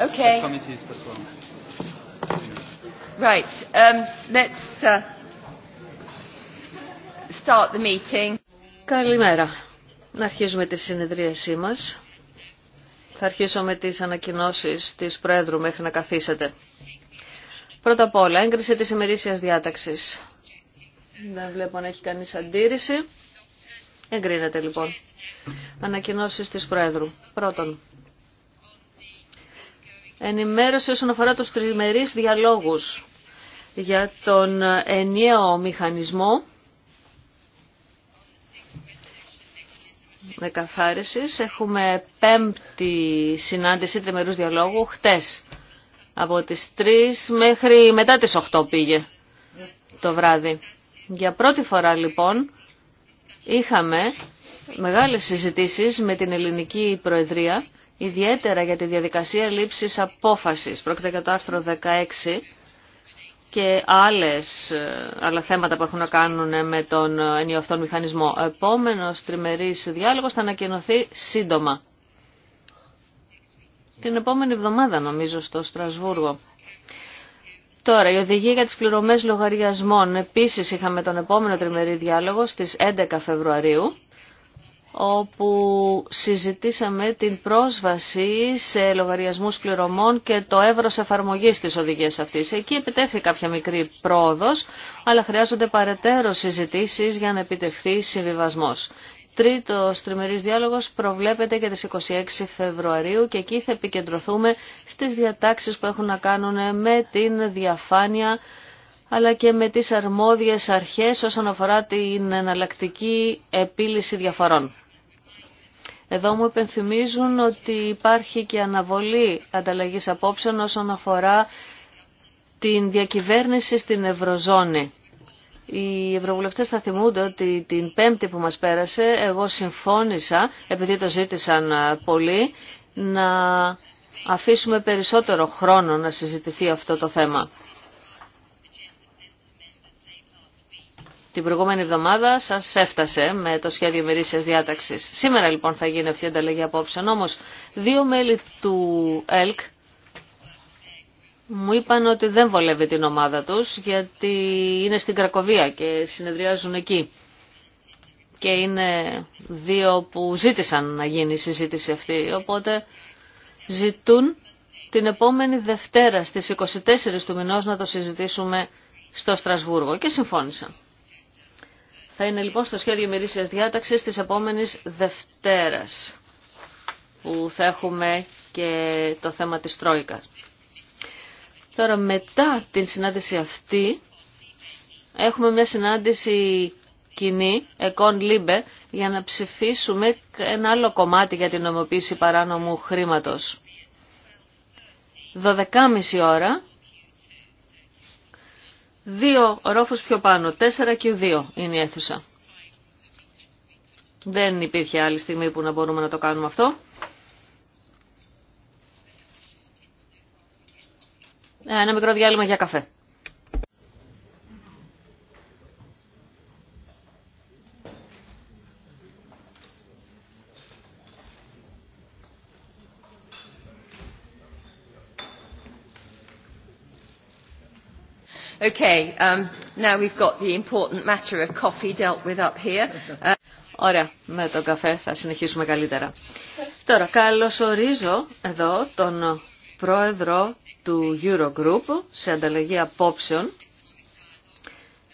Okay. Right. Um, let's uh, meeting. Καλημέρα. Να αρχίσουμε τη συνεδρίασή μας. Θα αρχίσω με τις ανακοινώσεις της Πρόεδρου μέχρι να καθίσετε. Πρώτα απ' όλα, έγκριση της ημερήσιας διάταξης. Δεν βλέπω να έχει κανείς αντίρρηση. Εγκρίνεται λοιπόν. Ανακοινώσεις της Πρόεδρου. Πρώτον, ενημέρωση όσον αφορά τους τριμερείς διαλόγους για τον ενιαίο μηχανισμό με καθάρισεις. Έχουμε πέμπτη συνάντηση τριμερούς διαλόγου χτες. Από τις 3 μέχρι μετά τις 8 πήγε το βράδυ. Για πρώτη φορά λοιπόν είχαμε μεγάλες συζητήσεις με την ελληνική προεδρία ιδιαίτερα για τη διαδικασία λήψης απόφασης. Πρόκειται για το άρθρο 16 και άλλες, ε, άλλα θέματα που έχουν να κάνουν με τον ε, ενιοφθόν μηχανισμό. Ο επόμενος τριμερής διάλογος θα ανακοινωθεί σύντομα. Την επόμενη εβδομάδα νομίζω στο Στρασβούργο. Τώρα, η οδηγία για τις πληρωμές λογαριασμών. Επίσης είχαμε τον επόμενο τριμερή διάλογο στις 11 Φεβρουαρίου όπου συζητήσαμε την πρόσβαση σε λογαριασμούς πληρωμών και το εύρος εφαρμογής της οδηγίας αυτής. Εκεί επιτέθηκε κάποια μικρή πρόοδος, αλλά χρειάζονται παρετέρω συζητήσεις για να επιτευχθεί συμβιβασμός. Τρίτο τριμερής διάλογος προβλέπεται για τις 26 Φεβρουαρίου και εκεί θα επικεντρωθούμε στις διατάξεις που έχουν να κάνουν με την διαφάνεια αλλά και με τις αρμόδιες αρχές όσον αφορά την εναλλακτική επίλυση διαφορών. Εδώ μου υπενθυμίζουν ότι υπάρχει και αναβολή ανταλλαγής απόψεων όσον αφορά την διακυβέρνηση στην Ευρωζώνη. Οι ευρωβουλευτές θα θυμούνται ότι την πέμπτη που μας πέρασε εγώ συμφώνησα, επειδή το ζήτησαν πολύ, να αφήσουμε περισσότερο χρόνο να συζητηθεί αυτό το θέμα. την προηγούμενη εβδομάδα σας έφτασε με το σχέδιο μερίσιας διάταξης. Σήμερα λοιπόν θα γίνει αυτή η ανταλλαγή απόψεων, όμως δύο μέλη του ΕΛΚ μου είπαν ότι δεν βολεύει την ομάδα τους γιατί είναι στην Κρακοβία και συνεδριάζουν εκεί. Και είναι δύο που ζήτησαν να γίνει η συζήτηση αυτή, οπότε ζητούν την επόμενη Δευτέρα στις 24 του μηνός να το συζητήσουμε στο Στρασβούργο και συμφώνησαν. Θα είναι λοιπόν στο σχέδιο ημερήσια διάταξη τη επόμενη Δευτέρα που θα έχουμε και το θέμα της Τρόικα. Τώρα μετά την συνάντηση αυτή έχουμε μια συνάντηση κοινή, Εκόν Λίμπε, για να ψηφίσουμε ένα άλλο κομμάτι για την νομοποίηση παράνομου χρήματος. 12.30 ώρα Δύο ρόφους πιο πάνω, τέσσερα και δύο είναι η αίθουσα. Δεν υπήρχε άλλη στιγμή που να μπορούμε να το κάνουμε αυτό. Ένα μικρό διάλειμμα για καφέ. Okay, um, got the important coffee with uh, Ωραία, με τον καφέ θα συνεχίσουμε καλύτερα. Τώρα, καλωσορίζω εδώ τον πρόεδρο του Eurogroup σε ανταλλαγή απόψεων.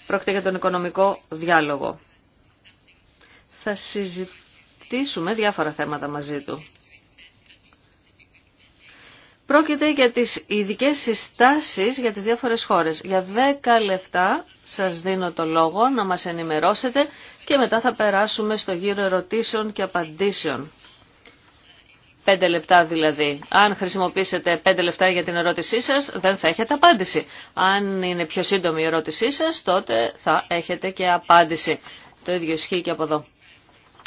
Πρόκειται για τον οικονομικό διάλογο. Θα συζητήσουμε διάφορα θέματα μαζί του. Πρόκειται για τις ειδικέ συστάσεις για τις διάφορες χώρες. Για 10 λεπτά σας δίνω το λόγο να μας ενημερώσετε και μετά θα περάσουμε στο γύρο ερωτήσεων και απαντήσεων. 5 λεπτά δηλαδή. Αν χρησιμοποιήσετε 5 λεπτά για την ερώτησή σας, δεν θα έχετε απάντηση. Αν είναι πιο σύντομη η ερώτησή σας, τότε θα έχετε και απάντηση. Το ίδιο ισχύει και από εδώ.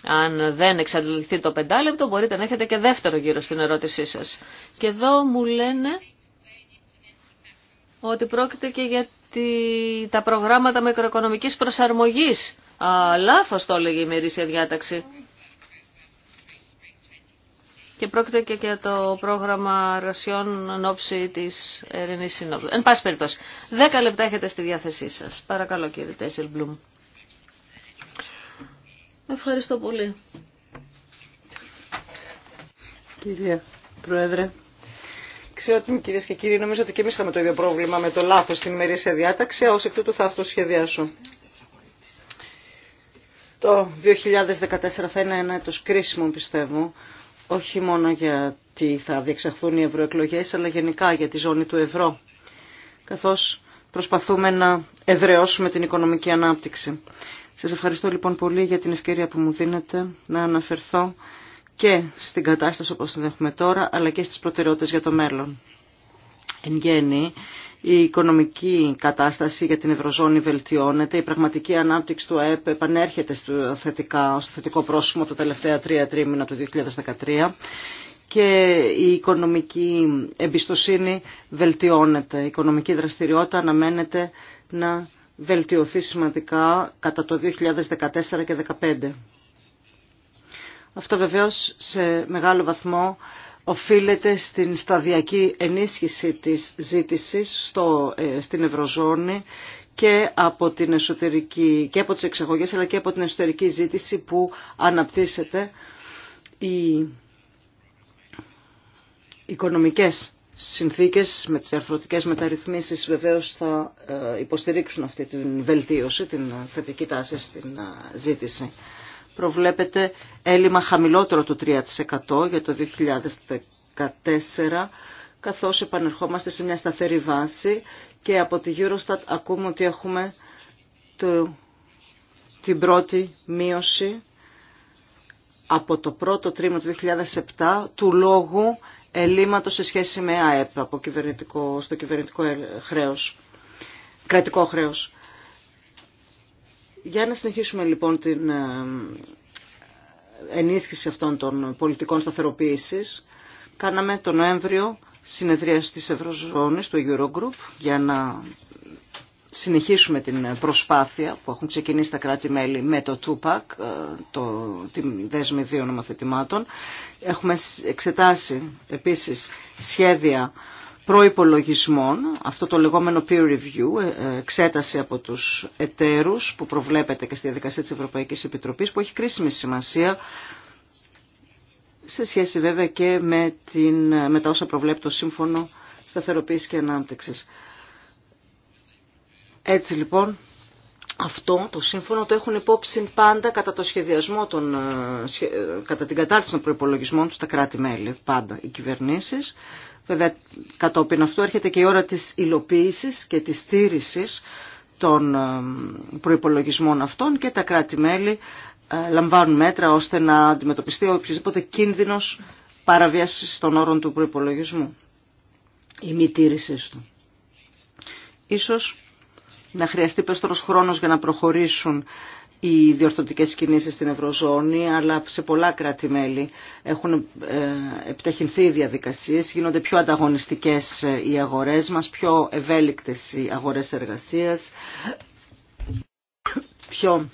Αν δεν εξαντληθεί το πεντάλεπτο μπορείτε να έχετε και δεύτερο γύρο στην ερώτησή σας. Και εδώ μου λένε ότι πρόκειται και για τα προγράμματα μικροοικονομικής προσαρμογής. Λάθο λάθος το έλεγε η μερίσια διάταξη. Και πρόκειται και για το πρόγραμμα εργασιών εν ώψη της Ερενής Συνόδου. Εν πάση περιπτώσει, 10 λεπτά έχετε στη διάθεσή σας. Παρακαλώ κύριε Τέσσελμπλουμ. Ευχαριστώ πολύ. Κυρία Πρόεδρε. ότι κυρίε και κύριοι, νομίζω ότι και εμεί είχαμε το ίδιο πρόβλημα με το λάθο στην ημερήσια διάταξη. Ω εκ τούτου θα αυτοσχεδιάσω. Το 2014 θα είναι ένα έτος κρίσιμο, πιστεύω, όχι μόνο γιατί θα διεξαχθούν οι ευρωεκλογέ, αλλά γενικά για τη ζώνη του ευρώ, καθώς προσπαθούμε να εδραιώσουμε την οικονομική ανάπτυξη. Σας ευχαριστώ λοιπόν πολύ για την ευκαιρία που μου δίνετε να αναφερθώ και στην κατάσταση όπως την έχουμε τώρα, αλλά και στις προτεραιότητες για το μέλλον. Εν γέννη, η οικονομική κατάσταση για την Ευρωζώνη βελτιώνεται, η πραγματική ανάπτυξη του ΑΕΠ επανέρχεται στο, θετικά, στο θετικό πρόσημο τα τελευταία τρία τρίμηνα του 2013 και η οικονομική εμπιστοσύνη βελτιώνεται. Η οικονομική δραστηριότητα αναμένεται να βελτιωθεί σημαντικά κατά το 2014 και 2015. Αυτό βεβαίως σε μεγάλο βαθμό οφείλεται στην σταδιακή ενίσχυση της ζήτησης στο, ε, στην Ευρωζώνη και από, την εσωτερική, και από τις εξαγωγές αλλά και από την εσωτερική ζήτηση που αναπτύσσεται οι οικονομικές συνθήκες με τις αρθρωτικές μεταρρυθμίσεις βεβαίως θα ε, υποστηρίξουν αυτή την βελτίωση, την ε, θετική τάση στην ε, ζήτηση. Προβλέπεται έλλειμμα χαμηλότερο του 3% για το 2014 καθώς επανερχόμαστε σε μια σταθερή βάση και από τη Eurostat ακούμε ότι έχουμε το, την πρώτη μείωση από το πρώτο τρίμηνο του 2007 του λόγου σε σχέση με ΑΕΠ από κυβερνητικό, στο κυβερνητικό ε, χρέος, κρατικό χρέος. Για να συνεχίσουμε λοιπόν την ε, ενίσχυση αυτών των πολιτικών σταθεροποίησης, κάναμε τον Νοέμβριο συνεδρία τη Ευρωζώνης, του Eurogroup, για να συνεχίσουμε την προσπάθεια που έχουν ξεκινήσει τα κράτη-μέλη με το TUPAC, ε, το, τη δέσμη δύο νομοθετημάτων. Έχουμε εξετάσει επίσης σχέδια προϋπολογισμών, αυτό το λεγόμενο peer review, ε, ε, εξέταση από τους εταίρους που προβλέπεται και στη διαδικασία της Ευρωπαϊκής Επιτροπής που έχει κρίσιμη σημασία σε σχέση βέβαια και με, την, με τα όσα προβλέπει το Σύμφωνο σταθεροποίηση και Ανάπτυξης. Έτσι λοιπόν αυτό το σύμφωνο το έχουν υπόψη πάντα κατά το σχεδιασμό των, ε, ε, κατά την κατάρτιση των προϋπολογισμών του τα κράτη-μέλη, πάντα οι κυβερνήσεις. Βέβαια κατόπιν αυτού έρχεται και η ώρα της υλοποίησης και της στήριση των ε, προϋπολογισμών αυτών και τα κράτη-μέλη λαμβάνουν μέτρα ώστε να αντιμετωπιστεί οποιοδήποτε κίνδυνος παραβίασης των όρων του προϋπολογισμού ή μη του. Ίσως να χρειαστεί περισσότερος χρόνος για να προχωρήσουν οι διορθωτικές κινήσεις στην Ευρωζώνη, αλλά σε πολλά κράτη-μέλη έχουν ε, επιταχυνθεί οι διαδικασίες, γίνονται πιο ανταγωνιστικές ε, οι αγορές μας, πιο ευέλικτες οι αγορές εργασίας, πιο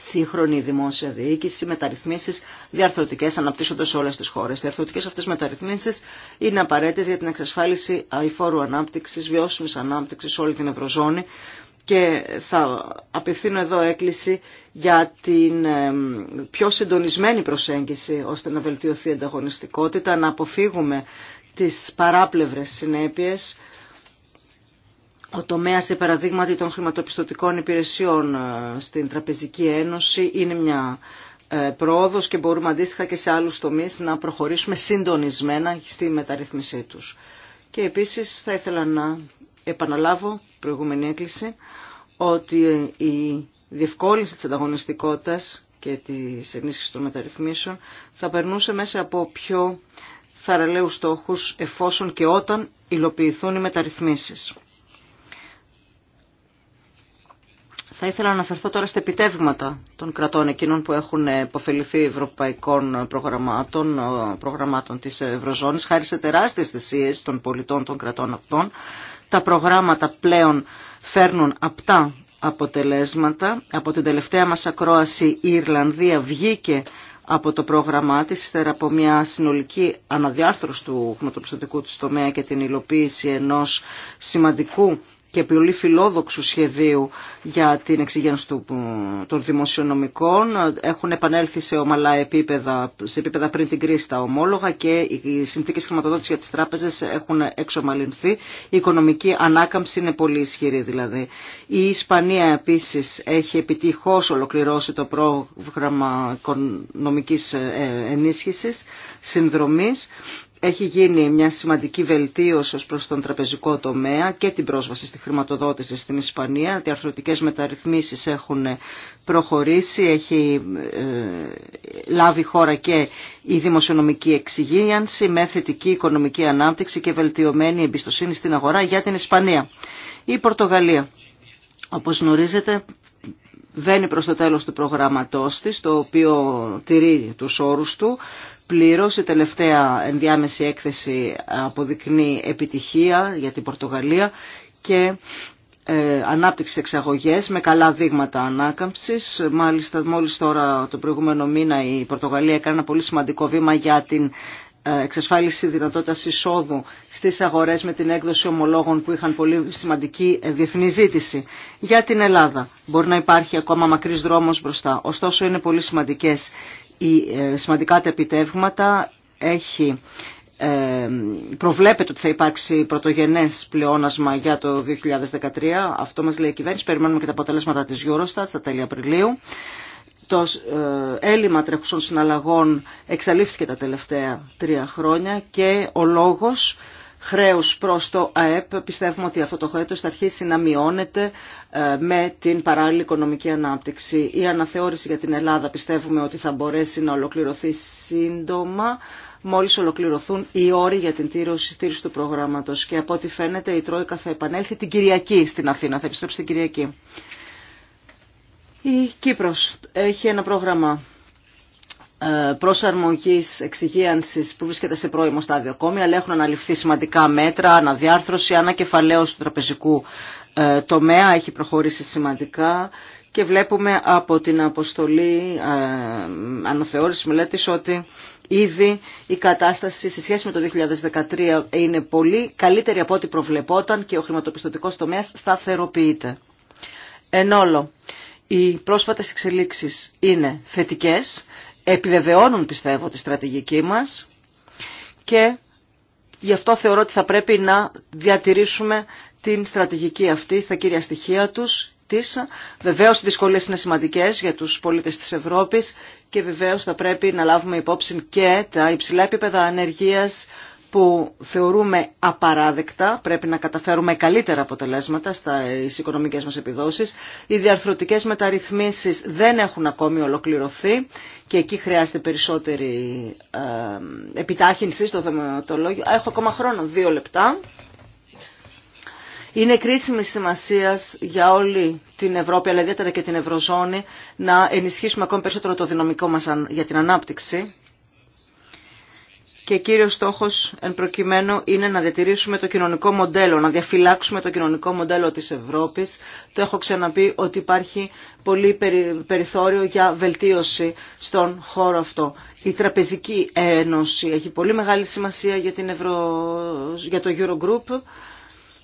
σύγχρονη δημόσια διοίκηση, μεταρρυθμίσει διαρθρωτικέ αναπτύσσονται σε όλε τι χώρε. Οι διαρθρωτικέ αυτέ μεταρρυθμίσει είναι απαραίτητε για την εξασφάλιση αηφόρου ανάπτυξη, βιώσιμη ανάπτυξη σε όλη την Ευρωζώνη και θα απευθύνω εδώ έκκληση για την πιο συντονισμένη προσέγγιση ώστε να βελτιωθεί η ανταγωνιστικότητα, να αποφύγουμε τις παράπλευρες συνέπειες. Ο τομέας παραδείγματι των χρηματοπιστωτικών υπηρεσιών ε, στην Τραπεζική Ένωση είναι μια ε, πρόοδος και μπορούμε αντίστοιχα και σε άλλους τομείς να προχωρήσουμε συντονισμένα στη μεταρρύθμισή τους. Και επίσης θα ήθελα να επαναλάβω προηγούμενη έκκληση ότι η διευκόλυνση της ανταγωνιστικότητας και της ενίσχυσης των μεταρρυθμίσεων θα περνούσε μέσα από πιο θαραλέους στόχους εφόσον και όταν υλοποιηθούν οι μεταρρυθμίσεις. Θα ήθελα να αναφερθώ τώρα στα επιτεύγματα των κρατών εκείνων που έχουν υποφεληθεί ευρωπαϊκών προγραμμάτων, προγραμμάτων της Ευρωζώνης, χάρη σε τεράστιες θυσίες των πολιτών των κρατών αυτών, τα προγράμματα πλέον φέρνουν απτά αποτελέσματα. Από την τελευταία μας ακρόαση η Ιρλανδία βγήκε από το πρόγραμμά της, ύστερα από μια συνολική αναδιάρθρωση του χρηματοπιστωτικού της τομέα και την υλοποίηση ενός σημαντικού και πολύ φιλόδοξου σχεδίου για την εξηγένωση των δημοσιονομικών. Έχουν επανέλθει σε ομαλά επίπεδα, σε επίπεδα πριν την κρίση τα ομόλογα και οι συνθήκες χρηματοδότησης για τις τράπεζες έχουν εξομαλυνθεί. Η οικονομική ανάκαμψη είναι πολύ ισχυρή δηλαδή. Η Ισπανία επίσης έχει επιτυχώς ολοκληρώσει το πρόγραμμα οικονομικής ε, ενίσχυσης, συνδρομής έχει γίνει μια σημαντική βελτίωση ως προς τον τραπεζικό τομέα και την πρόσβαση στη χρηματοδότηση στην Ισπανία. Οι αρθρωτικές μεταρρυθμίσεις έχουν προχωρήσει, έχει ε, λάβει χώρα και η δημοσιονομική εξυγίανση με θετική οικονομική ανάπτυξη και βελτιωμένη εμπιστοσύνη στην αγορά για την Ισπανία. Η Πορτογαλία, όπως γνωρίζετε, βαίνει προς το τέλος του προγραμματός της, το οποίο τηρεί τους όρους του πλήρως. Η τελευταία ενδιάμεση έκθεση αποδεικνύει επιτυχία για την Πορτογαλία και ε, ανάπτυξη εξαγωγές με καλά δείγματα ανάκαμψης. Μάλιστα μόλις τώρα το προηγούμενο μήνα η Πορτογαλία έκανε ένα πολύ σημαντικό βήμα για την ε, εξασφάλιση δυνατότητας εισόδου στις αγορές με την έκδοση ομολόγων που είχαν πολύ σημαντική ε, διεθνή ζήτηση. Για την Ελλάδα μπορεί να υπάρχει ακόμα μακρύς δρόμος μπροστά. Ωστόσο είναι πολύ σημαντικές οι ε, σημαντικά τα επιτεύγματα έχει ε, προβλέπεται ότι θα υπάρξει πρωτογενές πλεόνασμα για το 2013. Αυτό μας λέει η κυβέρνηση. Περιμένουμε και τα αποτελέσματα της Eurostat στα τέλη Απριλίου. Το ε, έλλειμμα τρέχουσων συναλλαγών εξαλείφθηκε τα τελευταία τρία χρόνια και ο λόγος χρέους προς το ΑΕΠ. Πιστεύουμε ότι αυτό το χρέος θα αρχίσει να μειώνεται ε, με την παράλληλη οικονομική ανάπτυξη. Η αναθεώρηση για την Ελλάδα πιστεύουμε ότι θα μπορέσει να ολοκληρωθεί σύντομα μόλις ολοκληρωθούν οι όροι για την τήρηση, τήρηση του προγράμματος. Και από ό,τι φαίνεται η Τρόικα θα επανέλθει την Κυριακή στην Αθήνα, θα επιστρέψει την Κυριακή. Η Κύπρος έχει ένα πρόγραμμα ε, Προσαρμογή εξυγίανση που βρίσκεται σε πρώιμο στάδιο ακόμη, αλλά έχουν αναλυφθεί σημαντικά μέτρα, αναδιάρθρωση, ανακεφαλαίωση του τραπεζικού ε, τομέα, έχει προχωρήσει σημαντικά και βλέπουμε από την αποστολή ε, αναθεώρηση μελέτη, ότι ήδη η κατάσταση σε σχέση με το 2013 είναι πολύ καλύτερη από ό,τι προβλεπόταν και ο χρηματοπιστωτικός τομέας σταθεροποιείται. Εν όλο, οι πρόσφατες εξελίξεις είναι θετικές επιβεβαιώνουν πιστεύω τη στρατηγική μας και γι' αυτό θεωρώ ότι θα πρέπει να διατηρήσουμε την στρατηγική αυτή στα κύρια στοιχεία τους της. Βεβαίως οι δυσκολίες είναι σημαντικές για τους πολίτες της Ευρώπης και βεβαίως θα πρέπει να λάβουμε υπόψη και τα υψηλά επίπεδα ανεργίας που θεωρούμε απαράδεκτα, πρέπει να καταφέρουμε καλύτερα αποτελέσματα στις οικονομικές μας επιδόσεις. Οι διαρθρωτικές μεταρρυθμίσεις δεν έχουν ακόμη ολοκληρωθεί και εκεί χρειάζεται περισσότερη ε, επιτάχυνση στο θεματολόγιο. Έχω ακόμα χρόνο, δύο λεπτά. Είναι κρίσιμη σημασία για όλη την Ευρώπη, αλλά ιδιαίτερα και την Ευρωζώνη, να ενισχύσουμε ακόμη περισσότερο το δυναμικό μας για την ανάπτυξη και κύριος στόχος εν προκειμένου είναι να διατηρήσουμε το κοινωνικό μοντέλο, να διαφυλάξουμε το κοινωνικό μοντέλο της Ευρώπης. Το έχω ξαναπεί ότι υπάρχει πολύ περιθώριο για βελτίωση στον χώρο αυτό. Η Τραπεζική Ένωση έχει πολύ μεγάλη σημασία για, το Eurogroup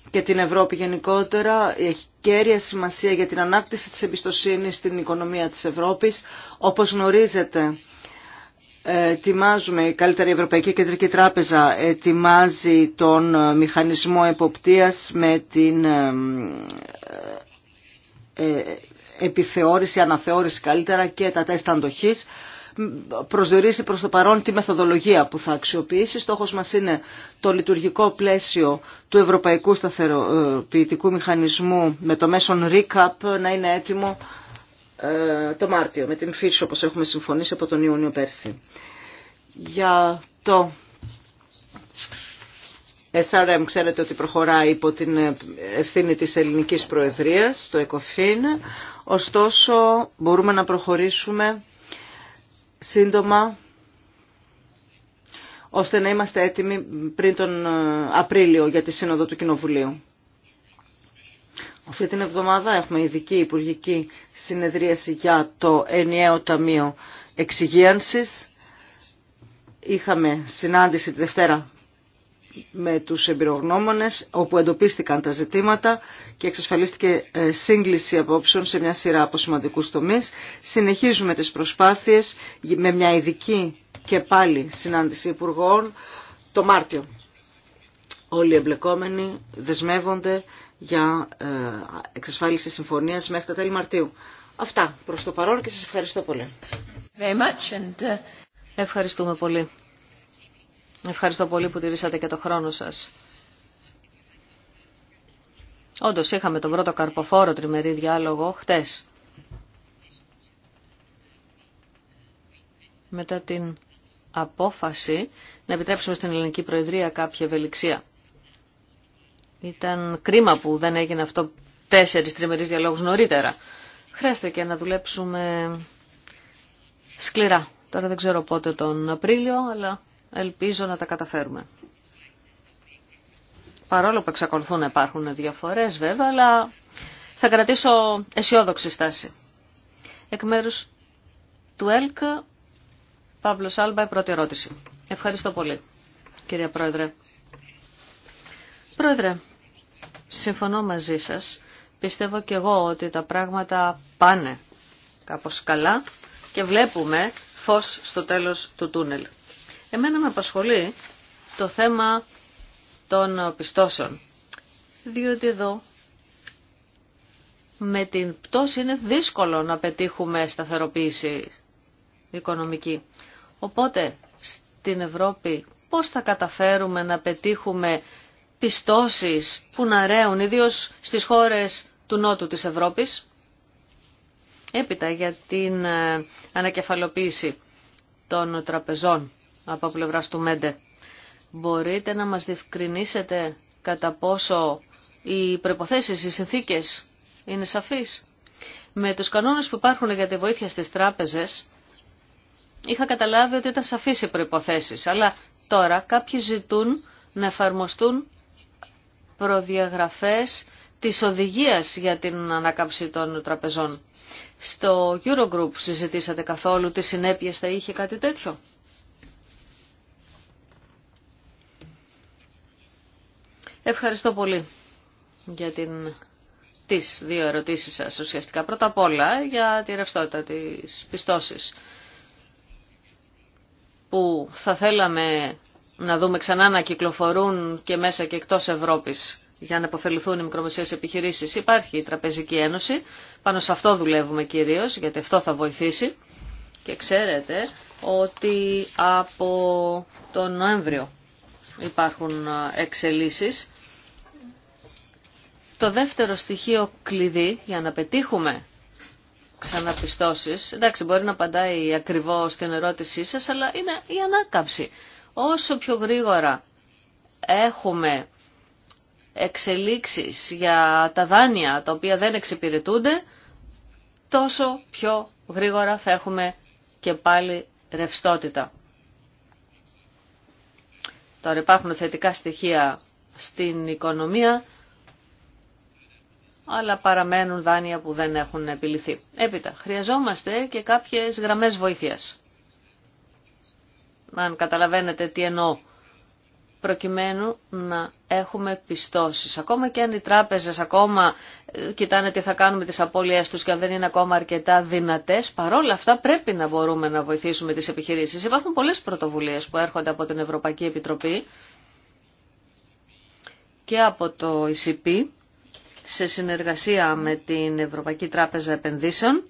και την Ευρώπη γενικότερα. Έχει κέρια σημασία για την ανάπτυξη της εμπιστοσύνης στην οικονομία της Ευρώπης. Όπως γνωρίζετε, ετοιμάζουμε, η καλύτερη Ευρωπαϊκή Κεντρική Τράπεζα ετοιμάζει τον ε, μηχανισμό εποπτείας με την ε, ε, επιθεώρηση, αναθεώρηση καλύτερα και τα τεστ αντοχής προσδιορίσει προς το παρόν τη μεθοδολογία που θα αξιοποιήσει. Στόχος μας είναι το λειτουργικό πλαίσιο του Ευρωπαϊκού Σταθεροποιητικού Μηχανισμού με το μέσον RECAP να είναι έτοιμο ε, το Μάρτιο, με την φύση όπως έχουμε συμφωνήσει από τον Ιούνιο πέρσι. Για το SRM ξέρετε ότι προχωράει υπό την ευθύνη της ελληνικής προεδρίας, το ΕΚΟΦΗΝ, ωστόσο μπορούμε να προχωρήσουμε σύντομα ώστε να είμαστε έτοιμοι πριν τον ε, Απρίλιο για τη Σύνοδο του Κοινοβουλίου. Αυτή την εβδομάδα έχουμε ειδική υπουργική συνεδρίαση για το ενιαίο Ταμείο Εξυγίανσης. Είχαμε συνάντηση τη Δευτέρα με τους εμπειρογνώμονες όπου εντοπίστηκαν τα ζητήματα και εξασφαλίστηκε ε, σύγκληση απόψεων σε μια σειρά από σημαντικούς τομείς. Συνεχίζουμε τις προσπάθειες με μια ειδική και πάλι συνάντηση υπουργών το Μάρτιο. Όλοι οι εμπλεκόμενοι δεσμεύονται για ε, εξασφάλιση συμφωνίας μέχρι τα τέλη Μαρτίου. Αυτά προς το παρόν και σας ευχαριστώ πολύ. Ε, ευχαριστούμε πολύ. Ευχαριστώ πολύ που τηρήσατε και το χρόνο σας. Όντως είχαμε τον πρώτο καρποφόρο τριμερή διάλογο χτες. Μετά την απόφαση να επιτρέψουμε στην Ελληνική Προεδρία κάποια ευελιξία. Ήταν κρίμα που δεν έγινε αυτό τέσσερις τριμερείς διαλόγους νωρίτερα. Χρειάστηκε να δουλέψουμε σκληρά. Τώρα δεν ξέρω πότε τον Απρίλιο, αλλά ελπίζω να τα καταφέρουμε. Παρόλο που εξακολουθούν να υπάρχουν διαφορές βέβαια, αλλά θα κρατήσω αισιόδοξη στάση. Εκ μέρους του ΕΛΚ, Παύλος Άλμπα, η πρώτη ερώτηση. Ευχαριστώ πολύ, κυρία Πρόεδρε. Πρόεδρε, συμφωνώ μαζί σας. Πιστεύω και εγώ ότι τα πράγματα πάνε κάπως καλά και βλέπουμε φως στο τέλος του τούνελ. Εμένα με απασχολεί το θέμα των πιστώσεων, διότι εδώ με την πτώση είναι δύσκολο να πετύχουμε σταθεροποίηση οικονομική. Οπότε στην Ευρώπη πώς θα καταφέρουμε να πετύχουμε πιστώσεις που να ρέουν, ιδίως στις χώρες του Νότου της Ευρώπης. Έπειτα για την ε, ανακεφαλοποίηση των τραπεζών από πλευρά του Μέντε. Μπορείτε να μας διευκρινίσετε κατά πόσο οι προϋποθέσεις, οι συνθήκες είναι σαφείς. Με τους κανόνες που υπάρχουν για τη βοήθεια στις τράπεζες, είχα καταλάβει ότι ήταν σαφείς οι προϋποθέσεις, αλλά τώρα κάποιοι ζητούν να εφαρμοστούν προδιαγραφές της οδηγίας για την ανάκαμψη των τραπεζών. Στο Eurogroup συζητήσατε καθόλου τι συνέπειες θα είχε κάτι τέτοιο. Ευχαριστώ πολύ για την... τις δύο ερωτήσεις σας ουσιαστικά. Πρώτα απ' όλα για τη ρευστότητα της πιστώσης που θα θέλαμε να δούμε ξανά να κυκλοφορούν και μέσα και εκτός Ευρώπης για να υποφεληθούν οι μικρομεσαίες επιχειρήσεις. Υπάρχει η Τραπεζική Ένωση, πάνω σε αυτό δουλεύουμε κυρίως, γιατί αυτό θα βοηθήσει. Και ξέρετε ότι από τον Νοέμβριο υπάρχουν εξελίσεις. Το δεύτερο στοιχείο κλειδί για να πετύχουμε ξαναπιστώσεις, εντάξει μπορεί να απαντάει ακριβώς στην ερώτησή σας, αλλά είναι η ανάκαμψη. Όσο πιο γρήγορα έχουμε εξελίξεις για τα δάνεια τα οποία δεν εξυπηρετούνται, τόσο πιο γρήγορα θα έχουμε και πάλι ρευστότητα. Τώρα υπάρχουν θετικά στοιχεία στην οικονομία, αλλά παραμένουν δάνεια που δεν έχουν επιληθεί. Έπειτα, χρειαζόμαστε και κάποιες γραμμές βοήθειας αν καταλαβαίνετε τι εννοώ, προκειμένου να έχουμε πιστώσεις. Ακόμα και αν οι τράπεζες ακόμα ε, κοιτάνε τι θα κάνουμε τις απώλειές τους και αν δεν είναι ακόμα αρκετά δυνατές, παρόλα αυτά πρέπει να μπορούμε να βοηθήσουμε τις επιχειρήσεις. Υπάρχουν πολλές πρωτοβουλίες που έρχονται από την Ευρωπαϊκή Επιτροπή και από το ECP σε συνεργασία με την Ευρωπαϊκή Τράπεζα Επενδύσεων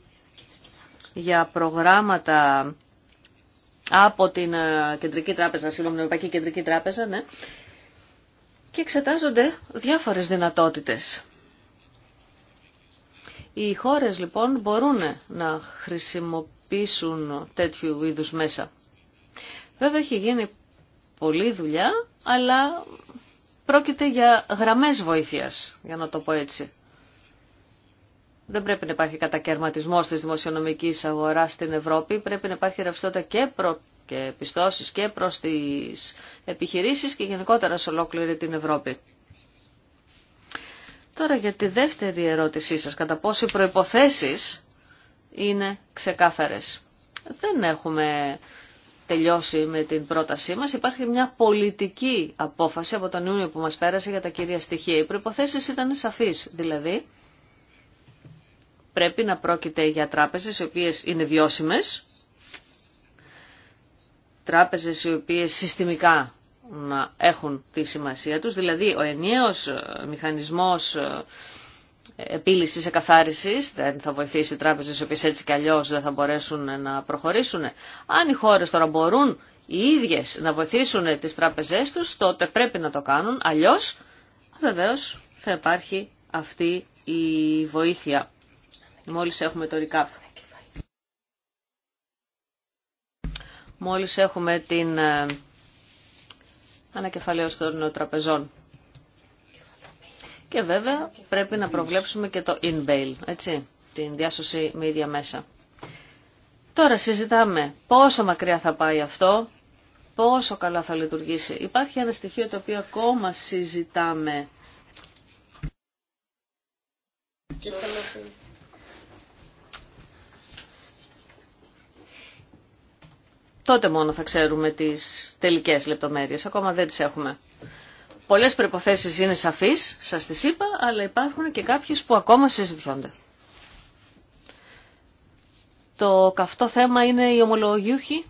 για προγράμματα από την ε, Κεντρική Τράπεζα, Σύλλομη Ευρωπαϊκή Κεντρική Τράπεζα, ναι, και εξετάζονται διάφορες δυνατότητες. Οι χώρες λοιπόν μπορούν να χρησιμοποιήσουν τέτοιου είδους μέσα. Βέβαια έχει γίνει πολλή δουλειά, αλλά πρόκειται για γραμμές βοήθειας, για να το πω έτσι. Δεν πρέπει να υπάρχει κατακαιρματισμό τη δημοσιονομική αγορά στην Ευρώπη. Πρέπει να υπάρχει ρευστότητα και, προ... και πιστώσεις και προς τι επιχειρήσει και γενικότερα σε ολόκληρη την Ευρώπη. Τώρα για τη δεύτερη ερώτησή σας, κατά πόσο οι προϋποθέσεις είναι ξεκάθαρες. Δεν έχουμε τελειώσει με την πρότασή μας. Υπάρχει μια πολιτική απόφαση από τον Ιούνιο που μας πέρασε για τα κυρία στοιχεία. Οι προϋποθέσεις ήταν σαφείς, δηλαδή πρέπει να πρόκειται για τράπεζες οι οποίες είναι βιώσιμες, τράπεζες οι οποίες συστημικά να έχουν τη σημασία τους, δηλαδή ο ενιαίος ε, μηχανισμός ε, επίλυσης εκαθάρισης δεν θα βοηθήσει τράπεζες οι οποίες έτσι κι αλλιώ δεν θα μπορέσουν να προχωρήσουν. Αν οι χώρες τώρα μπορούν οι ίδιες να βοηθήσουν τις τράπεζές τους, τότε πρέπει να το κάνουν, αλλιώς βεβαίως θα υπάρχει αυτή η βοήθεια μόλις έχουμε το recap. Μόλις έχουμε την ε, ανακεφαλαίωση των τραπεζών. Και βέβαια πρέπει να προβλέψουμε και το in-bail, έτσι, την διάσωση με ίδια μέσα. Τώρα συζητάμε πόσο μακριά θα πάει αυτό, πόσο καλά θα λειτουργήσει. Υπάρχει ένα στοιχείο το οποίο ακόμα συζητάμε. τότε μόνο θα ξέρουμε τις τελικές λεπτομέρειες. Ακόμα δεν τις έχουμε. Πολλές προϋποθέσεις είναι σαφείς, σας τις είπα, αλλά υπάρχουν και κάποιες που ακόμα συζητιόνται. Το καυτό θέμα είναι οι ομολογιούχοι.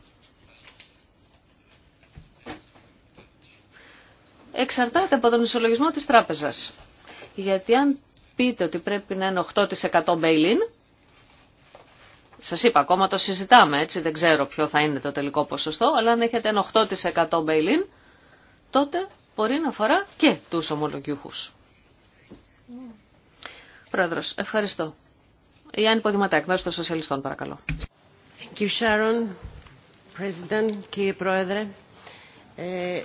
Εξαρτάται από τον ισολογισμό της τράπεζας. Γιατί αν πείτε ότι πρέπει να είναι 8% bail σας είπα, ακόμα το συζητάμε, έτσι δεν ξέρω ποιο θα είναι το τελικό ποσοστό, αλλά αν έχετε ένα 8% bail-in, τότε μπορεί να αφορά και τους ομολογιούχους. Πρόεδρος, ευχαριστώ. Η Άννη Ποδηματά, εκ των Σοσιαλιστών, παρακαλώ. Thank you, Sharon, κύριε Πρόεδρε. Ε,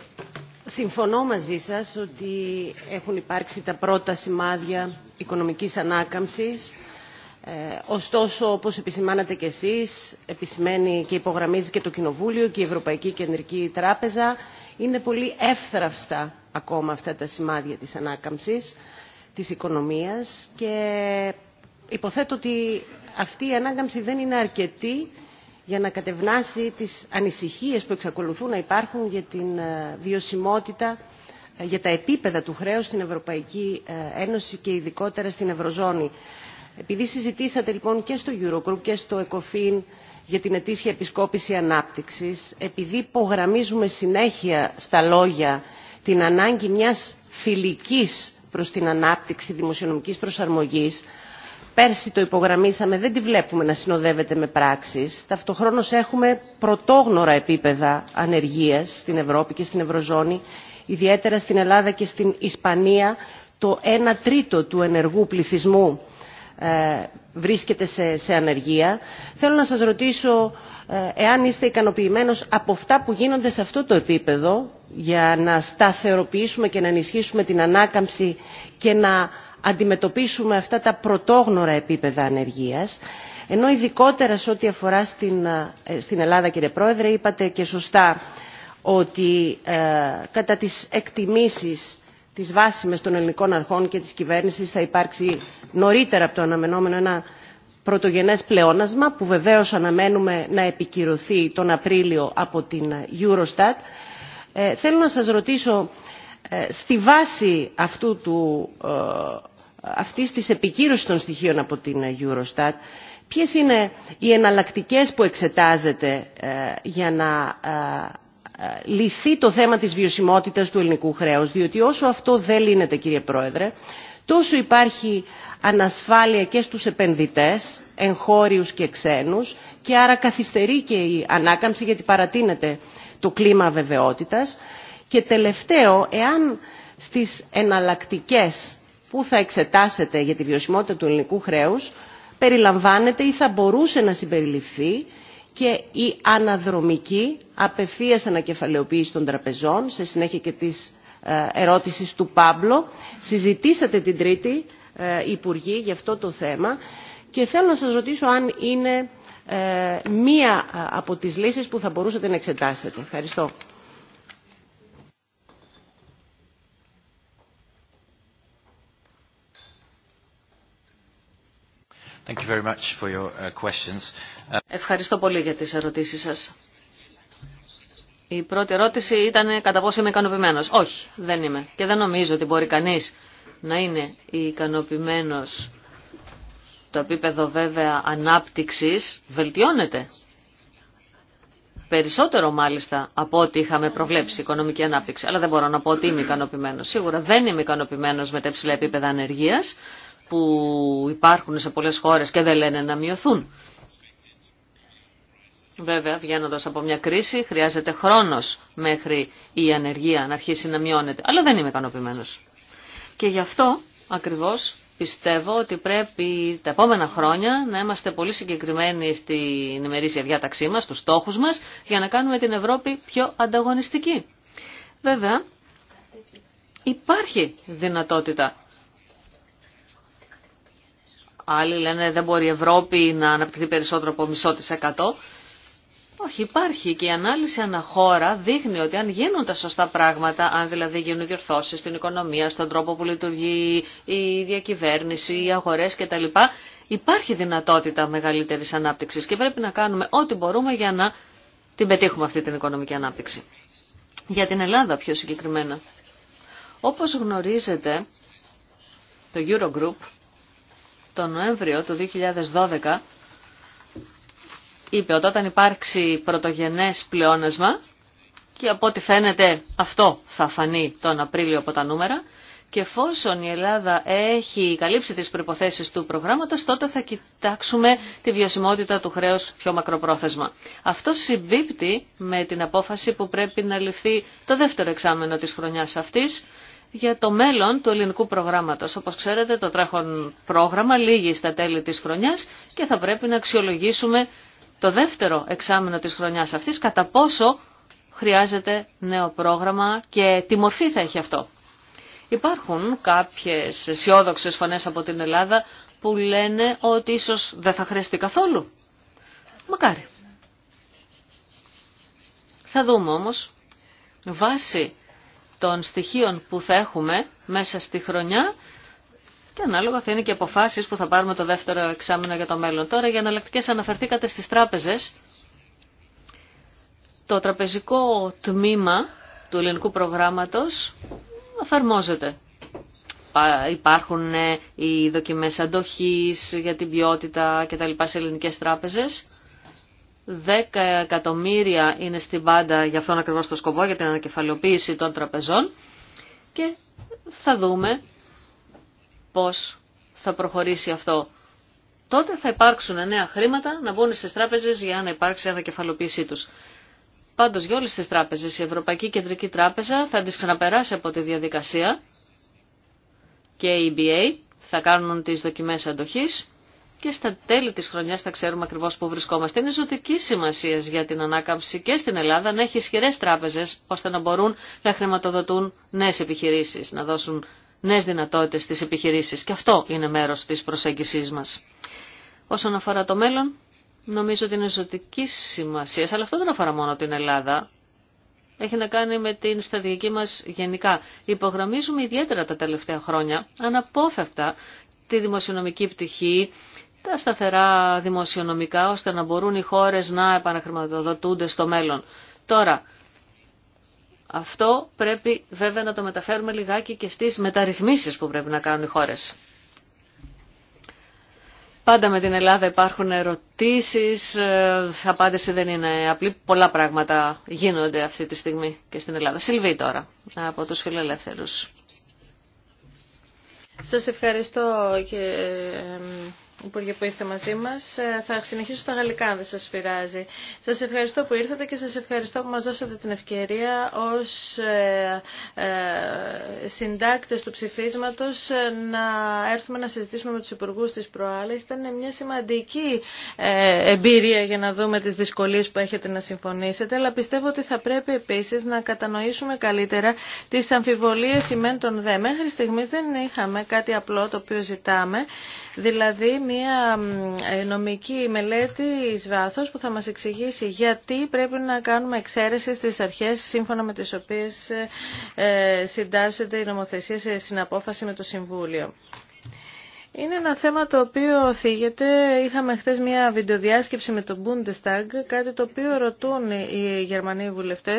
συμφωνώ μαζί σας ότι έχουν υπάρξει τα πρώτα σημάδια οικονομικής ανάκαμψης ε, ωστόσο, όπως επισημάνατε και εσείς, επισημαίνει και υπογραμμίζει και το Κοινοβούλιο και η Ευρωπαϊκή Κεντρική Τράπεζα, είναι πολύ εύθραυστα ακόμα αυτά τα σημάδια της ανάκαμψης της οικονομίας και υποθέτω ότι αυτή η ανάκαμψη δεν είναι αρκετή για να κατευνάσει τις ανησυχίες που εξακολουθούν να υπάρχουν για την ε, βιωσιμότητα, ε, για τα επίπεδα του χρέους στην Ευρωπαϊκή Ένωση και ειδικότερα στην Ευρωζώνη. Επειδή συζητήσατε λοιπόν και στο Eurogroup και στο ECOFIN για την ετήσια επισκόπηση ανάπτυξης, επειδή υπογραμμίζουμε συνέχεια στα λόγια την ανάγκη μιας φιλικής προς την ανάπτυξη δημοσιονομικής προσαρμογής, πέρσι το υπογραμμίσαμε, δεν τη βλέπουμε να συνοδεύεται με πράξεις. Ταυτοχρόνως έχουμε πρωτόγνωρα επίπεδα ανεργίας στην Ευρώπη και στην Ευρωζώνη, ιδιαίτερα στην Ελλάδα και στην Ισπανία, το 1 τρίτο του ενεργού πληθυσμού ε, βρίσκεται σε ανεργία. Θέλω να σας ρωτήσω ε, εάν είστε ικανοποιημένος από αυτά που γίνονται σε αυτό το επίπεδο για να σταθεροποιήσουμε και να ενισχύσουμε την ανάκαμψη και να αντιμετωπίσουμε αυτά τα πρωτόγνωρα επίπεδα ανεργίας. Ενώ ειδικότερα σε ό,τι αφορά στην, ε, Ελλάδα, κύριε Πρόεδρε, είπατε και σωστά ότι κατά τις εκτιμήσεις τις με των ελληνικών αρχών και τη κυβέρνηση θα υπάρξει νωρίτερα από το αναμενόμενο ένα πρωτογενές πλεόνασμα που βεβαίω αναμένουμε να επικυρωθεί τον Απρίλιο από την Eurostat. Ε, θέλω να σας ρωτήσω, ε, στη βάση αυτού του, ε, αυτής της επικύρωσης των στοιχείων από την Eurostat, ποιες είναι οι εναλλακτικές που εξετάζετε για να ε, ε, λυθεί το θέμα της βιωσιμότητας του ελληνικού χρέους. Διότι όσο αυτό δεν λύνεται κύριε Πρόεδρε, τόσο υπάρχει ανασφάλεια και στους επενδυτές, εγχώριους και ξένους και άρα καθυστερεί και η ανάκαμψη γιατί παρατείνεται το κλίμα βεβαιότητας. Και τελευταίο, εάν στις εναλλακτικέ που θα εξετάσετε για τη βιωσιμότητα του ελληνικού χρέους περιλαμβάνεται ή θα μπορούσε να συμπεριληφθεί και η αναδρομική απευθείας ανακεφαλαιοποίηση των τραπεζών, σε συνέχεια και της ε, ερώτησης του Πάμπλο. Συζητήσατε την Τρίτη, ε, Υπουργή για αυτό το θέμα και θέλω να σας ρωτήσω αν είναι ε, μία από τις λύσεις που θα μπορούσατε να εξετάσετε. Ευχαριστώ. Uh, Ευχαριστώ πολύ για τις ερωτήσεις σας. Η πρώτη ερώτηση ήταν κατά πόσο είμαι ικανοποιημένος. Όχι, δεν είμαι. Και δεν νομίζω ότι μπορεί κανείς να είναι ικανοποιημένος. Το επίπεδο βέβαια ανάπτυξης βελτιώνεται. Περισσότερο μάλιστα από ό,τι είχαμε προβλέψει οικονομική ανάπτυξη. Αλλά δεν μπορώ να πω ότι είμαι ικανοποιημένος. Σίγουρα δεν είμαι ικανοποιημένος με τα υψηλά επίπεδα ανεργίας που υπάρχουν σε πολλές χώρες και δεν λένε να μειωθούν. Βέβαια, βγαίνοντα από μια κρίση, χρειάζεται χρόνος μέχρι η ανεργία να αρχίσει να μειώνεται. Αλλά δεν είμαι ικανοποιημένο. Και γι' αυτό ακριβώς πιστεύω ότι πρέπει τα επόμενα χρόνια να είμαστε πολύ συγκεκριμένοι στην ημερήσια διάταξή μας, στους στόχους μας, για να κάνουμε την Ευρώπη πιο ανταγωνιστική. Βέβαια, υπάρχει δυνατότητα Άλλοι λένε δεν μπορεί η Ευρώπη να αναπτυχθεί περισσότερο από μισό της εκατό. Όχι, υπάρχει και η ανάλυση αναχώρα δείχνει ότι αν γίνουν τα σωστά πράγματα, αν δηλαδή γίνουν διορθώσει στην οικονομία, στον τρόπο που λειτουργεί η διακυβέρνηση, οι αγορέ κτλ. Υπάρχει δυνατότητα μεγαλύτερη ανάπτυξη και πρέπει να κάνουμε ό,τι μπορούμε για να την πετύχουμε αυτή την οικονομική ανάπτυξη. Για την Ελλάδα πιο συγκεκριμένα. Όπως γνωρίζετε, το Eurogroup τον Νοέμβριο του 2012 είπε ότι όταν υπάρξει πρωτογενές πλεόνασμα και από ό,τι φαίνεται αυτό θα φανεί τον Απρίλιο από τα νούμερα και εφόσον η Ελλάδα έχει καλύψει τις προϋποθέσεις του προγράμματος, τότε θα κοιτάξουμε τη βιωσιμότητα του χρέους πιο μακροπρόθεσμα. Αυτό συμπίπτει με την απόφαση που πρέπει να ληφθεί το δεύτερο εξάμενο της χρονιάς αυτής, για το μέλλον του ελληνικού προγράμματος. Όπως ξέρετε το τρέχον πρόγραμμα λύγει στα τέλη της χρονιάς και θα πρέπει να αξιολογήσουμε το δεύτερο εξάμεινο της χρονιάς αυτής κατά πόσο χρειάζεται νέο πρόγραμμα και τι μορφή θα έχει αυτό. Υπάρχουν κάποιες αισιόδοξε φωνές από την Ελλάδα που λένε ότι ίσως δεν θα χρειαστεί καθόλου. Μακάρι. Θα δούμε όμως, βάσει των στοιχείων που θα έχουμε μέσα στη χρονιά και ανάλογα θα είναι και αποφάσεις που θα πάρουμε το δεύτερο εξάμεινο για το μέλλον. Τώρα για εναλλακτικές αναφερθήκατε στις τράπεζες. Το τραπεζικό τμήμα του ελληνικού προγράμματος εφαρμόζεται. Υπάρχουν ε, οι δοκιμές αντοχής για την ποιότητα και τα λοιπά σε ελληνικές τράπεζες. 10 εκατομμύρια είναι στην πάντα για αυτόν ακριβώς το σκοπό, για την ανακεφαλαιοποίηση των τραπεζών και θα δούμε πώς θα προχωρήσει αυτό. Τότε θα υπάρξουν νέα χρήματα να μπουν στις τράπεζες για να υπάρξει ανακεφαλοποίησή τους. Πάντως για όλες τις τράπεζες η Ευρωπαϊκή Κεντρική Τράπεζα θα τις ξαναπεράσει από τη διαδικασία και η EBA θα κάνουν τις δοκιμές αντοχής και στα τέλη της χρονιάς θα ξέρουμε ακριβώς που βρισκόμαστε. Είναι ζωτική σημασία για την ανάκαμψη και στην Ελλάδα να έχει ισχυρέ τράπεζες ώστε να μπορούν να χρηματοδοτούν νέες επιχειρήσεις, να δώσουν νέες δυνατότητες στις επιχειρήσεις και αυτό είναι μέρος της προσέγγισής μας. Όσον αφορά το μέλλον, νομίζω ότι είναι ζωτική σημασία, αλλά αυτό δεν αφορά μόνο την Ελλάδα, έχει να κάνει με την στρατηγική μας γενικά. Υπογραμμίζουμε ιδιαίτερα τα τελευταία χρόνια, αναπόφευκτα, τη δημοσιονομική πτυχή, τα σταθερά δημοσιονομικά ώστε να μπορούν οι χώρες να επαναχρηματοδοτούνται στο μέλλον. Τώρα, αυτό πρέπει βέβαια να το μεταφέρουμε λιγάκι και στις μεταρρυθμίσεις που πρέπει να κάνουν οι χώρες. Πάντα με την Ελλάδα υπάρχουν ερωτήσεις, ε, απάντηση δεν είναι απλή, πολλά πράγματα γίνονται αυτή τη στιγμή και στην Ελλάδα. Σιλβή τώρα, από τους φιλελεύθερους. Σας ευχαριστώ και ε, Υπουργέ που είστε μαζί μας. Ε, θα συνεχίσω στα γαλλικά αν δεν σας πειράζει. Σας ευχαριστώ που ήρθατε και σας ευχαριστώ που μας δώσατε την ευκαιρία ως ε, ε, συντάκτες του ψηφίσματος να έρθουμε να συζητήσουμε με τους υπουργού της προάλλης. Ήταν μια σημαντική εμπειρία για να δούμε τις δυσκολίες που έχετε να συμφωνήσετε, αλλά πιστεύω ότι θα πρέπει επίσης να κατανοήσουμε καλύτερα τις αμφιβολίες ημέν των δε. Μέχρι στιγμής δεν είχαμε κάτι απλό το οποίο ζητάμε. Δηλαδή μια ε, νομική μελέτη εις βάθος που θα μας εξηγήσει γιατί πρέπει να κάνουμε εξαίρεση στις αρχές σύμφωνα με τις οποίες ε, ε, συντάσσεται η νομοθεσία σε συναπόφαση με το Συμβούλιο. Είναι ένα θέμα το οποίο θίγεται. Είχαμε χθε μια βιντεοδιάσκεψη με τον Bundestag, κάτι το οποίο ρωτούν οι Γερμανοί βουλευτέ,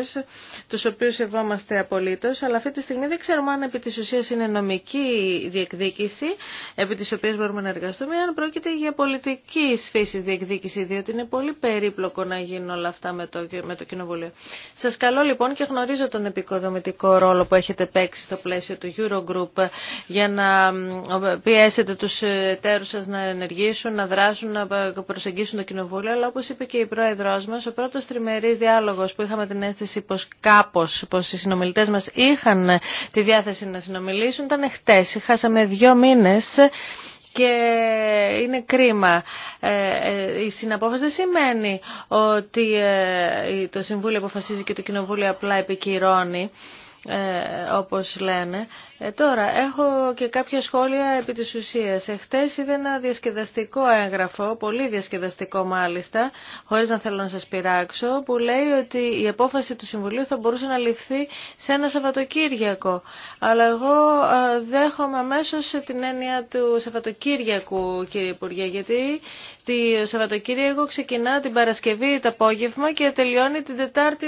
του οποίου σεβόμαστε απολύτω, αλλά αυτή τη στιγμή δεν ξέρουμε αν επί τη ουσία είναι νομική διεκδίκηση, επί τη οποία μπορούμε να εργαστούμε, αν πρόκειται για πολιτική φύση διεκδίκηση, διότι είναι πολύ περίπλοκο να γίνουν όλα αυτά με το, με το Κοινοβούλιο. Σας καλώ λοιπόν και γνωρίζω τον επικοδομητικό ρόλο που έχετε παίξει στο πλαίσιο του Eurogroup για να πιέσετε του τους ε, εταίρους σας να ενεργήσουν, να δράσουν, να προσεγγίσουν το Κοινοβούλιο, αλλά όπως είπε και η Πρόεδρός μας, ο πρώτος τριμερής διάλογος που είχαμε την αίσθηση πως κάπως, πως οι συνομιλητές μας είχαν ε, τη διάθεση να συνομιλήσουν, ήταν χτες. Χάσαμε δύο μήνες και είναι κρίμα. Ε, η συναπόφαση δεν σημαίνει ότι το Συμβούλιο αποφασίζει και το Κοινοβούλιο απλά επικυρώνει, όπως λένε. Ε, τώρα, έχω και κάποια σχόλια επί της ουσίας. Εχθές είδε ένα διασκεδαστικό έγγραφο, πολύ διασκεδαστικό μάλιστα, χωρίς να θέλω να σας πειράξω, που λέει ότι η απόφαση του Συμβουλίου θα μπορούσε να ληφθεί σε ένα Σαββατοκύριακο. Αλλά εγώ ε, δέχομαι αμέσω την έννοια του Σαββατοκύριακου, κύριε Υπουργέ, γιατί το Σαββατοκύριακο ξεκινά την Παρασκευή το απόγευμα και τελειώνει την Τετάρτη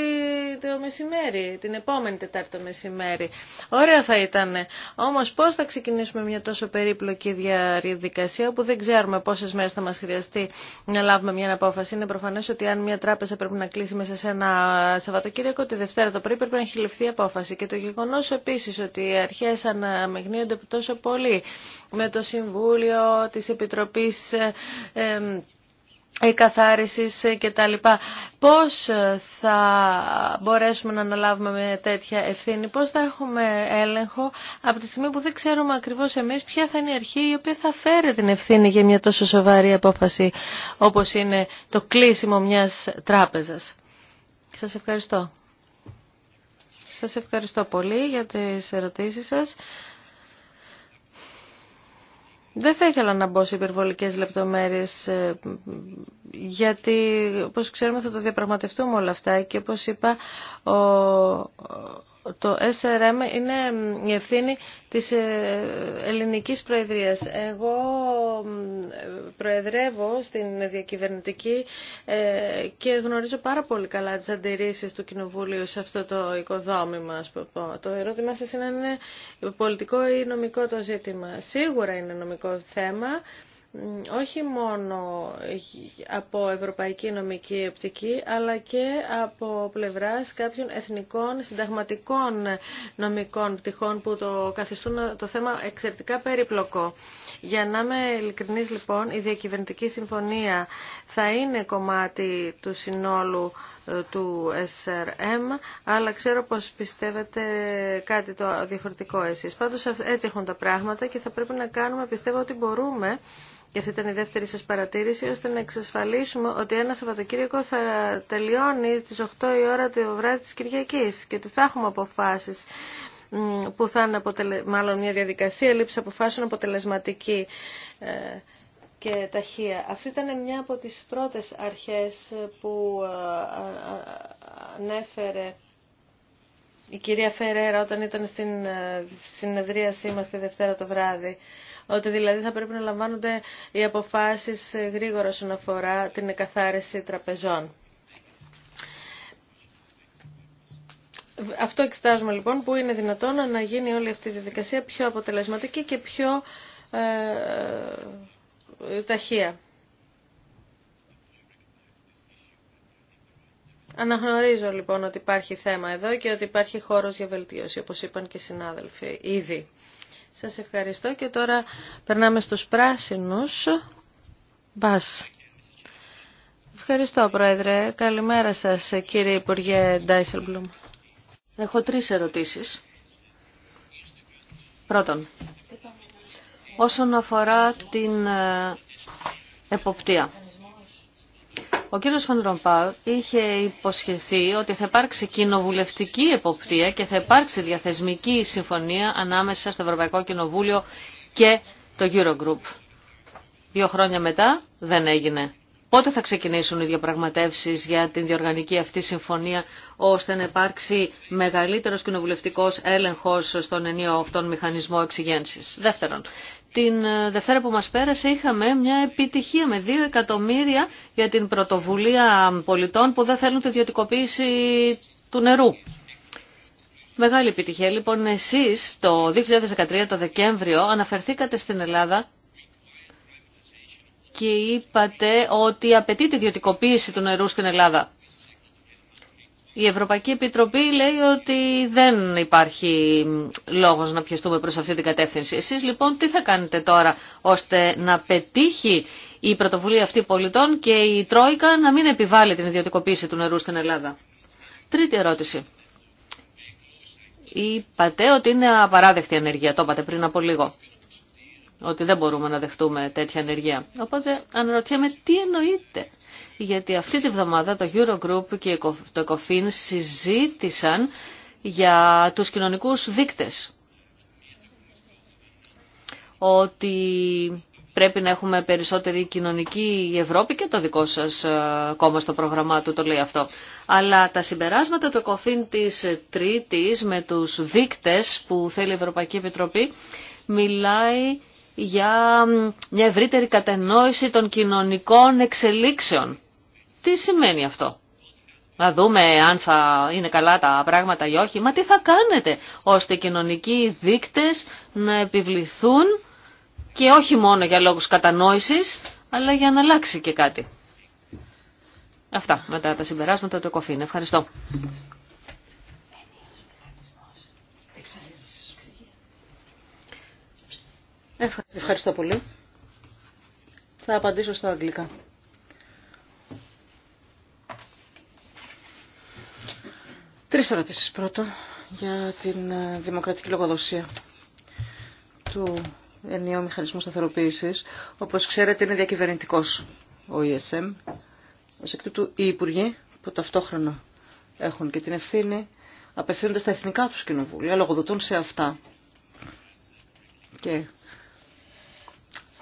το μεσημέρι, την επόμενη Τετάρτη το μεσημέρι. Ωραία θα ήταν όμως πώς θα ξεκινήσουμε μια τόσο περίπλοκη διαδικασία που δεν ξέρουμε πόσες μέρες θα μας χρειαστεί να λάβουμε μια απόφαση. Είναι προφανές ότι αν μια τράπεζα πρέπει να κλείσει μέσα σε ένα Σαββατοκύριακο, τη Δευτέρα το πρωί πρέπει να έχει ληφθεί απόφαση. Και το γεγονός επίσης ότι οι αρχές αναμεγνύονται τόσο πολύ με το Συμβούλιο της Επιτροπής ε, ε, καθάρισης και τα λοιπά. Πώς θα μπορέσουμε να αναλάβουμε με τέτοια ευθύνη, πώς θα έχουμε έλεγχο από τη στιγμή που δεν ξέρουμε ακριβώς εμείς ποια θα είναι η αρχή η οποία θα φέρει την ευθύνη για μια τόσο σοβαρή απόφαση όπως είναι το κλείσιμο μιας τράπεζας. Σας ευχαριστώ. Σας ευχαριστώ πολύ για τις ερωτήσεις σας. Δεν θα ήθελα να μπω σε υπερβολικές λεπτομέρειες ε, γιατί όπως ξέρουμε θα το διαπραγματευτούμε όλα αυτά και όπως είπα το SRM είναι η ευθύνη της ε, ελληνικής προεδρίας. Εγώ προεδρεύω στην διακυβερνητική ε, και γνωρίζω πάρα πολύ καλά τις αντιρρήσεις του κοινοβουλίου σε αυτό το οικοδόμημα. Το ερώτημά σας είναι, είναι πολιτικό ή νομικό το ζήτημα. Σίγουρα είναι νομικό θέμα όχι μόνο από ευρωπαϊκή νομική οπτική, αλλά και από πλευράς κάποιων εθνικών συνταγματικών νομικών πτυχών που το καθιστούν το θέμα εξαιρετικά περίπλοκο. Για να είμαι ειλικρινής λοιπόν, η διακυβερνητική συμφωνία θα είναι κομμάτι του συνόλου του SRM, αλλά ξέρω πως πιστεύετε κάτι το διαφορετικό εσείς. Πάντως έτσι έχουν τα πράγματα και θα πρέπει να κάνουμε, πιστεύω ότι μπορούμε, και αυτή ήταν η δεύτερη σας παρατήρηση, ώστε να εξασφαλίσουμε ότι ένα Σαββατοκύριακο θα τελειώνει στις 8 η ώρα το βράδυ της Κυριακής και ότι θα έχουμε αποφάσεις που θα είναι αποτελε... μάλλον μια διαδικασία λήψη αποφάσεων αποτελεσματική. Ε, και ταχεία. Αυτή ήταν μια από τις πρώτες αρχές που ε, ε, ανέφερε η κυρία Φερέρα όταν ήταν στην ε, συνεδρίασή μας τη Δευτέρα το βράδυ. Ότι δηλαδή θα πρέπει να λαμβάνονται οι αποφάσεις γρήγορα όσον αφορά την εκαθάριση τραπεζών. Αυτό εξετάζουμε λοιπόν που είναι δυνατόν να γίνει όλη αυτή η διαδικασία πιο αποτελεσματική και πιο ταχεία. Αναγνωρίζω λοιπόν ότι υπάρχει θέμα εδώ και ότι υπάρχει χώρος για βελτίωση, όπως είπαν και οι συνάδελφοι ήδη. Σας ευχαριστώ και τώρα περνάμε στους πράσινους. Μπας. Ευχαριστώ Πρόεδρε. Καλημέρα σας κύριε Υπουργέ Ντάισελμπλουμ. Έχω τρεις ερωτήσεις. Πρώτον, όσον αφορά την ε, εποπτεία. Ο κύριος Φαντρομπάλ είχε υποσχεθεί ότι θα υπάρξει κοινοβουλευτική εποπτεία και θα υπάρξει διαθεσμική συμφωνία ανάμεσα στο Ευρωπαϊκό Κοινοβούλιο και το Eurogroup. Δύο χρόνια μετά δεν έγινε. Πότε θα ξεκινήσουν οι διαπραγματεύσεις για την διοργανική αυτή συμφωνία ώστε να υπάρξει μεγαλύτερος κοινοβουλευτικός έλεγχος στον ενίο αυτόν μηχανισμό εξηγένσης. Δεύτερον, την ε, Δευτέρα που μας πέρασε είχαμε μια επιτυχία με 2 εκατομμύρια για την πρωτοβουλία πολιτών που δεν θέλουν τη ιδιωτικοποίηση του νερού. Μεγάλη επιτυχία. Λοιπόν, εσείς το 2013 το Δεκέμβριο αναφερθήκατε στην Ελλάδα και είπατε ότι απαιτείται ιδιωτικοποίηση του νερού στην Ελλάδα. Η Ευρωπαϊκή Επιτροπή λέει ότι δεν υπάρχει λόγος να πιεστούμε προς αυτή την κατεύθυνση. Εσείς λοιπόν τι θα κάνετε τώρα ώστε να πετύχει η πρωτοβουλία αυτή πολιτών και η Τρόικα να μην επιβάλλει την ιδιωτικοποίηση του νερού στην Ελλάδα. Τρίτη ερώτηση. Είπατε ότι είναι απαράδεκτη ενέργεια; το είπατε πριν από λίγο. Ότι δεν μπορούμε να δεχτούμε τέτοια ανεργία. Οπότε αναρωτιέμαι τι εννοείτε γιατί αυτή τη βδομάδα το Eurogroup και το ECOFIN συζήτησαν για τους κοινωνικούς δείκτες. Ότι πρέπει να έχουμε περισσότερη κοινωνική Ευρώπη και το δικό σας ε, κόμμα στο πρόγραμμά του το λέει αυτό. Αλλά τα συμπεράσματα του ECOFIN της Τρίτης με τους δείκτες που θέλει η Ευρωπαϊκή Επιτροπή μιλάει για μια ευρύτερη κατανόηση των κοινωνικών εξελίξεων. Τι σημαίνει αυτό. Να δούμε αν θα είναι καλά τα πράγματα ή όχι. Μα τι θα κάνετε ώστε οι κοινωνικοί δείκτες να επιβληθούν και όχι μόνο για λόγους κατανόησης, αλλά για να αλλάξει και κάτι. Αυτά μετά τα συμπεράσματα του ΕΚΟΦΗΝ. Ευχαριστώ. Ευχαριστώ πολύ. Θα απαντήσω στα αγγλικά. Τρεις ερωτήσεις πρώτο για την ε, δημοκρατική λογοδοσία του ενιαίου μηχανισμού σταθεροποίησης. Όπως ξέρετε είναι διακυβερνητικός ο ESM. Ως εκ τούτου οι υπουργοί που ταυτόχρονα έχουν και την ευθύνη απευθύνονται στα εθνικά τους κοινοβούλια, λογοδοτούν σε αυτά. Και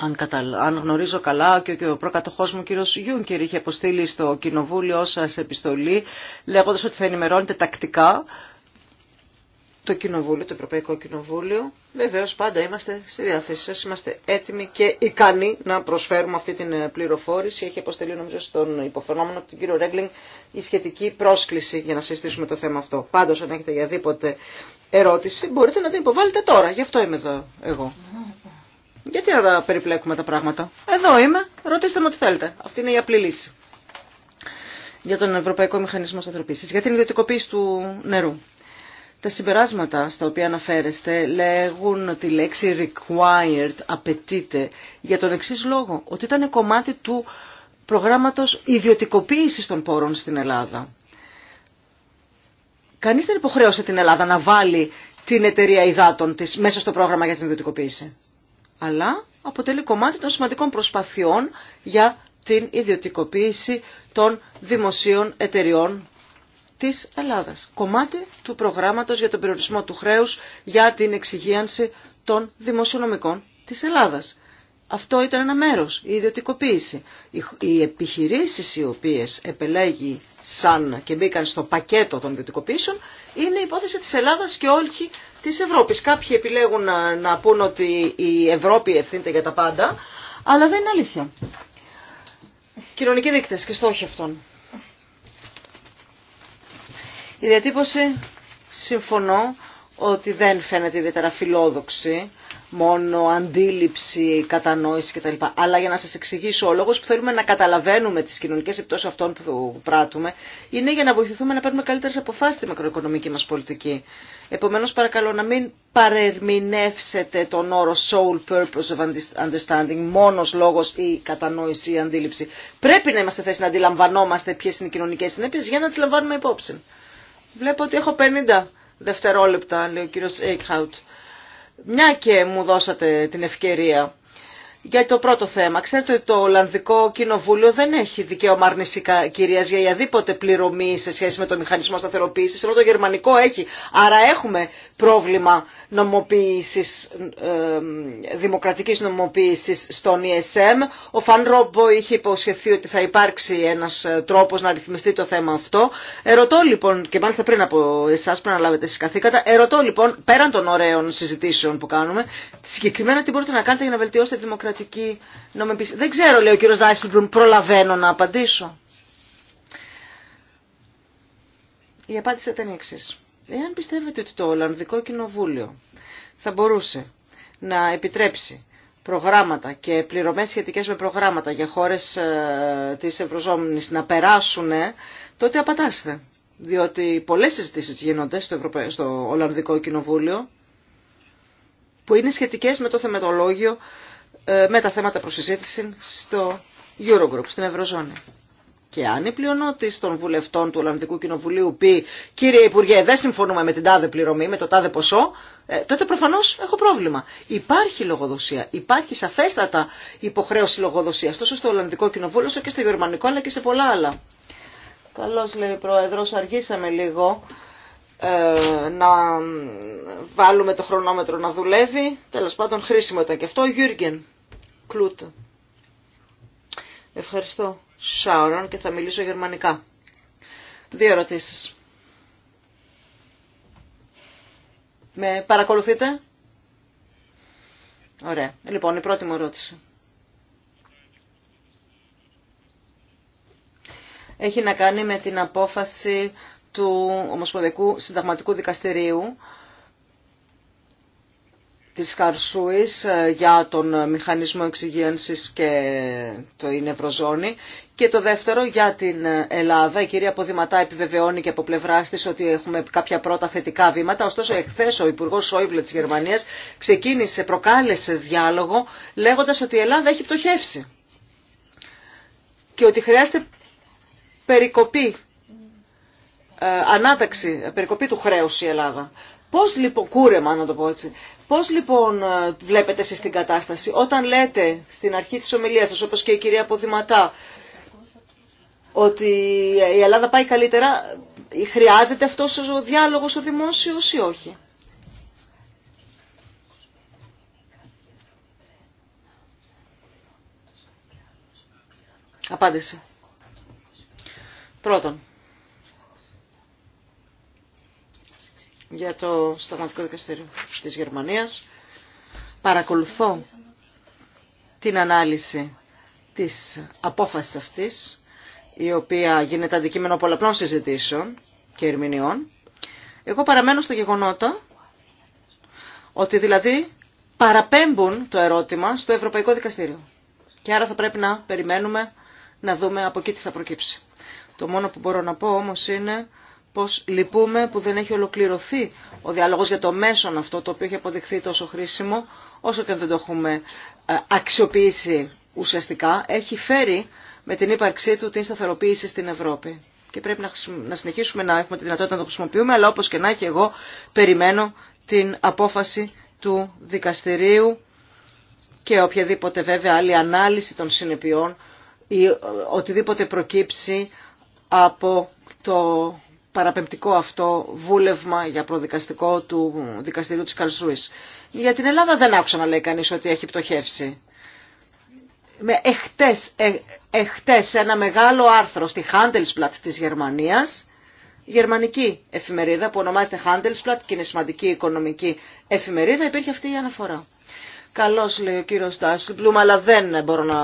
αν, αν γνωρίζω καλά και ο, προκατοχός μου κύριος Γιούνκερ είχε αποστείλει στο κοινοβούλιο σα επιστολή λέγοντας ότι θα ενημερώνετε τακτικά το Κοινοβούλιο, το Ευρωπαϊκό Κοινοβούλιο. Βεβαίω πάντα είμαστε στη διάθεσή σα, είμαστε έτοιμοι και ικανοί να προσφέρουμε αυτή την ε, πληροφόρηση. Έχει αποστελεί νομίζω στον υποφαινόμενο τον κύριο Ρέγκλινγκ η σχετική πρόσκληση για να συζητήσουμε το θέμα αυτό. Πάντω, αν έχετε οποιαδήποτε ερώτηση, μπορείτε να την υποβάλλετε τώρα. Γι' αυτό είμαι εδώ εγώ. Γιατί να τα περιπλέκουμε τα πράγματα. Εδώ είμαι, ρωτήστε μου ό,τι θέλετε. Αυτή είναι η απλή λύση για τον Ευρωπαϊκό Μηχανισμό Σταθεροποίηση. για την ιδιωτικοποίηση του νερού. Τα συμπεράσματα στα οποία αναφέρεστε λέγουν ότι η λέξη required απαιτείται για τον εξή λόγο, ότι ήταν κομμάτι του προγράμματος ιδιωτικοποίησης των πόρων στην Ελλάδα. Κανείς δεν υποχρέωσε την Ελλάδα να βάλει την εταιρεία υδάτων της μέσα στο πρόγραμμα για την ιδιωτικοποίηση αλλά αποτελεί κομμάτι των σημαντικών προσπαθειών για την ιδιωτικοποίηση των δημοσίων εταιριών της Ελλάδας. Κομμάτι του προγράμματος για τον περιορισμό του χρέους για την εξυγίανση των δημοσιονομικών της Ελλάδας. Αυτό ήταν ένα μέρος, η ιδιωτικοποίηση. Οι επιχειρήσεις οι οποίες επελέγει σαν και μπήκαν στο πακέτο των ιδιωτικοποίησεων είναι η υπόθεση της Ελλάδας και όχι της Ευρώπης. Κάποιοι επιλέγουν να, να πούν ότι η Ευρώπη ευθύνεται για τα πάντα, αλλά δεν είναι αλήθεια. Κοινωνικοί δείκτες και στόχοι αυτών. Η διατύπωση συμφωνώ ότι δεν φαίνεται ιδιαίτερα φιλόδοξη μόνο αντίληψη, κατανόηση κτλ. Αλλά για να σας εξηγήσω, ο λόγος που θέλουμε να καταλαβαίνουμε τις κοινωνικές επιπτώσεις αυτών που πράττουμε είναι για να βοηθηθούμε να παίρνουμε καλύτερες αποφάσεις στη μακροοικονομική μας πολιτική. Επομένως παρακαλώ να μην παρερμηνεύσετε τον όρο soul purpose of understanding, μόνος λόγος ή κατανόηση ή αντίληψη. Πρέπει να είμαστε θέση να αντιλαμβανόμαστε ποιες είναι οι κοινωνικές συνέπειες για να τις λαμβάνουμε υπόψη. Βλέπω ότι έχω 50 δευτερόλεπτα, λέει ο κύριο Eichhout. Μια και μου δώσατε την ευκαιρία για το πρώτο θέμα. Ξέρετε ότι το Ολλανδικό Κοινοβούλιο δεν έχει δικαίωμα άρνηση κυρία για οποιαδήποτε πληρωμή σε σχέση με το μηχανισμό σταθεροποίηση. ενώ το Γερμανικό έχει. Άρα έχουμε πρόβλημα νομοποίησης, ε, δημοκρατικής νομοποίηση στον ESM. Ο Φαν Ρόμπο είχε υποσχεθεί ότι θα υπάρξει ένα ε, τρόπο να ρυθμιστεί το θέμα αυτό. Ερωτώ λοιπόν, και μάλιστα πριν από εσά πριν να λάβετε εσεί καθήκατα, ερωτώ λοιπόν, πέραν των ωραίων συζητήσεων που κάνουμε, συγκεκριμένα τι μπορείτε να κάνετε για να βελτιώσετε τη δημοκρατία δεν ξέρω, λέει ο κύριος Δάισελμπλουμ, προλαβαίνω να απαντήσω. Η απάντηση ήταν η εξής. Εάν πιστεύετε ότι το Ολλανδικό Κοινοβούλιο θα μπορούσε να επιτρέψει προγράμματα και πληρωμές σχετικές με προγράμματα για χώρες ε, της Ευρωζώνης να περάσουν, τότε απαντάστε. Διότι πολλές συζητήσεις γίνονται στο, στο Ολλανδικό Κοινοβούλιο που είναι σχετικές με το θεμετολόγιο ε, με τα θέματα προσυζήτηση στο Eurogroup, στην Ευρωζώνη. Και αν η πλειονότητα των βουλευτών του Ολλανδικού Κοινοβουλίου πει «Κύριε Υπουργέ, δεν συμφωνούμε με την τάδε πληρωμή, με το τάδε ποσό», ε, τότε προφανώς έχω πρόβλημα. Υπάρχει λογοδοσία, υπάρχει σαφέστατα υποχρέωση λογοδοσίας, τόσο στο Ολλανδικό Κοινοβούλιο, όσο και στο Γερμανικό, αλλά και σε πολλά άλλα. Καλώς λέει ο Πρόεδρος, αργήσαμε λίγο ε, να βάλουμε το χρονόμετρο να δουλεύει. Τέλος πάντων χρήσιμο ήταν και αυτό. Γιούργεν. Ευχαριστώ, Σάουρον, και θα μιλήσω γερμανικά. Δύο ερωτήσει. Με παρακολουθείτε? Ωραία. Λοιπόν, η πρώτη μου ερώτηση. Έχει να κάνει με την απόφαση του Ομοσπονδιακού Συνταγματικού Δικαστηρίου της Καρσούης ε, για τον μηχανισμό εξυγίανσης και το είναι Ευρωζώνη και το δεύτερο για την Ελλάδα. Η κυρία Ποδηματά επιβεβαιώνει και από πλευρά τη ότι έχουμε κάποια πρώτα θετικά βήματα. Ωστόσο, εχθέ ο Υπουργό Σόιμπλε τη Γερμανία ξεκίνησε, προκάλεσε διάλογο λέγοντα ότι η Ελλάδα έχει πτωχεύσει και ότι χρειάζεται περικοπή, ε, ανάταξη, περικοπή του χρέους η Ελλάδα. Πώς λοιπόν, κούρεμα να το πω έτσι, Πώς λοιπόν ε, βλέπετε εσείς την κατάσταση όταν λέτε στην αρχή της ομιλίας σας όπως και η κυρία Ποδηματά ότι η Ελλάδα πάει καλύτερα, χρειάζεται αυτός ο διάλογος ο δημόσιος ή όχι. Απάντηση. Πρώτον, για το Σταγματικό Δικαστήριο της Γερμανίας. Παρακολουθώ την ανάλυση της απόφασης αυτής, η οποία γίνεται αντικείμενο πολλαπλών συζητήσεων και ερμηνεών. Εγώ παραμένω στο γεγονότο ότι δηλαδή παραπέμπουν το ερώτημα στο Ευρωπαϊκό Δικαστήριο. Και άρα θα πρέπει να περιμένουμε να δούμε από εκεί τι θα προκύψει. Το μόνο που μπορώ να πω όμως είναι πως λυπούμε που δεν έχει ολοκληρωθεί ο διάλογος για το μέσον αυτό το οποίο έχει αποδειχθεί τόσο χρήσιμο όσο και αν δεν το έχουμε ε, αξιοποιήσει ουσιαστικά έχει φέρει με την ύπαρξή του την σταθεροποίηση στην Ευρώπη. Και πρέπει να συνεχίσουμε να έχουμε τη δυνατότητα να το χρησιμοποιούμε, αλλά όπως και να και εγώ περιμένω την απόφαση του δικαστηρίου και οποιαδήποτε βέβαια άλλη ανάλυση των συνεπειών ή ε, οτιδήποτε προκύψει από το παραπεμπτικό αυτό βούλευμα για προδικαστικό του δικαστηρίου της Καλσούης. Για την Ελλάδα δεν άκουσα να λέει κανείς ότι έχει πτωχεύσει. Με εχτές, ε, εχτές ένα μεγάλο άρθρο στη Handelsblatt της Γερμανίας, γερμανική εφημερίδα που ονομάζεται Handelsblatt και είναι σημαντική οικονομική εφημερίδα, υπήρχε αυτή η αναφορά. Καλώ λέει ο κύριο Τάσιμπλουμ, αλλά δεν μπορώ να.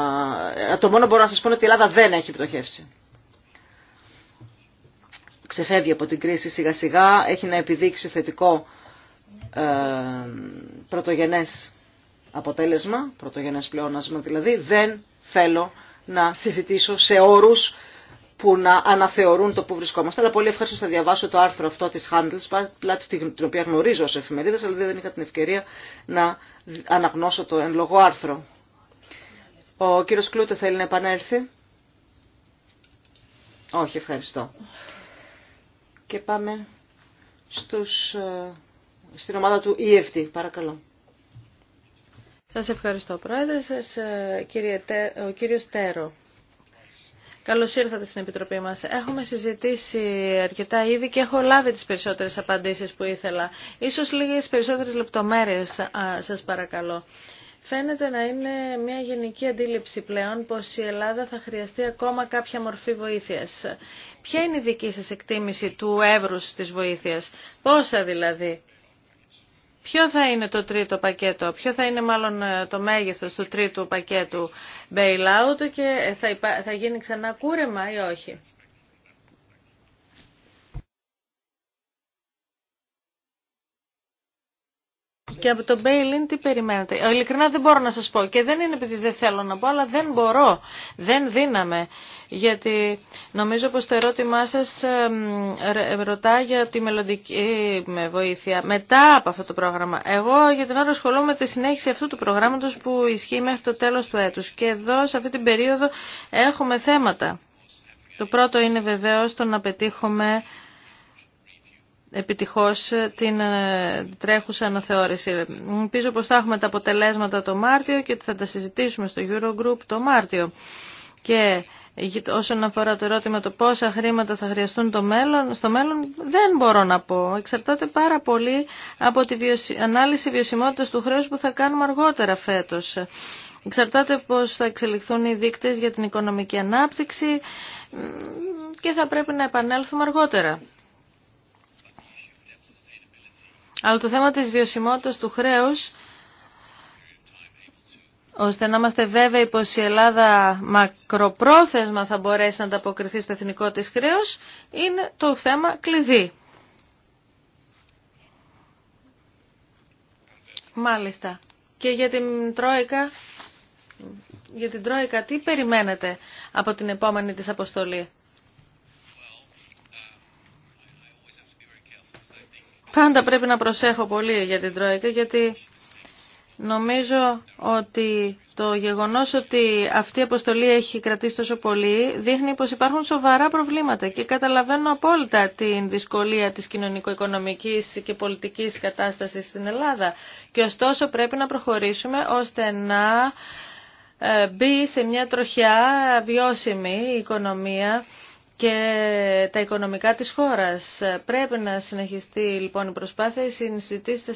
Το μόνο μπορώ να σα πω είναι ότι η Ελλάδα δεν έχει πτωχεύσει ξεφεύγει από την κρίση σιγά σιγά, έχει να επιδείξει θετικό ε, πρωτογενές αποτέλεσμα, πρωτογενές πλεόνασμα δηλαδή, δεν θέλω να συζητήσω σε όρους που να αναθεωρούν το που βρισκόμαστε. Αλλά πολύ ευχαριστώ θα διαβάσω το άρθρο αυτό της Handelsblatt, την οποία γνωρίζω ως εφημερίδα, αλλά δεν είχα την ευκαιρία να αναγνώσω το εν λόγω άρθρο. Ο κύριος Κλούτε θέλει να επανέλθει. Όχι, ευχαριστώ. Και πάμε στους, ε, στην ομάδα του EFT. Παρακαλώ. Σας ευχαριστώ, Πρόεδρε. Σας, ε, κύριε, ο κύριος Τέρο. Καλώς ήρθατε στην Επιτροπή μας. Έχουμε συζητήσει αρκετά ήδη και έχω λάβει τις περισσότερες απαντήσεις που ήθελα. Ίσως λίγες περισσότερες λεπτομέρειες, σας παρακαλώ. Φαίνεται να είναι μια γενική αντίληψη πλέον πως η Ελλάδα θα χρειαστεί ακόμα κάποια μορφή βοήθειας. Ποια είναι η δική σας εκτίμηση του εύρους της βοήθειας, πόσα δηλαδή, ποιο θα είναι το τρίτο πακέτο, ποιο θα είναι μάλλον ε, το μέγεθος του τρίτου πακέτου bailout και θα, θα γίνει ξανά κούρεμα ή όχι. Και από τον Μπέιλιν τι περιμένετε. Ειλικρινά δεν μπορώ να σας πω και δεν είναι επειδή δεν θέλω να πω, αλλά δεν μπορώ, δεν δύναμε. Γιατί νομίζω πως το ερώτημά σας ρωτά για τη μελλοντική ε, με βοήθεια μετά από αυτό το πρόγραμμα. Εγώ για την ώρα ασχολούμαι με τη συνέχιση αυτού του προγράμματος που ισχύει μέχρι το τέλος του έτους. Και εδώ σε αυτή την περίοδο έχουμε θέματα. Το πρώτο είναι βεβαίως το να πετύχουμε επιτυχώς την ε, τρέχουσα αναθεώρηση. Ελπίζω πως θα έχουμε τα αποτελέσματα το Μάρτιο και θα τα συζητήσουμε στο Eurogroup το Μάρτιο. Και όσον αφορά το ερώτημα το πόσα χρήματα θα χρειαστούν το μέλλον, στο μέλλον δεν μπορώ να πω. Εξαρτάται πάρα πολύ από την ανάλυση βιωσιμότητας του χρέους που θα κάνουμε αργότερα φέτος. Εξαρτάται πώς θα εξελιχθούν οι δείκτες για την οικονομική ανάπτυξη και θα πρέπει να επανέλθουμε αργότερα. Αλλά το θέμα της βιωσιμότητας του χρέους, ώστε να είμαστε βέβαιοι πως η Ελλάδα μακροπρόθεσμα θα μπορέσει να ανταποκριθεί στο εθνικό της χρέος, είναι το θέμα κλειδί. Μάλιστα. Και για την Τρόικα, για την Τρόικα τι περιμένετε από την επόμενη της αποστολή. Πάντα πρέπει να προσέχω πολύ για την Τρόικα γιατί νομίζω ότι το γεγονός ότι αυτή η αποστολή έχει κρατήσει τόσο πολύ δείχνει πως υπάρχουν σοβαρά προβλήματα και καταλαβαίνω απόλυτα την δυσκολία της κοινωνικο-οικονομικής και πολιτικής κατάστασης στην Ελλάδα. Και ωστόσο πρέπει να προχωρήσουμε ώστε να ε, μπει σε μια τροχιά βιώσιμη η οικονομία και τα οικονομικά της χώρας. Πρέπει να συνεχιστεί λοιπόν η προσπάθεια. Οι συνεισθητήσεις θα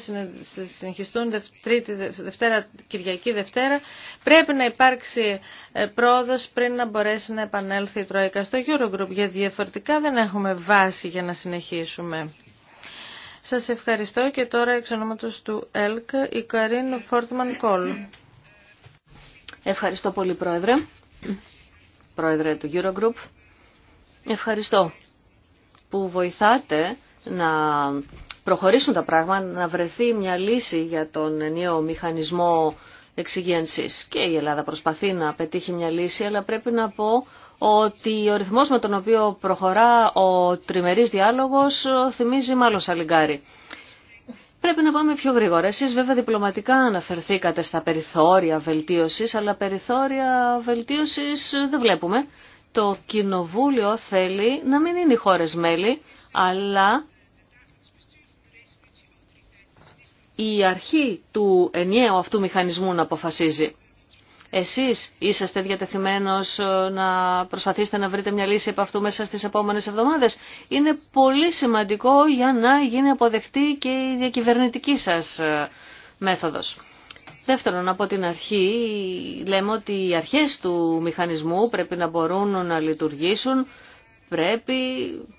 συνεχιστούν τρίτη, Δευτέρα, Κυριακή, Δευτέρα. Πρέπει να υπάρξει ε, πρόοδος πριν να μπορέσει να επανέλθει η Τρόικα στο Eurogroup, γιατί διαφορετικά δεν έχουμε βάση για να συνεχίσουμε. Σας ευχαριστώ και τώρα εξ ονόματος του ΕΛΚ, η Καρίν Φόρτμαν Κόλ. Ευχαριστώ πολύ Πρόεδρε, Πρόεδρε του Eurogroup. Ευχαριστώ που βοηθάτε να προχωρήσουν τα πράγματα, να βρεθεί μια λύση για τον νέο μηχανισμό εξυγένσης. Και η Ελλάδα προσπαθεί να πετύχει μια λύση, αλλά πρέπει να πω ότι ο ρυθμός με τον οποίο προχωρά ο τριμερής διάλογος θυμίζει μάλλον σαλιγκάρι. Πρέπει να πάμε πιο γρήγορα. Εσείς βέβαια διπλωματικά αναφερθήκατε στα περιθώρια βελτίωσης, αλλά περιθώρια βελτίωσης δεν βλέπουμε το Κοινοβούλιο θέλει να μην είναι οι χώρες μέλη, αλλά η αρχή του ενιαίου αυτού μηχανισμού να αποφασίζει. Εσείς είσαστε διατεθειμένος ε, να προσπαθήσετε να βρείτε μια λύση από αυτού μέσα στις επόμενες εβδομάδες. Είναι πολύ σημαντικό για να γίνει αποδεκτή και η διακυβερνητική σας ε, μέθοδος. Δεύτερον, από την αρχή λέμε ότι οι αρχές του μηχανισμού πρέπει να μπορούν να λειτουργήσουν. Πρέπει,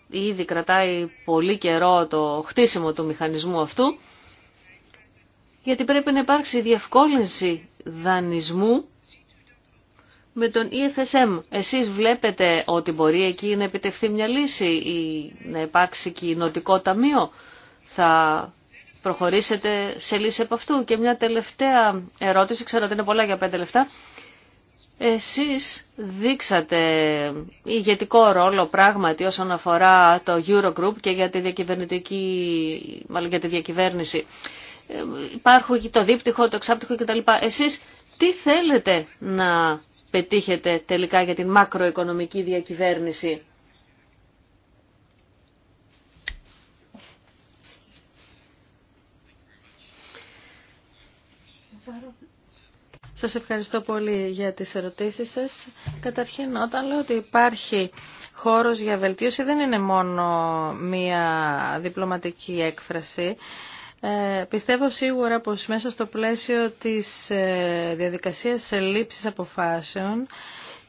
ήδη κρατάει πολύ καιρό το χτίσιμο του μηχανισμού αυτού, γιατί πρέπει να υπάρξει διευκόλυνση δανεισμού με τον EFSM. Εσείς βλέπετε ότι μπορεί εκεί να επιτευχθεί μια λύση ή να υπάρξει κοινοτικό ταμείο. Θα προχωρήσετε σε λύση από αυτού. Και μια τελευταία ερώτηση, ξέρω ότι είναι πολλά για πέντε λεφτά. Εσείς δείξατε ηγετικό ρόλο πράγματι όσον αφορά το Eurogroup και για τη, διακυβερνητική, μάλλον για τη διακυβέρνηση. Ε, υπάρχουν το δίπτυχο, το εξάπτυχο κτλ. Εσείς τι θέλετε να πετύχετε τελικά για την μακροοικονομική διακυβέρνηση Σας ευχαριστώ πολύ για τις ερωτήσεις σας. Καταρχήν, όταν λέω ότι υπάρχει χώρος για βελτίωση, δεν είναι μόνο μία διπλωματική έκφραση. Ε, πιστεύω σίγουρα πως μέσα στο πλαίσιο της ε, διαδικασίας λήψης αποφάσεων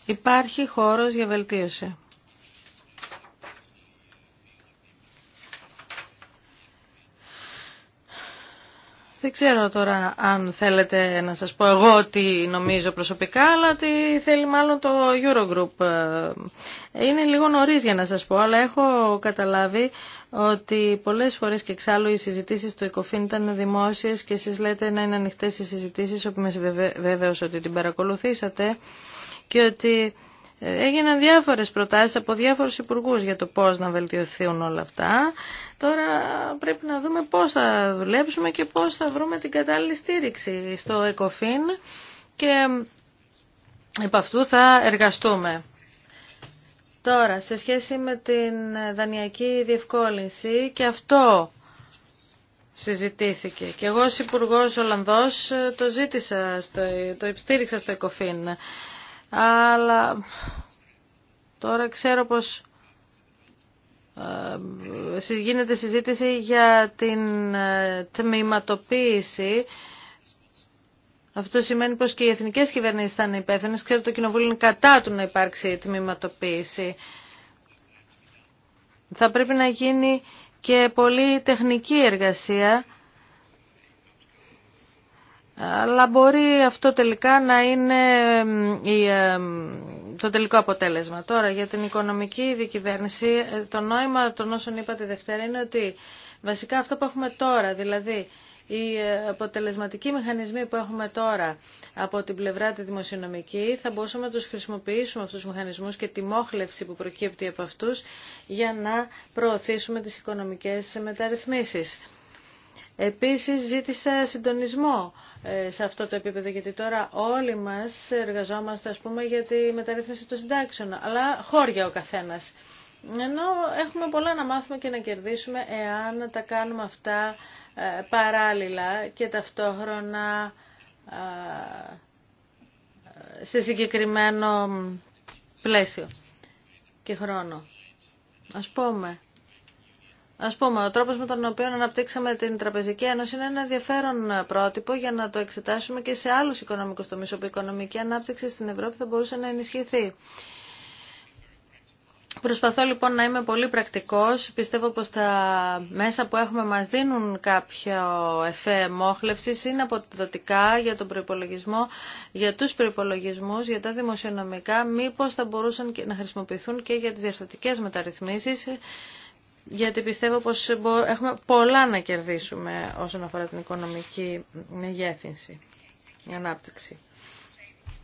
υπάρχει χώρος για βελτίωση. Δεν ξέρω τώρα αν θέλετε να σας πω εγώ τι νομίζω προσωπικά, αλλά τι θέλει μάλλον το Eurogroup. Είναι λίγο νωρίς για να σας πω, αλλά έχω καταλάβει ότι πολλές φορές και εξάλλου οι συζητήσεις του ΕΚΟΦΗΝ ήταν δημόσιες και εσείς λέτε να είναι ανοιχτές οι συζητήσεις, όπου είμαι βέβαιος ότι την παρακολουθήσατε και ότι Έγιναν διάφορες προτάσεις από διάφορους υπουργούς για το πώς να βελτιωθούν όλα αυτά. Τώρα πρέπει να δούμε πώς θα δουλέψουμε και πώς θα βρούμε την κατάλληλη στήριξη στο ΕΚΟΦΗΝ και επ' αυτού θα εργαστούμε. Τώρα, σε σχέση με την δανειακή διευκόλυνση και αυτό συζητήθηκε. Και εγώ ως Υπουργός Ολλανδός το ζήτησα, στο, το υπστήριξα στο ΕΚΟΦΗΝ αλλά τώρα ξέρω πως ε, γίνεται συζήτηση για την ε, τμήματοποίηση αυτό σημαίνει πως και οι εθνικές κυβερνήσεις θα είναι υπεύθυνες. Ξέρω το Κοινοβούλιο είναι κατά του να υπάρξει τμήματοποίηση. Θα πρέπει να γίνει και πολύ τεχνική εργασία αλλά μπορεί αυτό τελικά να είναι το τελικό αποτέλεσμα. Τώρα για την οικονομική διακυβέρνηση, ε, το νόημα των όσων είπατε Δευτέρα είναι ότι βασικά αυτό που έχουμε τώρα, δηλαδή οι ε, αποτελεσματικοί μηχανισμοί που έχουμε τώρα από την πλευρά τη δημοσιονομική θα μπορούσαμε να τους χρησιμοποιήσουμε αυτούς τους μηχανισμούς και τη μόχλευση που προκύπτει από αυτούς για να προωθήσουμε τις οικονομικές μεταρρυθμίσεις. Επίσης ζήτησα συντονισμό ε, σε αυτό το επίπεδο, γιατί τώρα όλοι μας εργαζόμαστε, ας πούμε, για τη μεταρρύθμιση των συντάξεων, αλλά χώρια ο καθένας. Ενώ έχουμε πολλά να μάθουμε και να κερδίσουμε εάν τα κάνουμε αυτά ε, παράλληλα και ταυτόχρονα ε, σε συγκεκριμένο πλαίσιο και χρόνο. Ας πούμε, Ας πούμε, ο τρόπο με τον οποίο αναπτύξαμε την Τραπεζική Ένωση είναι ένα ενδιαφέρον πρότυπο για να το εξετάσουμε και σε άλλου οικονομικού τομείς, όπου η οικονομική ανάπτυξη στην Ευρώπη θα μπορούσε να ενισχυθεί. Προσπαθώ λοιπόν να είμαι πολύ πρακτικός. Πιστεύω πως τα μέσα που έχουμε μας δίνουν κάποιο εφέ μόχλευσης είναι αποδοτικά για τον προπολογισμό, για τους προϋπολογισμούς, για τα δημοσιονομικά, μήπως θα μπορούσαν να χρησιμοποιηθούν και για τις διευθυντικές μεταρρυθμίσεις γιατί πιστεύω πως έχουμε πολλά να κερδίσουμε όσον αφορά την οικονομική μεγέθυνση, η ανάπτυξη.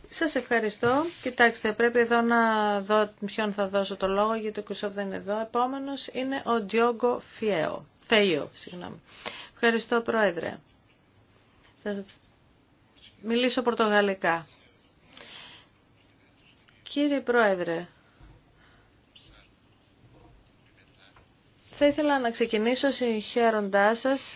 Σας ευχαριστώ. Κοιτάξτε, πρέπει εδώ να δω ποιον θα δώσω το λόγο, γιατί ο Κουσόφ δεν είναι εδώ. Επόμενος είναι ο Διόγκο Φιέο. Φέιο, συγγνώμη. Ευχαριστώ, Πρόεδρε. Θα μιλήσω πορτογαλικά. Κύριε Πρόεδρε, Θα ήθελα να ξεκινήσω συγχαίροντά σας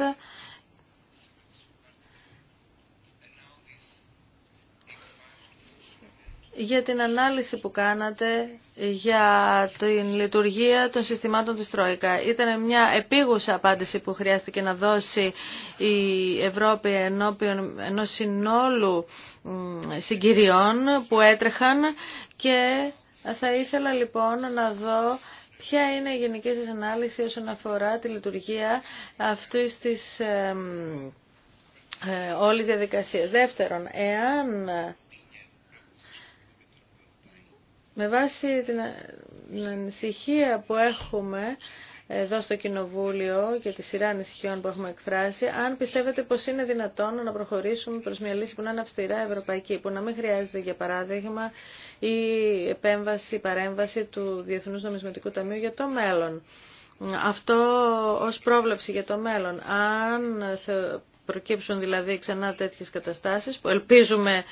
για την ανάλυση που κάνατε για την λειτουργία των συστημάτων της Τρόικα. Ήταν μια επίγουσα απάντηση που χρειάστηκε να δώσει η Ευρώπη ενώπιον ενός συνόλου συγκυριών που έτρεχαν και θα ήθελα λοιπόν να δω Ποια είναι η γενική σας ανάλυση όσον αφορά τη λειτουργία αυτού της ε, ε, όλης διαδικασίας. Δεύτερον, εάν με βάση την ανησυχία που έχουμε εδώ στο Κοινοβούλιο για τη σειρά ανησυχιών που έχουμε εκφράσει, αν πιστεύετε πως είναι δυνατόν να προχωρήσουμε προς μια λύση που να είναι αυστηρά ευρωπαϊκή, που να μην χρειάζεται για παράδειγμα η επέμβαση, η παρέμβαση του Διεθνούς Νομισματικού Ταμείου για το μέλλον. Αυτό ως πρόβλεψη για το μέλλον. Αν προκύψουν δηλαδή ξανά τέτοιες καταστάσεις που ελπίζουμε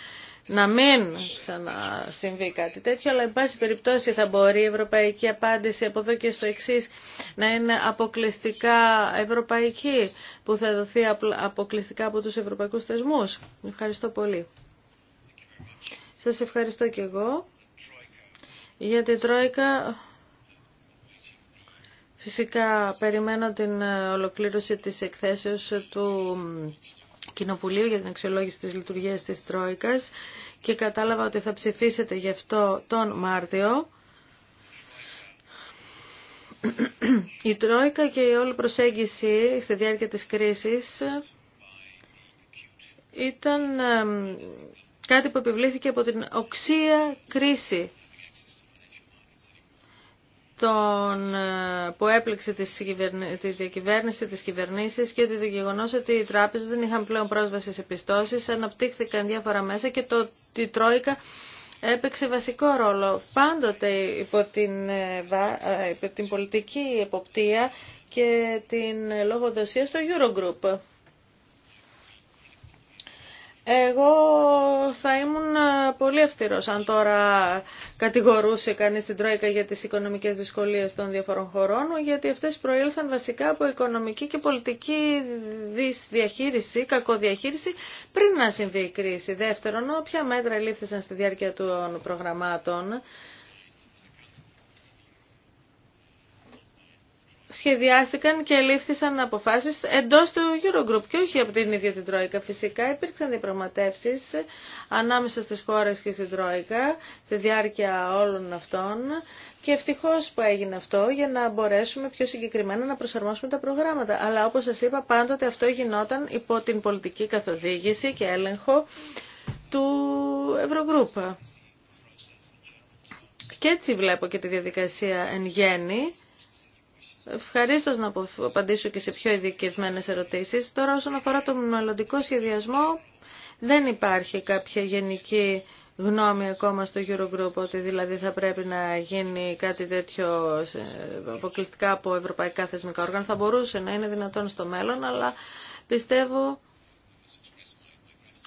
να μην ξανασυμβεί κάτι τέτοιο, αλλά εν πάση περιπτώσει θα μπορεί η ευρωπαϊκή απάντηση από εδώ και στο εξή να είναι αποκλειστικά ευρωπαϊκή, που θα δοθεί αποκλειστικά από τους ευρωπαϊκούς θεσμούς. Ευχαριστώ πολύ. Σας ευχαριστώ και εγώ για την Τρόικα. Φυσικά περιμένω την ε, ολοκλήρωση της εκθέσεως του Κοινοβουλίου για την αξιολόγηση της λειτουργίας της Τρόικας και κατάλαβα ότι θα ψηφίσετε γι' αυτό τον Μάρτιο. Η Τρόικα και η όλη προσέγγιση στη διάρκεια της κρίσης ήταν κάτι που επιβλήθηκε από την οξία κρίση τον, ε, που έπληξε τη, τη διακυβέρνηση της κυβερνήσης και το γεγονός ότι οι τράπεζες δεν είχαν πλέον πρόσβαση σε πιστώσεις, αναπτύχθηκαν διάφορα μέσα και το, η Τρόικα έπαιξε βασικό ρόλο πάντοτε υπό την, ε, ε, υπό την πολιτική εποπτεία και την λόγοδοσία στο Eurogroup. Εγώ θα ήμουν ε, πολύ αυστηρός αν τώρα κατηγορούσε κανείς την Τρόικα για τις οικονομικές δυσκολίες των διαφορών χωρών, γιατί αυτές προήλθαν βασικά από οικονομική και πολιτική δυσδιαχείριση, κακοδιαχείριση, πριν να συμβεί η κρίση. Δεύτερον, όποια μέτρα λήφθησαν στη διάρκεια των προγραμμάτων, σχεδιάστηκαν και λήφθησαν αποφάσεις εντός του Eurogroup και όχι από την ίδια την Τρόικα. Φυσικά υπήρξαν διαπραγματεύσεις ανάμεσα στις χώρες και στην Τρόικα στη διάρκεια όλων αυτών και ευτυχώς που έγινε αυτό για να μπορέσουμε πιο συγκεκριμένα να προσαρμόσουμε τα προγράμματα. Αλλά όπως σας είπα πάντοτε αυτό γινόταν υπό την πολιτική καθοδήγηση και έλεγχο του Eurogroup. Και έτσι βλέπω και τη διαδικασία εν γέννη Ευχαρίστω να απαντήσω και σε πιο ειδικευμένε ερωτήσεις. Τώρα όσον αφορά τον μελλοντικό σχεδιασμό, δεν υπάρχει κάποια γενική γνώμη ακόμα στο Eurogroup ότι δηλαδή θα πρέπει να γίνει κάτι τέτοιο ε, αποκλειστικά από ευρωπαϊκά θεσμικά όργανα. Θα μπορούσε να είναι δυνατόν στο μέλλον, αλλά πιστεύω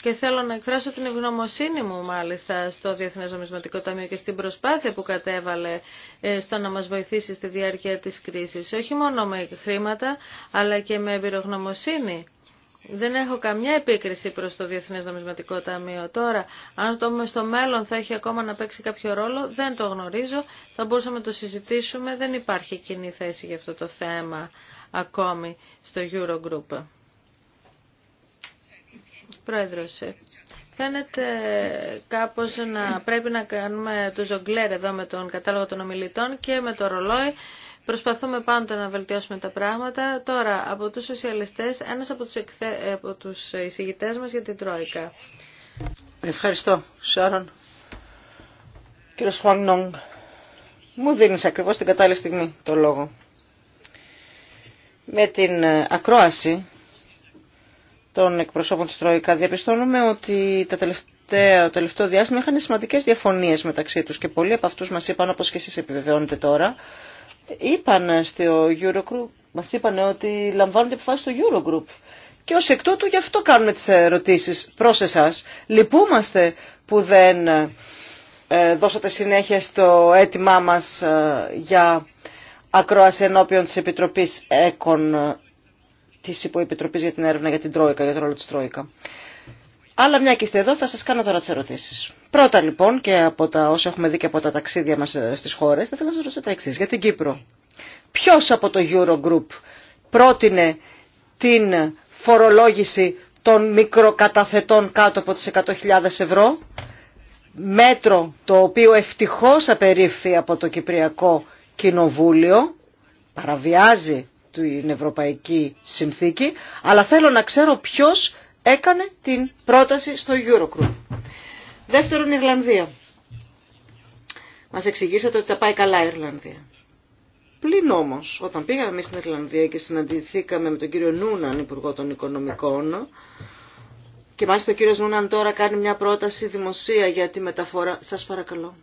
και θέλω να εκφράσω την ευγνωμοσύνη μου μάλιστα στο Διεθνές Νομισματικό Ταμείο και στην προσπάθεια που κατέβαλε ε, στο να μας βοηθήσει στη διάρκεια της κρίσης. Όχι μόνο με χρήματα αλλά και με εμπειρογνωμοσύνη. Δεν έχω καμιά επίκριση προς το Διεθνές Νομισματικό Ταμείο. Τώρα, αν το στο μέλλον θα έχει ακόμα να παίξει κάποιο ρόλο, δεν το γνωρίζω. Θα μπορούσαμε να το συζητήσουμε. Δεν υπάρχει κοινή θέση για αυτό το θέμα ακόμη στο Eurogroup. Πρόεδρος, Φαίνεται κάπως να πρέπει να κάνουμε το ζογκλέρ εδώ με τον κατάλογο των ομιλητών και με το ρολόι. Προσπαθούμε πάντα να βελτιώσουμε τα πράγματα. Τώρα, από τους σοσιαλιστές, ένας από τους, εκθε... από τους μας για την Τρόικα. Ευχαριστώ, Σάρων. Κύριος Νόγκ, μου δίνεις ακριβώς την κατάλληλη στιγμή το λόγο. Με την ε, ακρόαση των εκπροσώπων της Τρόικα διαπιστώνουμε ότι τα τελευταία, το τελευταίο διάστημα είχαν σημαντικές διαφωνίες μεταξύ τους και πολλοί από αυτούς μας είπαν, όπως και εσείς επιβεβαιώνετε τώρα, είπαν στο Eurogroup, μας είπαν ότι λαμβάνονται αποφάσεις στο Eurogroup. Και ως εκ τούτου γι' αυτό κάνουμε τις ερωτήσεις προς εσάς. Λυπούμαστε που δεν ε, δώσατε συνέχεια στο αίτημά μας ε, για ακρόαση ενώπιον της Επιτροπής ΕΚΟΝ της Υποεπιτροπής για την έρευνα για την Τρόικα, για τον ρόλο τη Τρόικα. Αλλά μια και είστε εδώ θα σα κάνω τώρα τι ερωτήσει. Πρώτα λοιπόν και από τα όσα έχουμε δει και από τα ταξίδια μα ε, στι χώρε, θα ήθελα να σα ρωτήσω τα εξή για την Κύπρο. Ποιο από το Eurogroup πρότεινε την φορολόγηση των μικροκαταθετών κάτω από τι 100.000 ευρώ μέτρο το οποίο ευτυχώ απερίφθη από το Κυπριακό Κοινοβούλιο παραβιάζει την Ευρωπαϊκή Συνθήκη, αλλά θέλω να ξέρω ποιος έκανε την πρόταση στο Eurogroup. Δεύτερον, η Ιρλανδία. Μας εξηγήσατε ότι τα πάει καλά η Ιρλανδία. Πλην όμως, όταν πήγαμε εμείς στην Ιρλανδία και συναντηθήκαμε με τον κύριο Νούναν, Υπουργό των Οικονομικών, και μάλιστα ο κύριος Νούναν τώρα κάνει μια πρόταση δημοσία για τη μεταφορά. Σας παρακαλώ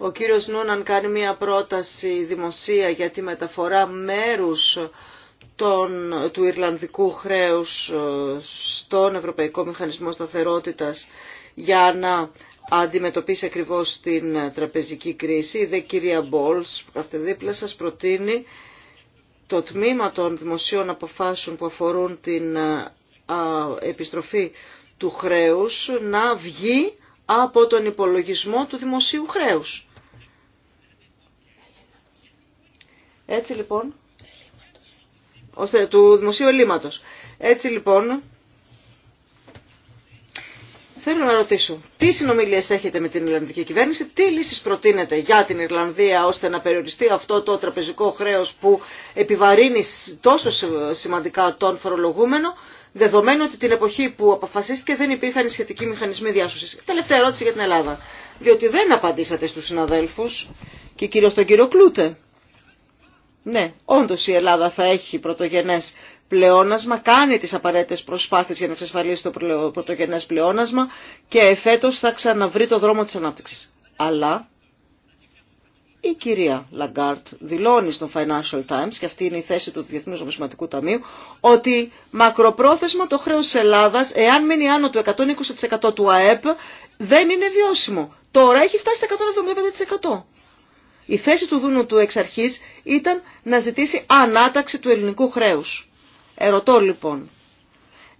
ο κύριος Νούναν κάνει μια πρόταση δημοσία για τη μεταφορά μέρους των, του Ιρλανδικού χρέους ε, στον Ευρωπαϊκό Μηχανισμό Σταθερότητας για να αντιμετωπίσει ακριβώς την ε, τραπεζική κρίση. Η δε κυρία Μπόλς, δίπλα σας προτείνει το τμήμα των δημοσίων αποφάσεων που αφορούν την ε, επιστροφή του χρέους να βγει από τον υπολογισμό του δημοσίου χρέους. Έτσι λοιπόν, ώστε, του δημοσίου ελλείμματος. Έτσι λοιπόν, θέλω να ρωτήσω, τι συνομιλίε έχετε με την Ιρλανδική κυβέρνηση, τι λύσεις προτείνετε για την Ιρλανδία ώστε να περιοριστεί αυτό το τραπεζικό χρέος που επιβαρύνει τόσο σημαντικά τον φορολογούμενο, δεδομένου ότι την εποχή που αποφασίστηκε δεν υπήρχαν οι σχετικοί μηχανισμοί διάσωσης. Τελευταία ερώτηση για την Ελλάδα, διότι δεν απαντήσατε στους συναδέλφους και κυρίως τον κύριο Κλούτε ναι, όντως η Ελλάδα θα έχει πρωτογενές πλεόνασμα, κάνει τις απαραίτητες προσπάθειες για να εξασφαλίσει το πρωτογενές πλεόνασμα και φέτος θα ξαναβρει το δρόμο της ανάπτυξης. Αλλά η κυρία Λαγκάρτ δηλώνει στο Financial Times, και αυτή είναι η θέση του Διεθνούς Νομισματικού Ταμείου, ότι μακροπρόθεσμα το χρέος της Ελλάδας, εάν μείνει άνω του 120% του ΑΕΠ, δεν είναι βιώσιμο. Τώρα έχει φτάσει στα 175%. Η θέση του Δούνου του εξ αρχής ήταν να ζητήσει ανάταξη του ελληνικού χρέους. Ερωτώ λοιπόν,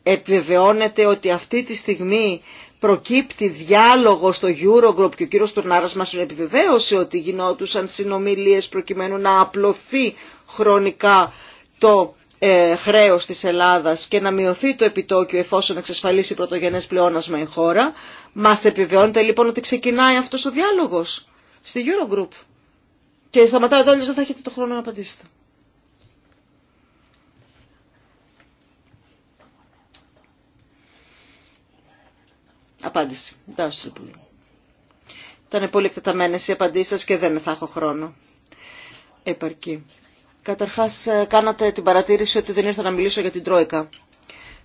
επιβεβαιώνεται ότι αυτή τη στιγμή προκύπτει διάλογο στο Eurogroup και ο κύριος Τουρνάρας μας επιβεβαίωσε ότι γινόντουσαν συνομιλίες προκειμένου να απλωθεί χρονικά το ε, χρέος της Ελλάδας και να μειωθεί το επιτόκιο εφόσον εξασφαλίσει πρωτογενές πλεόνασμα η χώρα. Μας επιβεβαιώνεται λοιπόν ότι ξεκινάει αυτός ο διάλογος στη Eurogroup. Και σταματάω εδώ, δεν θα έχετε το χρόνο να απαντήσετε. Απάντηση. Εντάξει, πολύ. Ήταν πολύ εκτεταμένες οι απαντήσεις σας και δεν θα έχω χρόνο. Επαρκεί. Καταρχάς, ε, κάνατε την παρατήρηση ότι δεν ήρθα να μιλήσω για την Τρόικα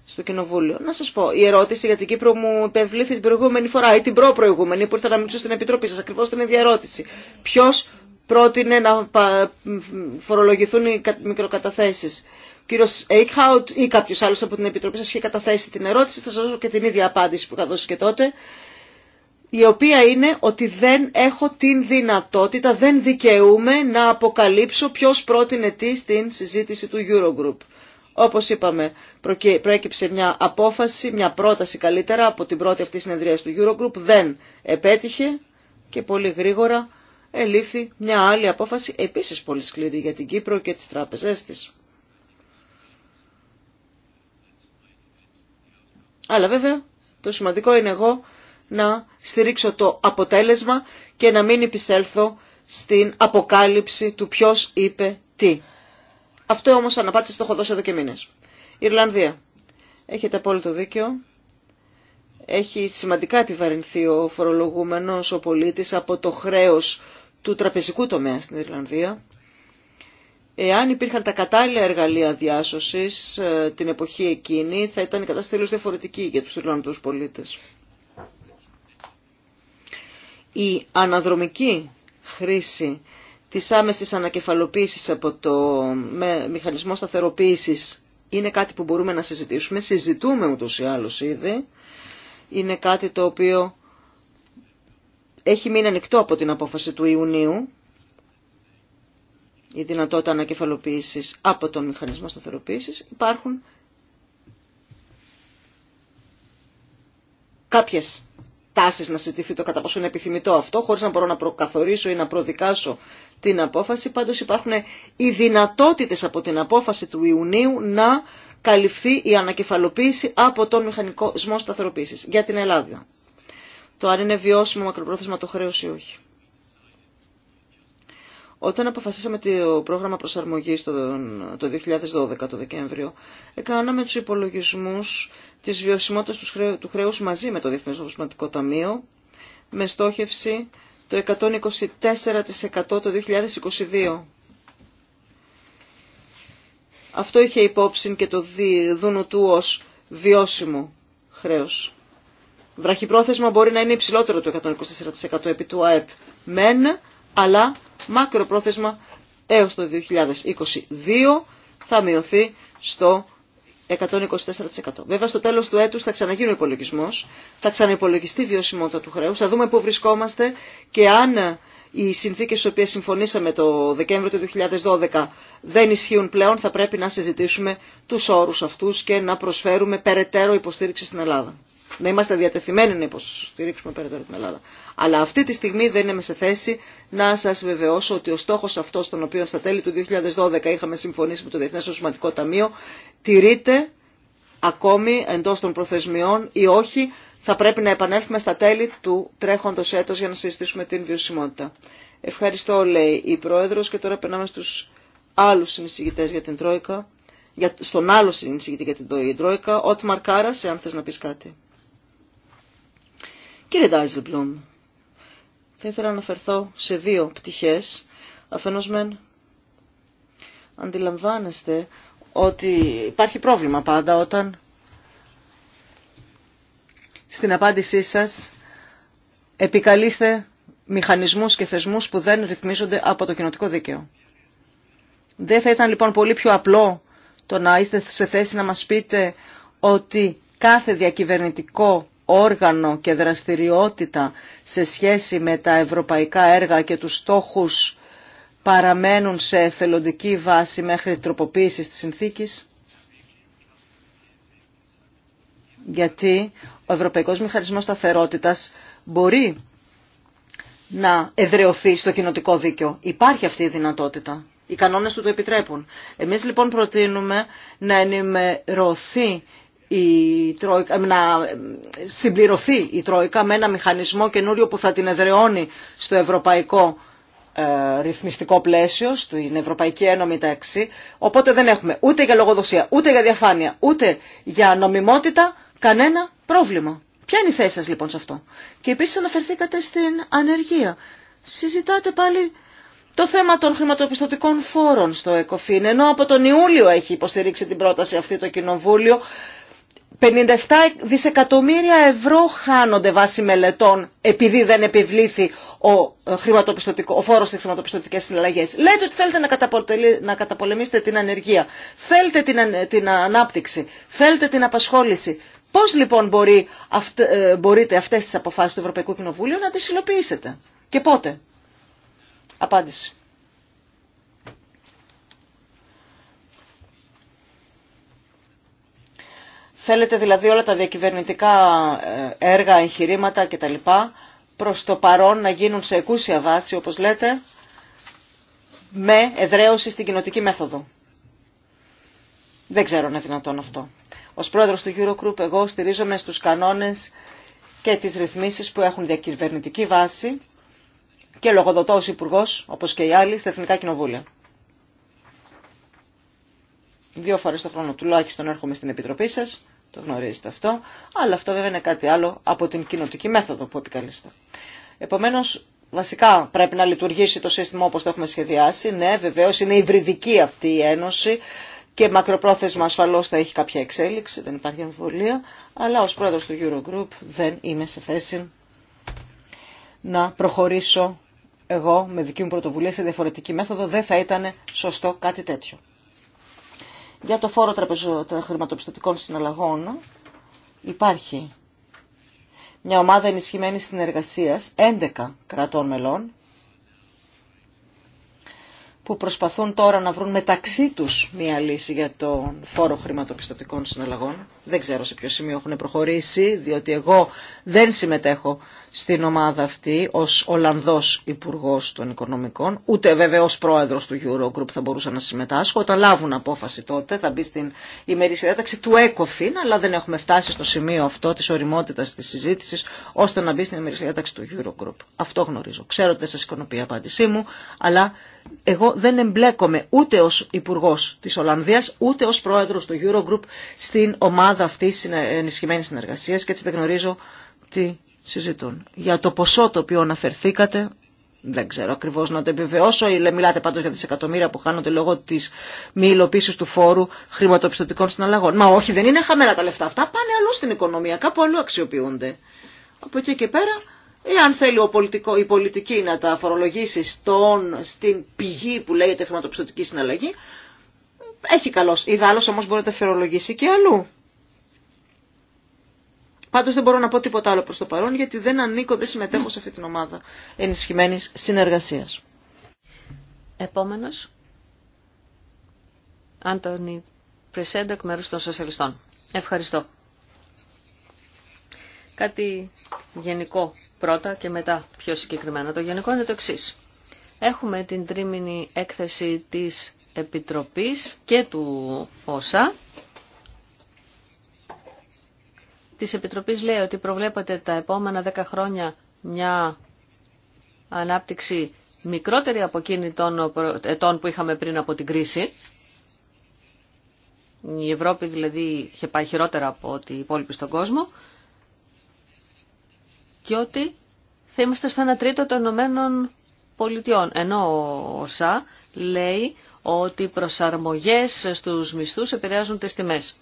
στο Κοινοβούλιο. Να σας πω, η ερώτηση για την Κύπρο μου υπευλήθη την προηγούμενη φορά ή την προ-προηγούμενη που ήρθα να μιλήσω στην Επιτροπή σας. Ακριβώς την ίδια ερώτηση. Ποιος πρότεινε να φορολογηθούν οι μικροκαταθέσεις. Ο κύριος Έικχαουτ ή κάποιος άλλος από την Επιτροπή σας είχε καταθέσει την ερώτηση, θα σας δώσω και την ίδια απάντηση που είχα δώσει και τότε, η οποία είναι ότι δεν έχω την δυνατότητα, δεν δικαιούμαι να αποκαλύψω ποιος πρότεινε τι στην συζήτηση του Eurogroup. Όπως είπαμε, προέκυψε μια απόφαση, μια πρόταση καλύτερα από την πρώτη αυτή συνεδρία του Eurogroup, δεν επέτυχε και πολύ γρήγορα ελήφθη μια άλλη απόφαση επίσης πολύ σκληρή για την Κύπρο και τις τράπεζές της. Αλλά βέβαια το σημαντικό είναι εγώ να στηρίξω το αποτέλεσμα και να μην επισέλθω στην αποκάλυψη του ποιος είπε τι. Αυτό όμως αναπάτησε το έχω δώσει εδώ και μήνες. Ιρλανδία. Έχετε απόλυτο δίκιο. Έχει σημαντικά επιβαρυνθεί ο φορολογούμενος, ο πολίτης από το χρέος του τραπεζικού τομέα στην Ιρλανδία, εάν υπήρχαν τα κατάλληλα εργαλεία διάσωσης ε, την εποχή εκείνη, θα ήταν η κατάσταση διαφορετική για τους Ιρλανδούς πολίτες. Η αναδρομική χρήση της άμεσης ανακεφαλοποίησης από το με μηχανισμό σταθεροποίησης είναι κάτι που μπορούμε να συζητήσουμε. Συζητούμε ούτως ή άλλως ήδη. Είναι κάτι το οποίο έχει μείνει ανοιχτό από την απόφαση του Ιουνίου η δυνατότητα ανακεφαλοποίησης από τον μηχανισμό σταθεροποίησης. Υπάρχουν κάποιες τάσεις να συζητηθεί το κατά πόσο είναι επιθυμητό αυτό, χωρίς να μπορώ να προκαθορίσω ή να προδικάσω την απόφαση. Πάντως υπάρχουν οι δυνατότητες από την απόφαση του Ιουνίου να καλυφθεί η ανακεφαλοποίηση από τον μηχανισμό σταθεροποίησης για την Ελλάδα το αν είναι βιώσιμο μακροπρόθεσμα το χρέος ή όχι. Όταν αποφασίσαμε το πρόγραμμα προσαρμογής το 2012, το Δεκέμβριο, έκαναμε τους υπολογισμούς της βιωσιμότητας του χρέους μαζί με το Διεθνές Νομισματικό Ταμείο, με στόχευση το 124% το 2022. Αυτό είχε υπόψη και το δούνου του ως βιώσιμο χρέος. Βραχυπρόθεσμα μπορεί να είναι υψηλότερο του 124% επί του ΑΕΠ μεν, αλλά μακροπρόθεσμα έως το 2022 θα μειωθεί στο 124%. Βέβαια στο τέλος του έτους θα ξαναγίνει ο υπολογισμός, θα ξαναυπολογιστεί η βιωσιμότητα του χρέους, θα δούμε πού βρισκόμαστε και αν οι συνθήκες στις οποίες συμφωνήσαμε το Δεκέμβριο του 2012 δεν ισχύουν πλέον, θα πρέπει να συζητήσουμε τους όρους αυτούς και να προσφέρουμε περαιτέρω υποστήριξη στην Ελλάδα να είμαστε διατεθειμένοι να υποστηρίξουμε περαιτέρω την Ελλάδα. Αλλά αυτή τη στιγμή δεν είμαι σε θέση να σα βεβαιώσω ότι ο στόχο αυτό, τον οποίο στα τέλη του 2012 είχαμε συμφωνήσει με το Διεθνέ Σωματικό Ταμείο, τηρείται ακόμη εντό των προθεσμιών ή όχι. Θα πρέπει να επανέλθουμε στα τέλη του τρέχοντος έτος για να συζητήσουμε την βιωσιμότητα. Ευχαριστώ, λέει η πρόεδρο και τώρα περνάμε στου άλλου συνεισηγητέ για την Τρόικα, για, στον άλλο συνεισηγητή για την Τρόικα, Ότμαρ Κάρα, εάν θε να πει κάτι. Κύριε Ντάιζεμπλουμ, θα ήθελα να αναφερθώ σε δύο πτυχές. Αφενός μεν αντιλαμβάνεστε ότι υπάρχει πρόβλημα πάντα όταν στην απάντησή σας επικαλείστε μηχανισμούς και θεσμούς που δεν ρυθμίζονται από το κοινοτικό δίκαιο. Δεν θα ήταν λοιπόν πολύ πιο απλό το να είστε σε θέση να μας πείτε ότι κάθε διακυβερνητικό όργανο και δραστηριότητα σε σχέση με τα ευρωπαϊκά έργα και τους στόχους παραμένουν σε εθελοντική βάση μέχρι τροποποίησης της συνθήκης. Γιατί ο Ευρωπαϊκός Μηχανισμός Σταθερότητας μπορεί να εδρεωθεί στο κοινοτικό δίκαιο. Υπάρχει αυτή η δυνατότητα. Οι κανόνες του το επιτρέπουν. Εμείς λοιπόν προτείνουμε να ενημερωθεί η Τρόικα, να συμπληρωθεί η Τρόικα με ένα μηχανισμό καινούριο που θα την εδραιώνει στο ευρωπαϊκό ε, ρυθμιστικό πλαίσιο, στην Ευρωπαϊκή Ένωμη Τάξη. Οπότε δεν έχουμε ούτε για λογοδοσία, ούτε για διαφάνεια, ούτε για νομιμότητα κανένα πρόβλημα. Ποια είναι η θέση σας λοιπόν σε αυτό. Και επίσης αναφερθήκατε στην ανεργία. Συζητάτε πάλι το θέμα των χρηματοπιστωτικών φόρων στο ΕΚΟΦΗΝ, ενώ από τον Ιούλιο έχει υποστηρίξει την πρόταση αυτή το Κοινοβούλιο, 57 δισεκατομμύρια ευρώ χάνονται βάσει μελετών επειδή δεν επιβλήθη ο, ε, χρηματοπιστωτικό, ο φόρος στις χρηματοπιστωτικές συναλλαγές. Λέτε ότι θέλετε να, καταπολεμήσετε την ανεργία, θέλετε την, ε, την ανάπτυξη, θέλετε την απασχόληση. Πώς λοιπόν μπορεί, αυτε, μπορείτε αυτές τις αποφάσεις του Ευρωπαϊκού Κοινοβουλίου να τις υλοποιήσετε και πότε. Απάντηση. Θέλετε δηλαδή όλα τα διακυβερνητικά ε, έργα, εγχειρήματα κτλ. προς το παρόν να γίνουν σε εκούσια βάση, όπως λέτε, με εδραίωση στην κοινοτική μέθοδο. Δεν ξέρω αν είναι δυνατόν αυτό. Ως πρόεδρος του Eurogroup εγώ στηρίζομαι στους κανόνες και τις ρυθμίσεις που έχουν διακυβερνητική βάση και λογοδοτώ ως υπουργό, όπως και οι άλλοι, στα Εθνικά Κοινοβούλια. Δύο φορές το χρόνο τουλάχιστον έρχομαι στην Επιτροπή σας το γνωρίζετε αυτό, αλλά αυτό βέβαια είναι κάτι άλλο από την κοινοτική μέθοδο που επικαλείστε. Επομένω, βασικά πρέπει να λειτουργήσει το σύστημα όπω το έχουμε σχεδιάσει. Ναι, βεβαίω είναι υβριδική αυτή η ένωση και μακροπρόθεσμα ασφαλώ θα έχει κάποια εξέλιξη, δεν υπάρχει αμφιβολία, αλλά ω πρόεδρος του Eurogroup δεν είμαι σε θέση να προχωρήσω εγώ με δική μου πρωτοβουλία σε διαφορετική μέθοδο, δεν θα ήταν σωστό κάτι τέτοιο. Για το φόρο χρηματοπιστωτικών συναλλαγών υπάρχει μια ομάδα ενισχυμένης συνεργασίας 11 κρατών μελών που προσπαθούν τώρα να βρουν μεταξύ τους μία λύση για τον φόρο χρηματοπιστωτικών συναλλαγών. Δεν ξέρω σε ποιο σημείο έχουν προχωρήσει, διότι εγώ δεν συμμετέχω στην ομάδα αυτή ως Ολλανδός υπουργό των Οικονομικών, ούτε βέβαια ως πρόεδρος του Eurogroup θα μπορούσα να συμμετάσχω. Όταν λάβουν απόφαση τότε θα μπει στην ημερήσια διάταξη του ECOFIN, αλλά δεν έχουμε φτάσει στο σημείο αυτό της οριμότητας της συζήτησης, ώστε να μπει στην ημερήσια διάταξη του Eurogroup. Αυτό γνωρίζω. Ξέρω ότι δεν σας ικανοποιεί η απάντησή μου, αλλά εγώ δεν εμπλέκομαι ούτε ως υπουργό της Ολλανδίας, ούτε ως πρόεδρος του Eurogroup στην ομάδα αυτή ενισχυμένη συνεργασία και έτσι δεν γνωρίζω τι συζητούν. Για το ποσό το οποίο αναφερθήκατε, δεν ξέρω ακριβώ να το επιβεβαιώσω, ή μιλάτε πάντω για δισεκατομμύρια που χάνονται λόγω τη μη υλοποίηση του φόρου χρηματοπιστωτικών συναλλαγών. Μα όχι, δεν είναι χαμένα τα λεφτά αυτά, πάνε αλλού στην οικονομία, κάπου αλλού αξιοποιούνται. Από εκεί και πέρα, εάν θέλει πολιτικό, η πολιτική να τα φορολογήσει στην πηγή που λέγεται χρηματοπιστωτική συναλλαγή, έχει καλώ. Ιδάλω όμω μπορεί να τα φορολογήσει και αλλού. Πάντω δεν μπορώ να πω τίποτα άλλο προ το παρόν, γιατί δεν ανήκω, δεν συμμετέχω σε αυτή την ομάδα ενισχυμένη συνεργασία. Επόμενο, Άντωνη Πρεσέντα, εκ μέρου των Σοσιαλιστών. Ευχαριστώ. Κάτι γενικό πρώτα και μετά πιο συγκεκριμένα. Το γενικό είναι το εξή. Έχουμε την τρίμηνη έκθεση της Επιτροπής και του ΩΣΑ της Επιτροπής λέει ότι προβλέπεται τα επόμενα 10 χρόνια μια ανάπτυξη μικρότερη από εκείνη των ετών που είχαμε πριν από την κρίση. Η Ευρώπη δηλαδή είχε πάει χειρότερα από ό,τι οι υπόλοιποι στον κόσμο. Και ότι θα είμαστε στο 1 τρίτο των Ηνωμένων Πολιτειών. Ενώ ο ΣΑ λέει ότι οι προσαρμογές στους μισθούς επηρεάζουν τις τιμές.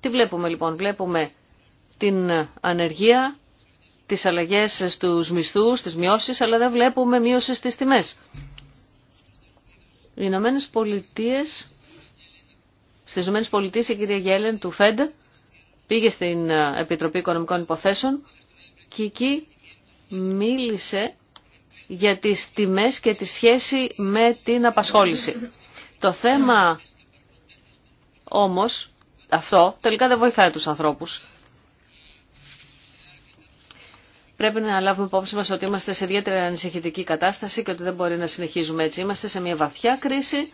Τι βλέπουμε λοιπόν, βλέπουμε την ανεργία, τις αλλαγές στους μισθούς, τις μειώσεις, αλλά δεν βλέπουμε μείωση στις τιμές. Οι Ηνωμένε Πολιτείε, στις Ηνωμένε Πολιτείε η κυρία Γέλεν του ΦΕΔ πήγε στην Επιτροπή Οικονομικών Υποθέσεων και εκεί μίλησε για τις τιμές και τη σχέση με την απασχόληση. Το θέμα όμως αυτό τελικά δεν βοηθάει τους ανθρώπους. Πρέπει να λάβουμε υπόψη μας ότι είμαστε σε ιδιαίτερα ανησυχητική κατάσταση και ότι δεν μπορεί να συνεχίζουμε έτσι. Είμαστε σε μια βαθιά κρίση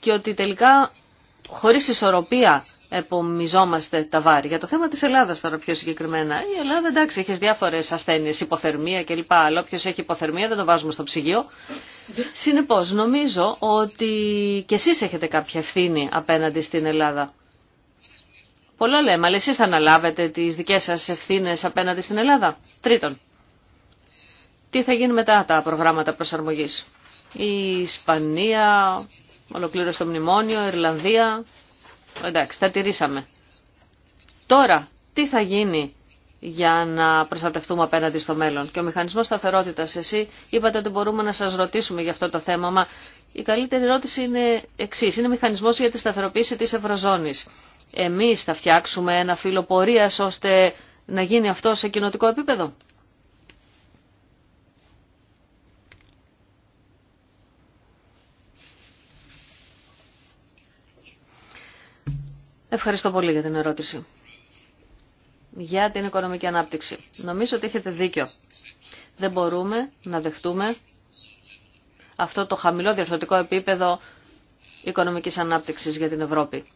και ότι τελικά χωρίς ισορροπία επομιζόμαστε τα βάρη. Για το θέμα της Ελλάδας τώρα πιο συγκεκριμένα. Η Ελλάδα εντάξει έχει διάφορες ασθένειες, υποθερμία κλπ. Αλλά όποιο έχει υποθερμία δεν το βάζουμε στο ψυγείο. Συνεπώς νομίζω ότι και εσείς έχετε κάποια ευθύνη απέναντι στην Ελλάδα. Πολλά λέμε, αλλά εσείς θα αναλάβετε τις δικές σας ευθύνες απέναντι στην Ελλάδα. Τρίτον, τι θα γίνει μετά τα προγράμματα προσαρμογής. Η Ισπανία, ολοκλήρωσε το μνημόνιο, η Ιρλανδία, εντάξει, τα τηρήσαμε. Τώρα, τι θα γίνει για να προστατευτούμε απέναντι στο μέλλον. Και ο μηχανισμός σταθερότητας, εσύ είπατε ότι μπορούμε να σας ρωτήσουμε για αυτό το θέμα, μα η καλύτερη ερώτηση είναι εξή. Είναι μηχανισμός για τη σταθεροποίηση τη Ευρωζώνης εμείς θα φτιάξουμε ένα φύλλο πορείας ώστε να γίνει αυτό σε κοινοτικό επίπεδο. Ευχαριστώ πολύ για την ερώτηση. Για την οικονομική ανάπτυξη. Νομίζω ότι έχετε δίκιο. Δεν μπορούμε να δεχτούμε αυτό το χαμηλό διορθωτικό επίπεδο οικονομικής ανάπτυξης για την Ευρώπη.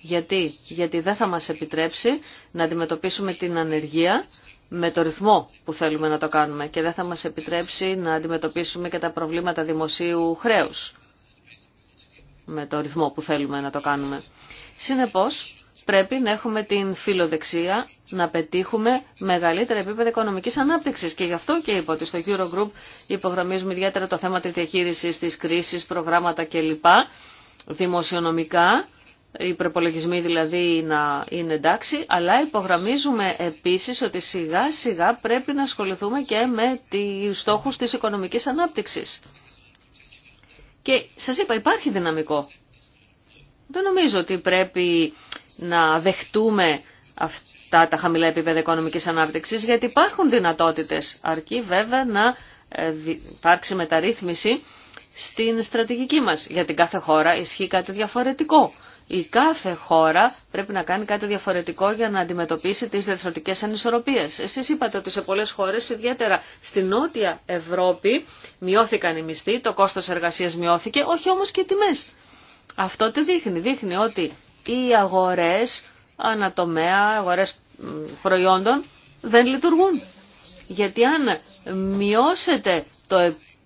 Γιατί, Γιατί δεν θα μας επιτρέψει να αντιμετωπίσουμε την ανεργία με το ρυθμό που θέλουμε να το κάνουμε και δεν θα μας επιτρέψει να αντιμετωπίσουμε και τα προβλήματα δημοσίου χρέους με το ρυθμό που θέλουμε να το κάνουμε. Συνεπώς, πρέπει να έχουμε την φιλοδεξία να πετύχουμε μεγαλύτερα επίπεδα οικονομικής ανάπτυξης. Και γι' αυτό και είπα ότι στο Eurogroup υπογραμμίζουμε ιδιαίτερα το θέμα της διαχείρισης της κρίσης, προγράμματα κλπ. Δημοσιονομικά οι προπολογισμοί δηλαδή να είναι εντάξει, αλλά υπογραμμίζουμε επίσης ότι σιγά σιγά πρέπει να ασχοληθούμε και με τους στόχους της οικονομικής ανάπτυξης. Και σας είπα υπάρχει δυναμικό. Δεν νομίζω ότι πρέπει να δεχτούμε αυτά τα χαμηλά επίπεδα οικονομικής ανάπτυξης, γιατί υπάρχουν δυνατότητες, αρκεί βέβαια να ε, υπάρξει μεταρρύθμιση στην στρατηγική μας. Για την κάθε χώρα ισχύει κάτι διαφορετικό. Η κάθε χώρα πρέπει να κάνει κάτι διαφορετικό για να αντιμετωπίσει τις διευθυντικές ανισορροπίες. Εσείς είπατε ότι σε πολλές χώρες, ιδιαίτερα στη Νότια Ευρώπη, μειώθηκαν οι μισθοί, το κόστος εργασίας μειώθηκε, όχι όμως και οι τιμές. Αυτό τι δείχνει. Δείχνει ότι οι αγορές ανατομέα, αγορές προϊόντων δεν λειτουργούν. Γιατί αν μειώσετε το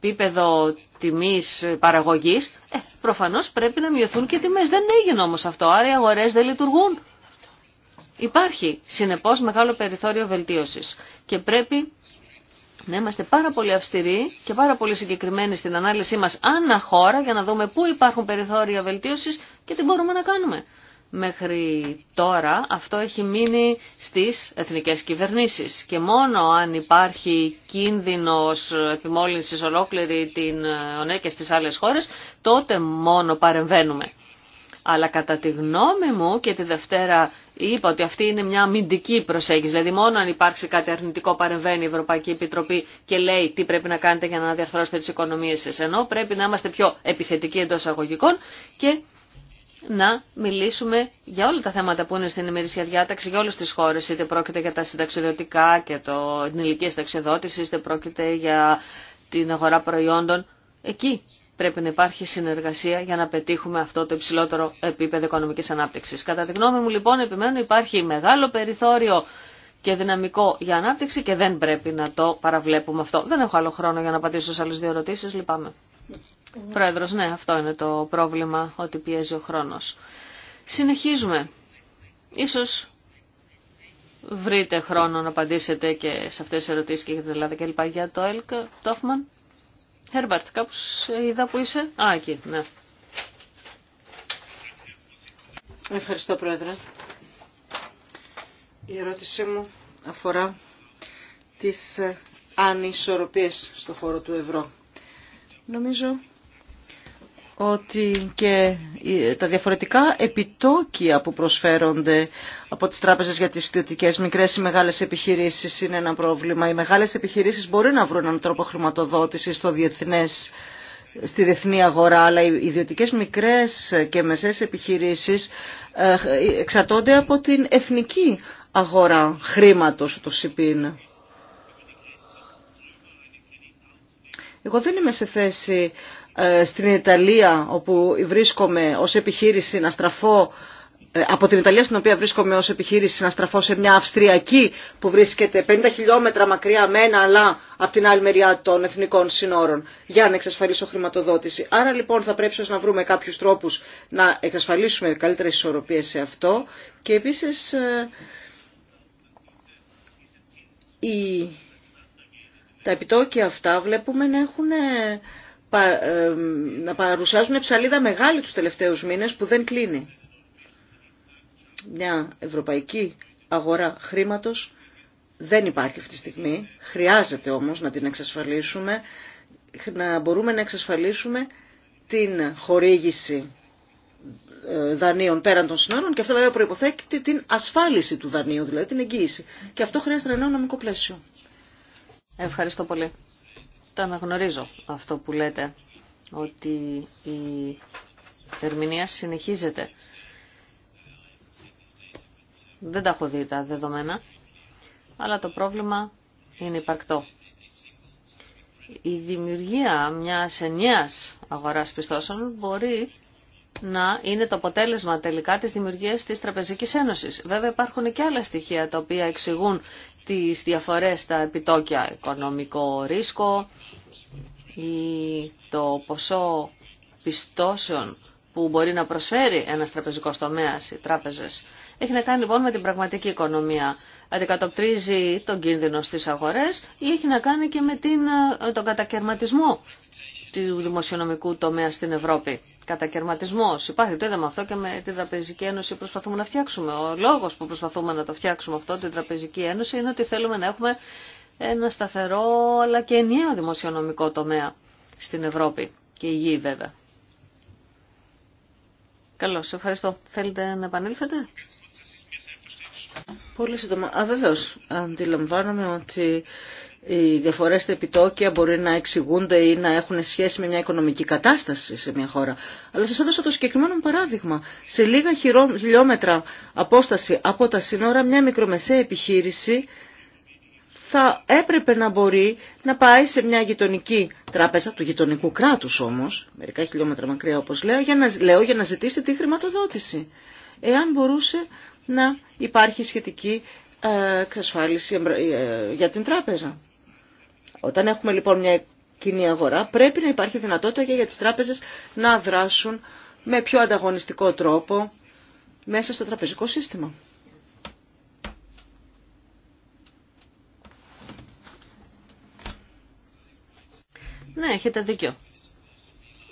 επίπεδο τιμής παραγωγής, ε, προφανώς πρέπει να μειωθούν και τιμές. Δεν έγινε όμως αυτό, άρα οι αγορές δεν λειτουργούν. Υπάρχει συνεπώς μεγάλο περιθώριο βελτίωσης και πρέπει να είμαστε πάρα πολύ αυστηροί και πάρα πολύ συγκεκριμένοι στην ανάλυση μας ανά χώρα για να δούμε πού υπάρχουν περιθώρια βελτίωσης και τι μπορούμε να κάνουμε. Μέχρι τώρα αυτό έχει μείνει στις εθνικές κυβερνήσεις και μόνο αν υπάρχει κίνδυνος επιμόλυνσης ολόκληρη την ΟΝΕ ναι, και στις άλλες χώρες, τότε μόνο παρεμβαίνουμε. Αλλά κατά τη γνώμη μου και τη Δευτέρα είπα ότι αυτή είναι μια αμυντική προσέγγιση. Δηλαδή μόνο αν υπάρξει κάτι αρνητικό παρεμβαίνει η Ευρωπαϊκή Επιτροπή και λέει τι πρέπει να κάνετε για να διαρθρώσετε τις οικονομίες σας. Ενώ πρέπει να είμαστε πιο επιθετικοί εντό αγωγικών και να μιλήσουμε για όλα τα θέματα που είναι στην ημερήσια διάταξη για όλες τις χώρες, είτε πρόκειται για τα συνταξιδιωτικά και το, την ηλικία συνταξιδότηση, είτε πρόκειται για την αγορά προϊόντων. Εκεί πρέπει να υπάρχει συνεργασία για να πετύχουμε αυτό το υψηλότερο επίπεδο οικονομικής ανάπτυξης. Κατά τη γνώμη μου λοιπόν επιμένω υπάρχει μεγάλο περιθώριο και δυναμικό για ανάπτυξη και δεν πρέπει να το παραβλέπουμε αυτό. Δεν έχω άλλο χρόνο για να απαντήσω σε άλλες δύο ερωτήσεις, λυπάμαι. Πρόεδρος, ναι, αυτό είναι το πρόβλημα, ότι πιέζει ο χρόνος. Συνεχίζουμε. Ίσως βρείτε χρόνο να απαντήσετε και σε αυτές τις ερωτήσεις και για την Ελλάδα και λοιπά. Για το ΕΛΚ, Τόφμαν, Χέρμπαρτ, είδα που είσαι. Α, εκεί, ναι. Ευχαριστώ, Πρόεδρε. Η ερώτησή μου αφορά τις ανισορροπίες στο χώρο του ευρώ. Νομίζω ότι και τα διαφορετικά επιτόκια που προσφέρονται από τις τράπεζες για τις ιδιωτικέ μικρές ή μεγάλες επιχειρήσεις είναι ένα πρόβλημα. Οι μεγάλες επιχειρήσεις μπορεί να βρουν έναν τρόπο χρηματοδότηση στο διεθνές, στη διεθνή αγορά, αλλά οι ιδιωτικές μικρές και μεσές επιχειρήσεις ε, εξαρτώνται από την εθνική αγορά χρήματος, το ΣΥΠΗΝ. Εγώ δεν είμαι σε θέση ε, στην Ιταλία όπου βρίσκομαι ως επιχείρηση να στραφώ ε, από την Ιταλία στην οποία βρίσκομαι ως επιχείρηση να στραφώ σε μια Αυστριακή που βρίσκεται 50 χιλιόμετρα μακριά μένα αλλά από την άλλη μεριά των εθνικών συνόρων για να εξασφαλίσω χρηματοδότηση. Άρα λοιπόν θα πρέπει να βρούμε κάποιους τρόπους να εξασφαλίσουμε καλύτερε ισορροπίες σε αυτό και επίσης ε, τα επιτόκια αυτά βλέπουμε να έχουν να παρουσιάζουν ψαλίδα μεγάλη τους τελευταίους μήνες που δεν κλείνει. Μια ευρωπαϊκή αγορά χρήματος δεν υπάρχει αυτή τη στιγμή, χρειάζεται όμως να την εξασφαλίσουμε, να μπορούμε να εξασφαλίσουμε την χορήγηση ε, δανείων πέραν των συνόρων και αυτό βέβαια προϋποθέτει την ασφάλιση του δανείου, δηλαδή την εγγύηση. Και αυτό χρειάζεται ένα νομικό πλαίσιο. Ευχαριστώ πολύ τα αναγνωρίζω αυτό που λέτε, ότι η ερμηνεία συνεχίζεται. Δεν τα έχω δει τα δεδομένα, αλλά το πρόβλημα είναι υπαρκτό. Η δημιουργία μιας ενιαίας αγοράς πιστώσεων μπορεί να είναι το αποτέλεσμα τελικά της δημιουργίας της Τραπεζικής Ένωσης. Βέβαια υπάρχουν και άλλα στοιχεία τα οποία εξηγούν τις διαφορές στα επιτόκια, οικονομικό ρίσκο ή το ποσό πιστώσεων που μπορεί να προσφέρει ένας τραπεζικός τομέας, ή τράπεζες. Έχει να κάνει λοιπόν με την πραγματική οικονομία αντικατοπτρίζει τον κίνδυνο στις αγορές ή έχει να κάνει και με την, ε, τον κατακαιρματισμό του δημοσιονομικού τομέα στην Ευρώπη. Κατακαιρματισμό. Υπάρχει, το είδαμε αυτό και με την Τραπεζική Ένωση προσπαθούμε να φτιάξουμε. Ο λόγο που προσπαθούμε να το φτιάξουμε αυτό, την Τραπεζική Ένωση, είναι ότι θέλουμε να έχουμε ένα σταθερό αλλά και ενιαίο δημοσιονομικό τομέα στην Ευρώπη και η γη, βέβαια. Καλώς, ευχαριστώ. Θέλετε να επανέλθετε. Πολύ σύντομα. Α, βεβαίως. Αντιλαμβάνομαι ότι οι διαφορέ στα επιτόκια μπορεί να εξηγούνται ή να έχουν σχέση με μια οικονομική κατάσταση σε μια χώρα. Αλλά σα έδωσα το συγκεκριμένο παράδειγμα. Σε λίγα χιλιόμετρα απόσταση από τα σύνορα, μια μικρομεσαία επιχείρηση θα έπρεπε να μπορεί να πάει σε μια γειτονική τράπεζα του γειτονικού κράτους όμως, μερικά χιλιόμετρα μακριά όπως λέω, για να, λέω, για να ζητήσει τη χρηματοδότηση. Εάν μπορούσε να υπάρχει σχετική ε, εξασφάλιση ε, ε, για την τράπεζα. Όταν έχουμε λοιπόν μια κοινή αγορά πρέπει να υπάρχει δυνατότητα για τις τράπεζες να δράσουν με πιο ανταγωνιστικό τρόπο μέσα στο τραπεζικό σύστημα. Ναι, έχετε δίκιο.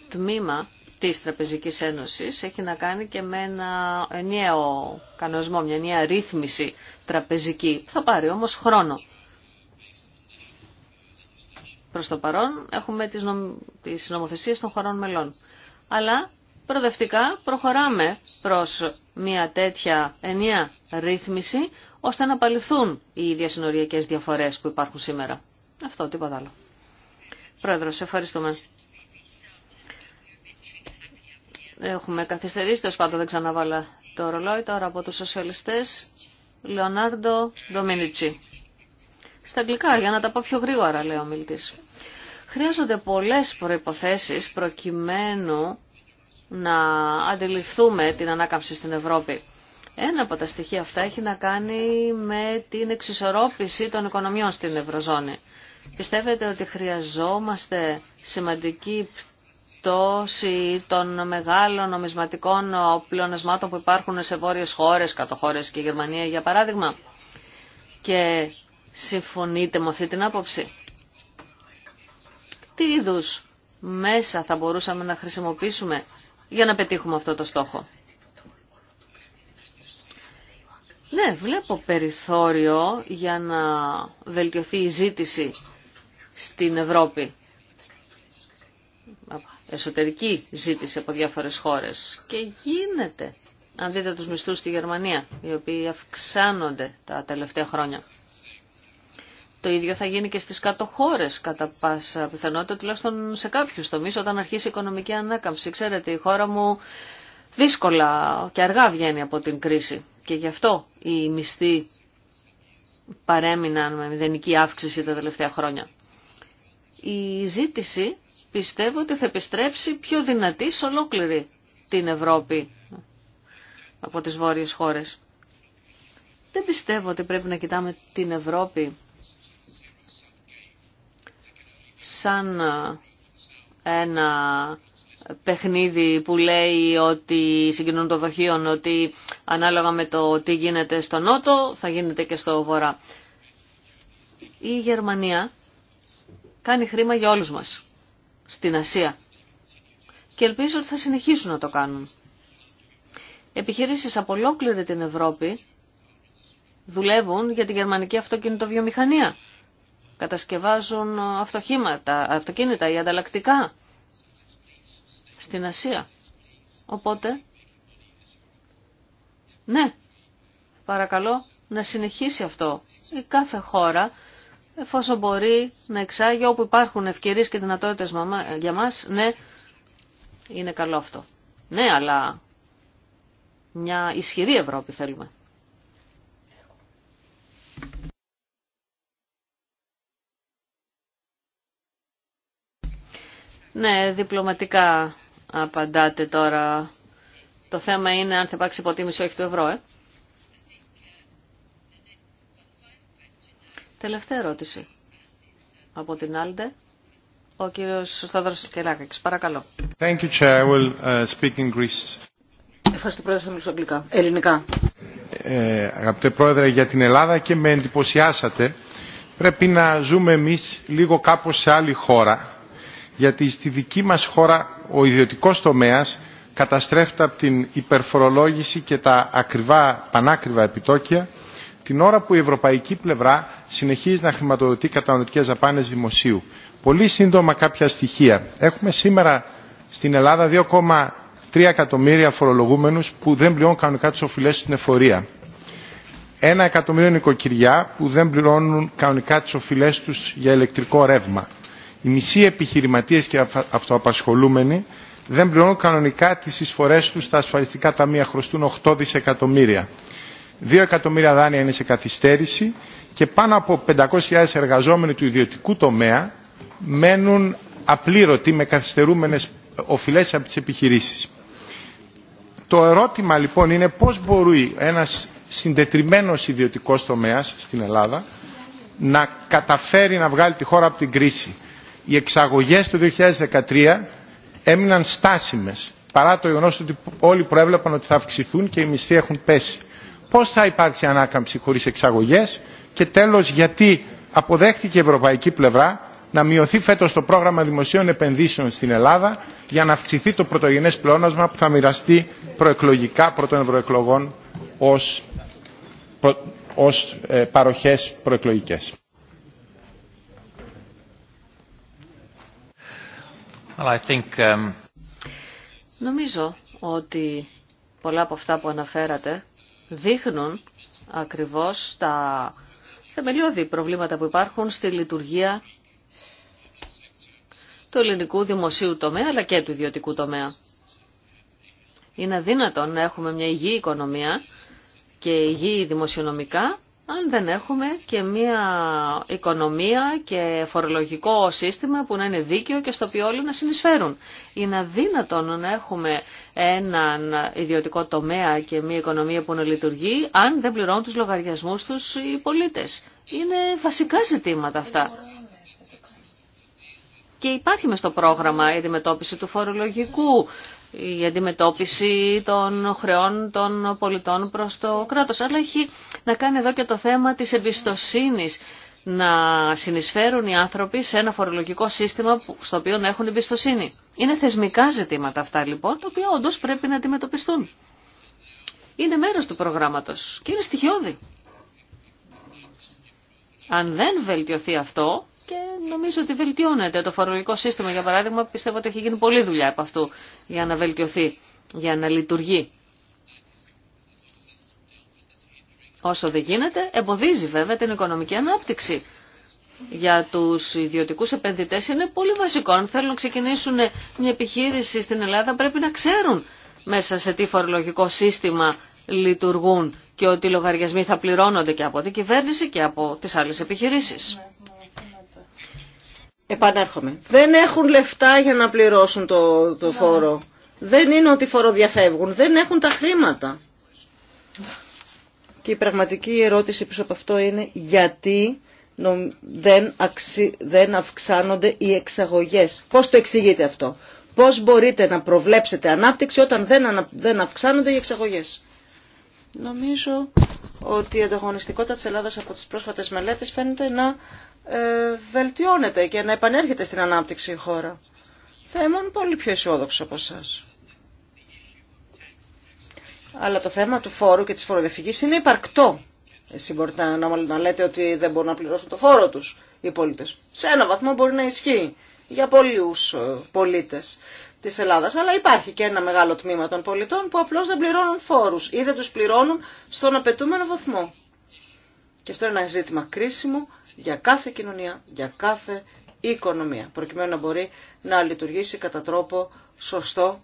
Τμήμα της Τραπεζικής Ένωσης έχει να κάνει και με ένα ενιαίο κανονισμό, μια ενιαία ρύθμιση τραπεζική. Θα πάρει όμως χρόνο. Προς το παρόν έχουμε τις, νομ... νομοθεσίες των χωρών μελών. Αλλά προοδευτικά προχωράμε προς μια τέτοια ενιαία ρύθμιση ώστε να παληθούν οι διασυνοριακές διαφορές που υπάρχουν σήμερα. Αυτό, τίποτα άλλο. Πρόεδρος, ευχαριστούμε. Έχουμε καθυστερήσει, τέλο πάντων δεν ξαναβάλα το ρολόι. Τώρα από τους σοσιαλιστές, Λεωνάρντο Ντομίνιτσι. Στα αγγλικά, για να τα πω πιο γρήγορα, λέει ο μιλτής. Χρειάζονται πολλές προϋποθέσεις προκειμένου να αντιληφθούμε την ανάκαμψη στην Ευρώπη. Ένα από τα στοιχεία αυτά έχει να κάνει με την εξισορρόπηση των οικονομιών στην Ευρωζώνη. Πιστεύετε ότι χρειαζόμαστε σημαντική πτώση των μεγάλων νομισματικών πλεονασμάτων που υπάρχουν σε βόρειες χώρες, κατοχώρες και Γερμανία για παράδειγμα. Και συμφωνείτε με αυτή την άποψη. Τι είδου μέσα θα μπορούσαμε να χρησιμοποιήσουμε για να πετύχουμε αυτό το στόχο. Ναι, βλέπω περιθώριο για να βελτιωθεί η ζήτηση στην Ευρώπη εσωτερική ζήτηση από διάφορες χώρες. Και γίνεται, αν δείτε τους μισθούς στη Γερμανία, οι οποίοι αυξάνονται τα τελευταία χρόνια. Το ίδιο θα γίνει και στις κάτω χώρες, κατά πάσα πιθανότητα, τουλάχιστον σε κάποιους τομείς, όταν αρχίσει η οικονομική ανάκαμψη. Ξέρετε, η χώρα μου δύσκολα και αργά βγαίνει από την κρίση. Και γι' αυτό οι μισθοί παρέμειναν με μηδενική αύξηση τα τελευταία χρόνια. Η ζήτηση πιστεύω ότι θα επιστρέψει πιο δυνατή σε ολόκληρη την Ευρώπη από τις βόρειες χώρες. Δεν πιστεύω ότι πρέπει να κοιτάμε την Ευρώπη σαν ε, ένα παιχνίδι που λέει ότι συγκινούν το δοχείο, ότι ανάλογα με το τι γίνεται στο νότο θα γίνεται και στο βορρά. Η Γερμανία κάνει χρήμα για όλους μας στην Ασία. Και ελπίζω ότι θα συνεχίσουν να το κάνουν. Επιχειρήσεις από ολόκληρη την Ευρώπη δουλεύουν για τη γερμανική αυτοκινητοβιομηχανία. Κατασκευάζουν αυτοχήματα, αυτοκίνητα ή ανταλλακτικά στην Ασία. Οπότε, ναι, παρακαλώ να συνεχίσει αυτό η κάθε χώρα εφόσον μπορεί να εξάγει όπου υπάρχουν ευκαιρίες και δυνατότητες για μας, ναι, είναι καλό αυτό. Ναι, αλλά μια ισχυρή Ευρώπη θέλουμε. Ναι, διπλωματικά απαντάτε τώρα. Το θέμα είναι αν θα υπάρξει υποτίμηση όχι του ευρώ, ε. Τελευταία ερώτηση. Από την Άλντε, ο κύριος Θόδωρος Κελάκης. Παρακαλώ. Thank you, Chair. I will uh, speak in Greece. Ευχαριστώ, Πρόεδρε, θα μιλήσω αγγλικά. Ελληνικά. Ε, αγαπητέ Πρόεδρε, για την Ελλάδα και με εντυπωσιάσατε. Πρέπει να ζούμε εμείς λίγο κάπως σε άλλη χώρα, γιατί στη δική μας χώρα ο ιδιωτικός τομέας καταστρέφεται από την υπερφορολόγηση και τα ακριβά, πανάκριβα επιτόκια, την ώρα που η ευρωπαϊκή πλευρά συνεχίζει να χρηματοδοτεί κατανοητικές δαπάνες δημοσίου. Πολύ σύντομα κάποια στοιχεία. Έχουμε σήμερα στην Ελλάδα 2,3 εκατομμύρια φορολογούμενους που δεν πληρώνουν κανονικά τις οφειλές στην εφορία. Ένα εκατομμύριο νοικοκυριά που δεν πληρώνουν κανονικά τις οφειλές τους για ηλεκτρικό ρεύμα. Οι μισοί επιχειρηματίες και αυτοαπασχολούμενοι δεν πληρώνουν κανονικά τις εισφορές τους στα ασφαλιστικά ταμεία. Χρωστούν 8 δισεκατομμύρια. 2 εκατομμύρια δάνεια είναι σε καθυστέρηση και πάνω από 500.000 εργαζόμενοι του ιδιωτικού τομέα μένουν απλήρωτοι με καθυστερούμενες οφειλές από τις επιχειρήσεις. Το ερώτημα λοιπόν είναι πώς μπορεί ένας συντετριμένος ιδιωτικός τομέας στην Ελλάδα να καταφέρει να βγάλει τη χώρα από την κρίση. Οι εξαγωγές του 2013 έμειναν στάσιμες παρά το γεγονό ότι όλοι προέβλεπαν ότι θα αυξηθούν και οι μισθοί έχουν πέσει. Πώς θα υπάρξει ανάκαμψη χωρίς εξαγωγές και τέλος γιατί αποδέχτηκε η ευρωπαϊκή πλευρά να μειωθεί φέτος το πρόγραμμα δημοσίων επενδύσεων στην Ελλάδα για να αυξηθεί το πρωτογενές πλεόνασμα που θα μοιραστεί προεκλογικά πρώτων ευρωεκλογών ως, προ, ως ε, παροχές προεκλογικές. I think, um... Νομίζω ότι πολλά από αυτά που αναφέρατε δείχνουν ακριβώς τα θεμελιώδη προβλήματα που υπάρχουν στη λειτουργία του ελληνικού δημοσίου τομέα αλλά και του ιδιωτικού τομέα. Είναι αδύνατο να έχουμε μια υγιή οικονομία και υγιή δημοσιονομικά αν δεν έχουμε και μια οικονομία και φορολογικό σύστημα που να είναι δίκαιο και στο οποίο όλοι να συνεισφέρουν. Είναι αδύνατον να έχουμε έναν ιδιωτικό τομέα και μια οικονομία που να λειτουργεί αν δεν πληρώνουν τους λογαριασμούς τους οι πολίτες. Είναι βασικά ζητήματα αυτά. Και υπάρχει με στο πρόγραμμα η αντιμετώπιση του φορολογικού, η αντιμετώπιση των χρεών των πολιτών προς το κράτος. Αλλά έχει να κάνει εδώ και το θέμα της εμπιστοσύνης να συνεισφέρουν οι άνθρωποι σε ένα φορολογικό σύστημα στο οποίο να έχουν εμπιστοσύνη. Είναι θεσμικά ζητήματα αυτά λοιπόν, τα οποία όντω πρέπει να αντιμετωπιστούν. Είναι μέρος του προγράμματος και είναι στοιχειώδη. Αν δεν βελτιωθεί αυτό, και νομίζω ότι βελτιώνεται το φορολογικό σύστημα, για παράδειγμα, πιστεύω ότι έχει γίνει πολλή δουλειά από αυτού για να βελτιωθεί, για να λειτουργεί Όσο δεν γίνεται, εμποδίζει βέβαια την οικονομική ανάπτυξη. Για τους ιδιωτικούς επενδυτές είναι πολύ βασικό. Αν θέλουν να ξεκινήσουν μια επιχείρηση στην Ελλάδα πρέπει να ξέρουν μέσα σε τι φορολογικό σύστημα λειτουργούν και ότι οι λογαριασμοί θα πληρώνονται και από την κυβέρνηση και από τις άλλες επιχειρήσεις. Επανέρχομαι. Δεν έχουν λεφτά για να πληρώσουν το, το ναι. φόρο. Δεν είναι ότι φοροδιαφεύγουν. Δεν έχουν τα χρήματα. Και η πραγματική ερώτηση πίσω από αυτό είναι γιατί δεν, δεν αυξάνονται οι εξαγωγές. Πώς το εξηγείτε αυτό. Πώς μπορείτε να προβλέψετε ανάπτυξη όταν δεν, δεν αυξάνονται οι εξαγωγές. Νομίζω ότι η ανταγωνιστικότητα της Ελλάδας από τις πρόσφατες μελέτες φαίνεται να ε, βελτιώνεται και να επανέρχεται στην ανάπτυξη η χώρα. Θα ήμουν πολύ πιο αισιόδοξο από εσάς. Αλλά το θέμα του φόρου και της φοροδιαφυγής είναι υπαρκτό. Εσύ μπορείτε να, να λέτε ότι δεν μπορούν να πληρώσουν το φόρο τους οι πολίτες. Σε ένα βαθμό μπορεί να ισχύει για πολλούς ε, πολίτες της Ελλάδας. Αλλά υπάρχει και ένα μεγάλο τμήμα των πολιτών που απλώς δεν πληρώνουν φόρους ή δεν τους πληρώνουν στον απαιτούμενο βαθμό. Και αυτό είναι ένα ζήτημα κρίσιμο για κάθε κοινωνία, για κάθε οικονομία. Προκειμένου να μπορεί να λειτουργήσει κατά τρόπο σωστό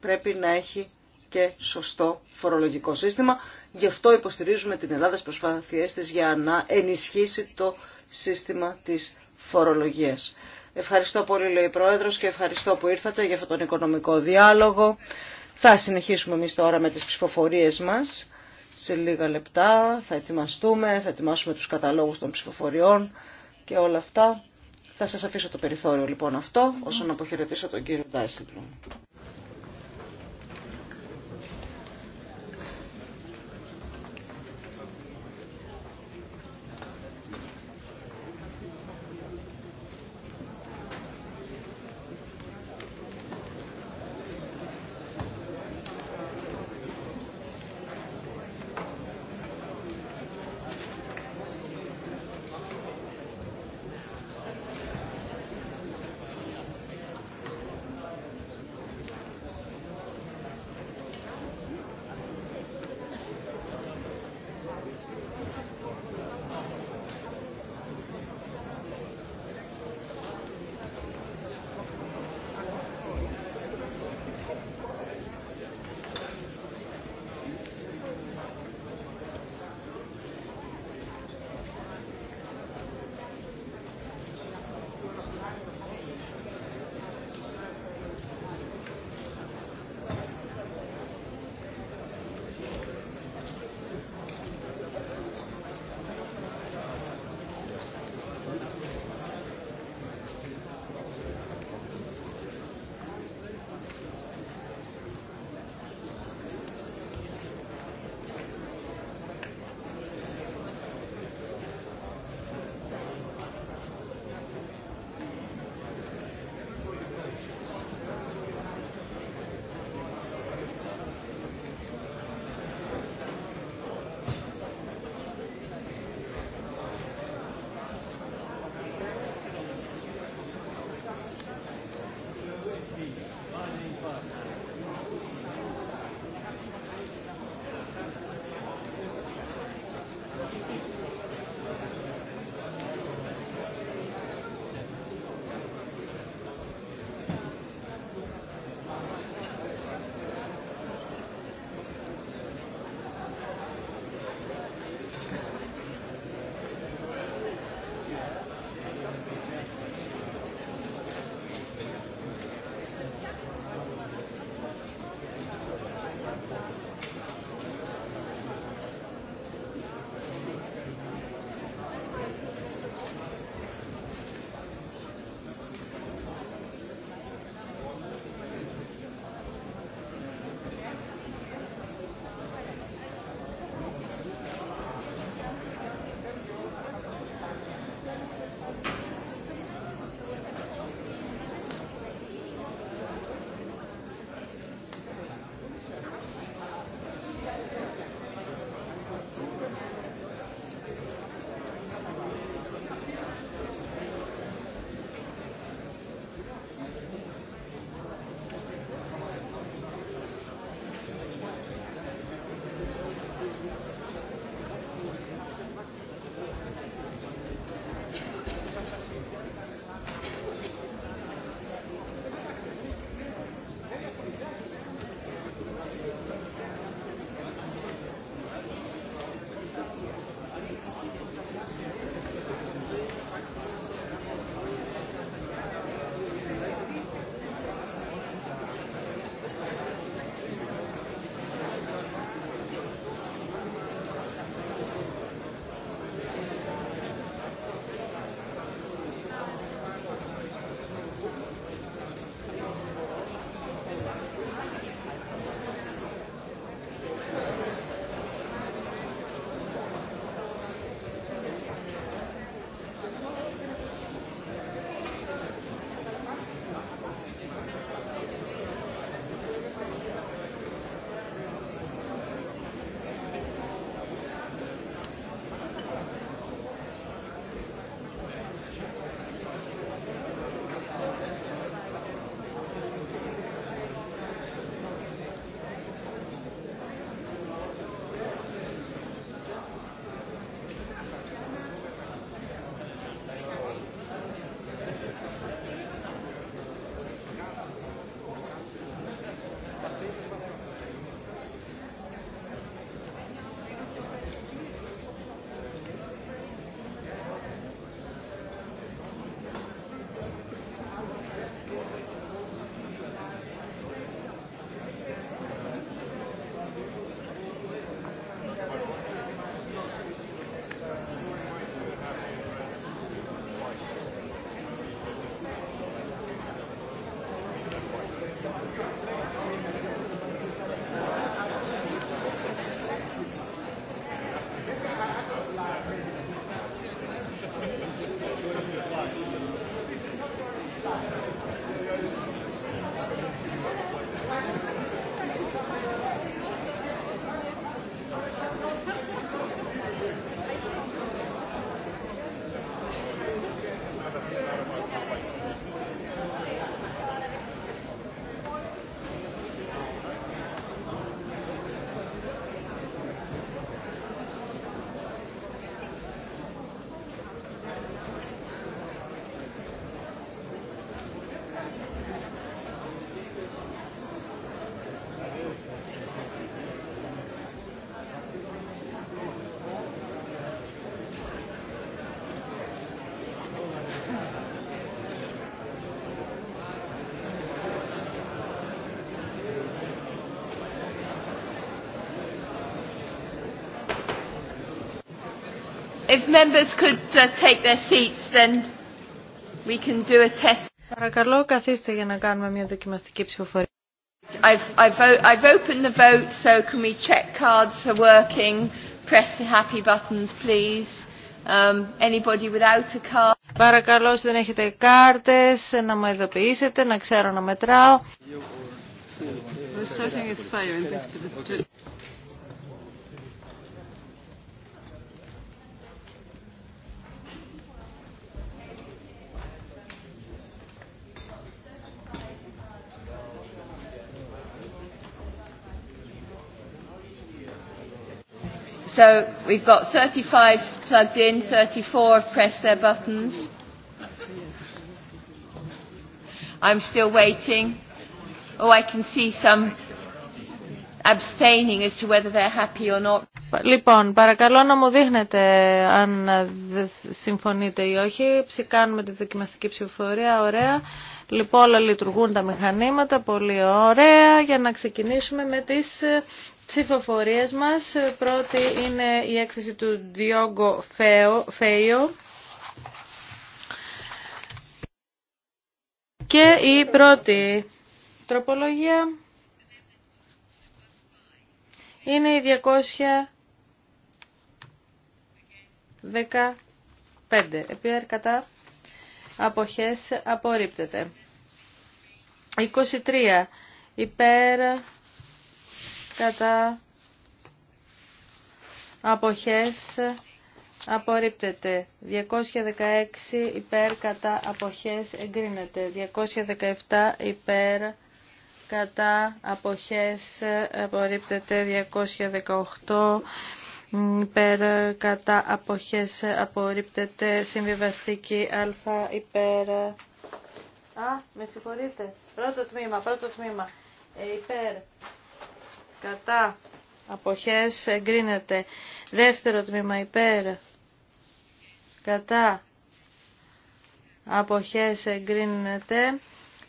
πρέπει να έχει και σωστό φορολογικό σύστημα. Γι' αυτό υποστηρίζουμε την Ελλάδα στις προσπάθειές της για να ενισχύσει το σύστημα της φορολογίας. Ευχαριστώ πολύ, λέει η Πρόεδρος, και ευχαριστώ που ήρθατε για αυτόν τον οικονομικό διάλογο. Θα συνεχίσουμε εμεί τώρα με τις ψηφοφορίες μας. Σε λίγα λεπτά θα ετοιμαστούμε, θα ετοιμάσουμε τους καταλόγους των ψηφοφοριών και όλα αυτά. Θα σας αφήσω το περιθώριο λοιπόν αυτό, όσον αποχαιρετήσω τον κύριο Ντάισιμπλουμ. If members could take their seats, then we can do a test. Παρακαλώ, καθίστε για να κάνουμε μια δοκιμαστική ψηφοφορία. I've, I've, I've opened the vote, so can we check cards are working? Press the happy buttons, please. Um, anybody without a card? Παρακαλώ, όσοι δεν έχετε κάρτες, να μου ειδοποιήσετε, να ξέρω να μετράω. is So we've got 35 plugged in, 34 have pressed their buttons. I'm still waiting. Oh, I can see some abstaining as to whether they're happy or not. Λοιπόν, παρακαλώ να μου δείχνετε αν συμφωνείτε ή όχι. Ψηκάνουμε τη δοκιμαστική ψηφοφορία, ωραία. Λοιπόν, όλα λειτουργούν τα μηχανήματα, πολύ ωραία, για να ξεκινήσουμε με τις ε, ψηφοφορίες μας. Πρώτη είναι η έκθεση του Διόγκο Φέιο. Και η πρώτη τροπολογία είναι η 215. επί αρκατά αποχές απορρίπτεται. 23. Υπέρ κατά αποχές απορρίπτεται. 216 υπέρ κατά αποχές εγκρίνεται. 217 υπέρ κατά αποχές απορρίπτεται. 218 υπέρ κατά αποχές απορρίπτεται. Συμβιβαστική α υπέρ... Α, με συγχωρείτε. Πρώτο τμήμα, πρώτο τμήμα. Ε, υπέρ κατά αποχές εγκρίνεται δεύτερο τμήμα υπέρ κατά αποχές εγκρίνεται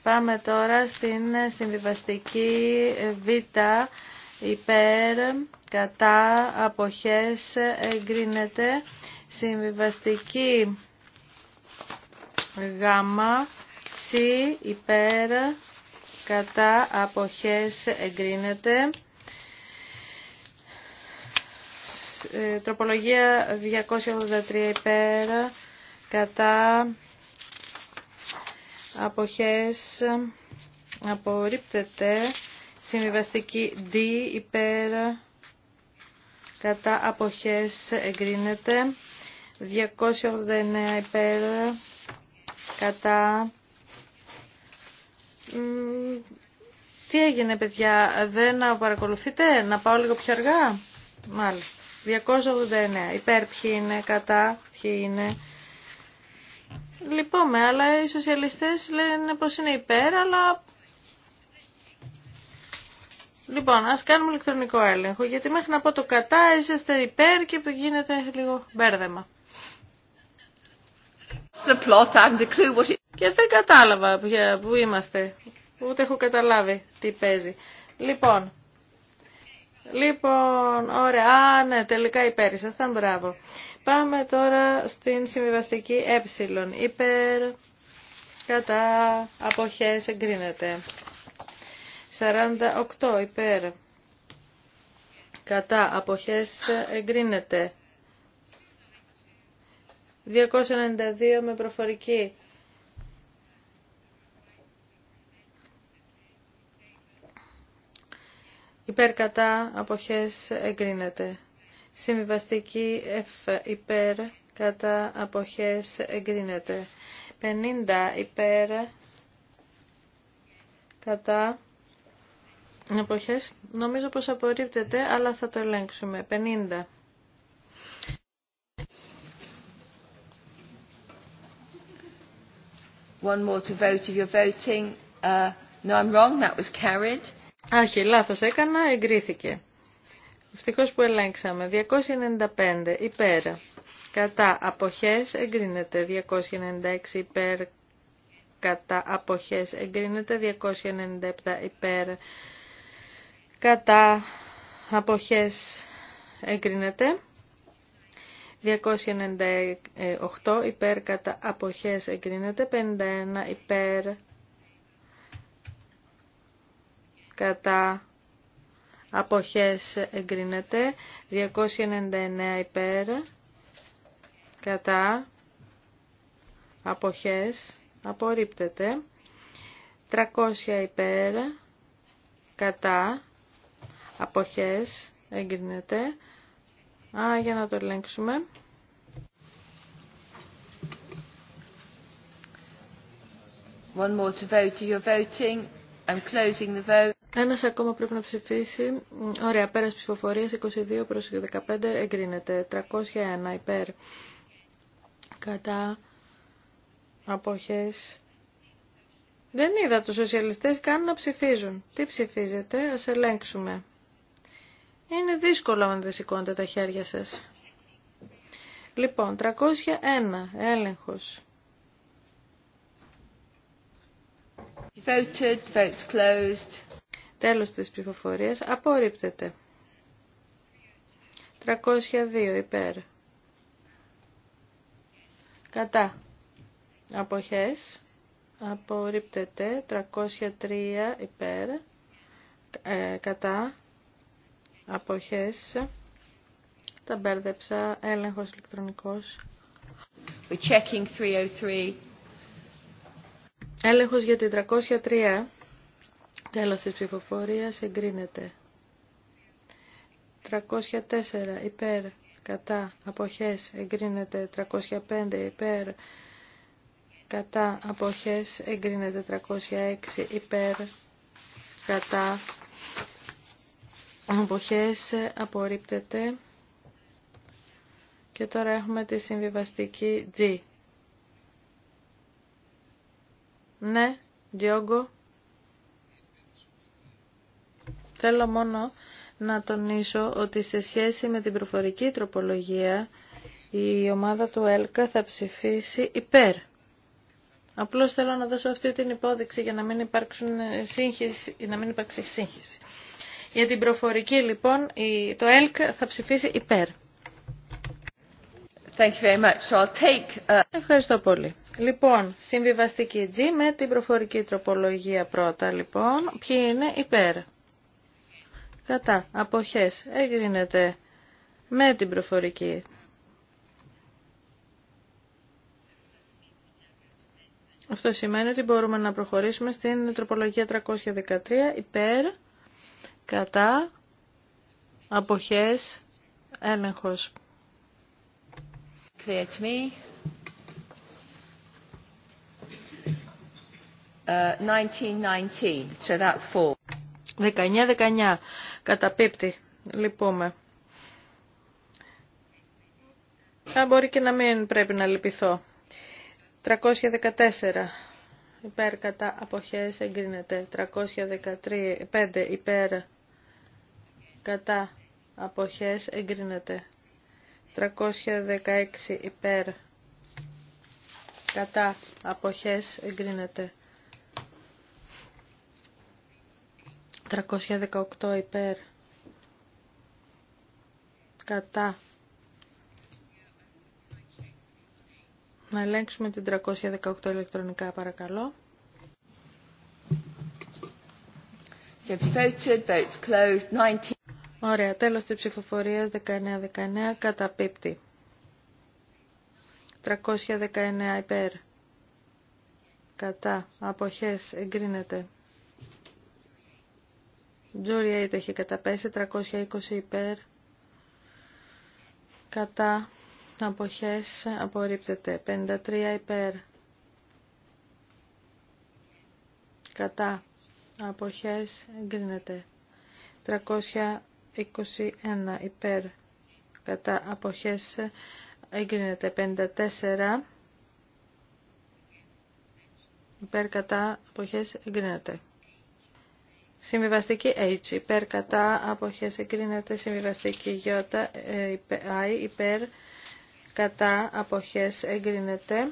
πάμε τώρα στην συμβιβαστική β υπέρ κατά αποχές εγκρίνεται συμβιβαστική γ. σι υπέρ κατά αποχές εγκρίνεται Ε, τροπολογία 283 υπέρ κατά αποχές απορρίπτεται συμβιβαστική D υπέρ κατά αποχές εγκρίνεται 289 υπέρ κατά τι έγινε παιδιά δεν να παρακολουθείτε να πάω λίγο πιο αργά μάλιστα 289. Υπέρ ποιοι είναι, κατά ποιοι είναι. Λυπόμαι, αλλά οι σοσιαλιστές λένε πως είναι υπέρ, αλλά... Λοιπόν, ας κάνουμε ηλεκτρονικό έλεγχο, γιατί μέχρι να πω το κατά, είσαστε υπέρ και γίνεται λίγο μπέρδεμα. The plot, the Και δεν κατάλαβα που είμαστε, ούτε έχω καταλάβει τι παίζει. Λοιπόν, Λοιπόν, ωραία. Α, ναι, τελικά υπέρ ήσασταν. Μπράβο. Πάμε τώρα στην συμβιβαστική ε. Υπέρ, κατά, αποχές, εγκρίνεται. 48 υπέρ, κατά, αποχές, εγκρίνεται. 292 με προφορική Υπέρ αποχές εγκρίνεται. Συμβιβαστική F υπέρ κατά αποχές εγκρίνεται. 50 υπέρ κατά αποχές. Νομίζω πως απορρίπτεται, αλλά θα το ελέγξουμε. 50. One more to vote if you're voting. Uh, no, I'm wrong. That was carried. Άχι, λάθος έκανα, εγκρίθηκε. Ευτυχώς που ελέγξαμε. 295 υπέρ. Κατά αποχές εγκρίνεται. 296 υπέρ. Κατά αποχές εγκρίνεται. 297 υπέρ. Κατά αποχές εγκρίνεται. 298 υπέρ κατά αποχές εγκρίνεται, 51 υπέρ κατά αποχές εγκρίνεται 299 υπέρ κατά αποχές απορρίπτεται 300 υπέρ κατά αποχές εγκρίνεται Α, για να το ελέγξουμε. One more to vote. voting. I'm closing the vote. Ένας ακόμα πρέπει να ψηφίσει. Ωραία, πέρας ψηφοφορίας 22 προς 15 εγκρίνεται. 301 υπέρ κατά αποχές. Δεν είδα τους σοσιαλιστές καν να ψηφίζουν. Τι ψηφίζετε, ας ελέγξουμε. Είναι δύσκολο αν δεν σηκώνετε τα χέρια σας. Λοιπόν, 301, έλεγχος. Voted, votes closed. Τέλος της ψηφοφορίας. Απορρίπτεται. 302 υπέρ. Κατά. Αποχές. Απορρίπτεται. 303 υπέρ. Ε, κατά. Αποχές. Τα μπέρδεψα. Έλεγχος ηλεκτρονικός. We're checking 303. Έλεγχος για την 303. Τέλος της ψηφοφορίας εγκρίνεται. 304 υπέρ κατά αποχές εγκρίνεται. 305 υπέρ κατά αποχές εγκρίνεται. 306 υπέρ κατά αποχές απορρίπτεται. Και τώρα έχουμε τη συμβιβαστική G. Ναι, Διόγκο. Θέλω μόνο να τονίσω ότι σε σχέση με την προφορική τροπολογία η ομάδα του ΕΛΚΑ θα ψηφίσει υπέρ. Απλώς θέλω να δώσω αυτή την υπόδειξη για να μην, υπάρξουν σύγχυση, να μην υπάρξει σύγχυση. Για την προφορική λοιπόν το ΕΛΚ θα ψηφίσει υπέρ. Thank you very much. I'll uh, Ευχαριστώ πολύ. Λοιπόν, συμβιβαστική G με την προφορική τροπολογία πρώτα λοιπόν. Ποιοι είναι υπέρ κατά αποχές εγκρίνεται με την προφορική. Αυτό σημαίνει ότι μπορούμε να προχωρήσουμε στην τροπολογία 313 υπέρ, κατά, αποχές, έλεγχος. 1919, uh, so that 19-19 Καταπίπτει. Λυπούμε. Α, μπορεί και να μην πρέπει να λυπηθώ. 314. Υπέρ κατά αποχές εγκρίνεται. 315 υπέρ κατά αποχές εγκρίνεται. 316 υπέρ κατά αποχές εγκρίνεται. 318 υπέρ κατά να ελέγξουμε την 318 ηλεκτρονικά παρακαλώ Ωραία, τέλος της ψηφοφορίας 19-19 καταπίπτει. 319 υπέρ. Κατά. Αποχές εγκρίνεται. Τζόρι 8 έχει καταπέσει, 320 υπέρ, κατά αποχές απορρίπτεται, 53 υπέρ, κατά αποχές εγκρίνεται, 321 υπέρ, κατά αποχές εγκρίνεται, 54 υπέρ κατά αποχές εγκρίνεται. Συμβιβαστική H υπέρ κατά αποχές εγκρίνεται. Συμβιβαστική Y ε, υπέρ κατά αποχές εγκρίνεται.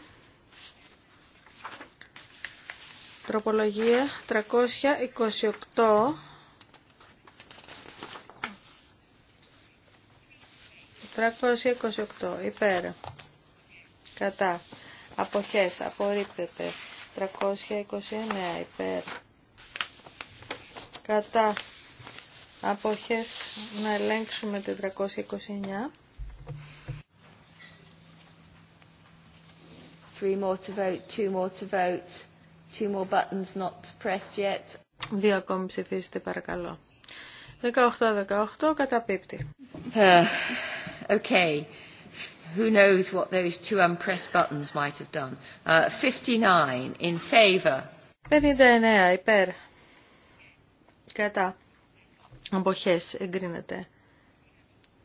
Τροπολογία 328. 328 υπέρ κατά αποχές απορρίπτεται 329 υπέρ κατά αποχές να ελέγξουμε 429. Three more to vote, two more to vote, two more buttons not pressed yet. Δύο ακόμη ψηφίστε παρακαλώ. 18-18 καταπίπτει. Uh, okay. Who knows what those two unpressed buttons might have done. Uh, 59 in favour. 59 υπέρ. Κατά. Αποχές εγκρίνεται.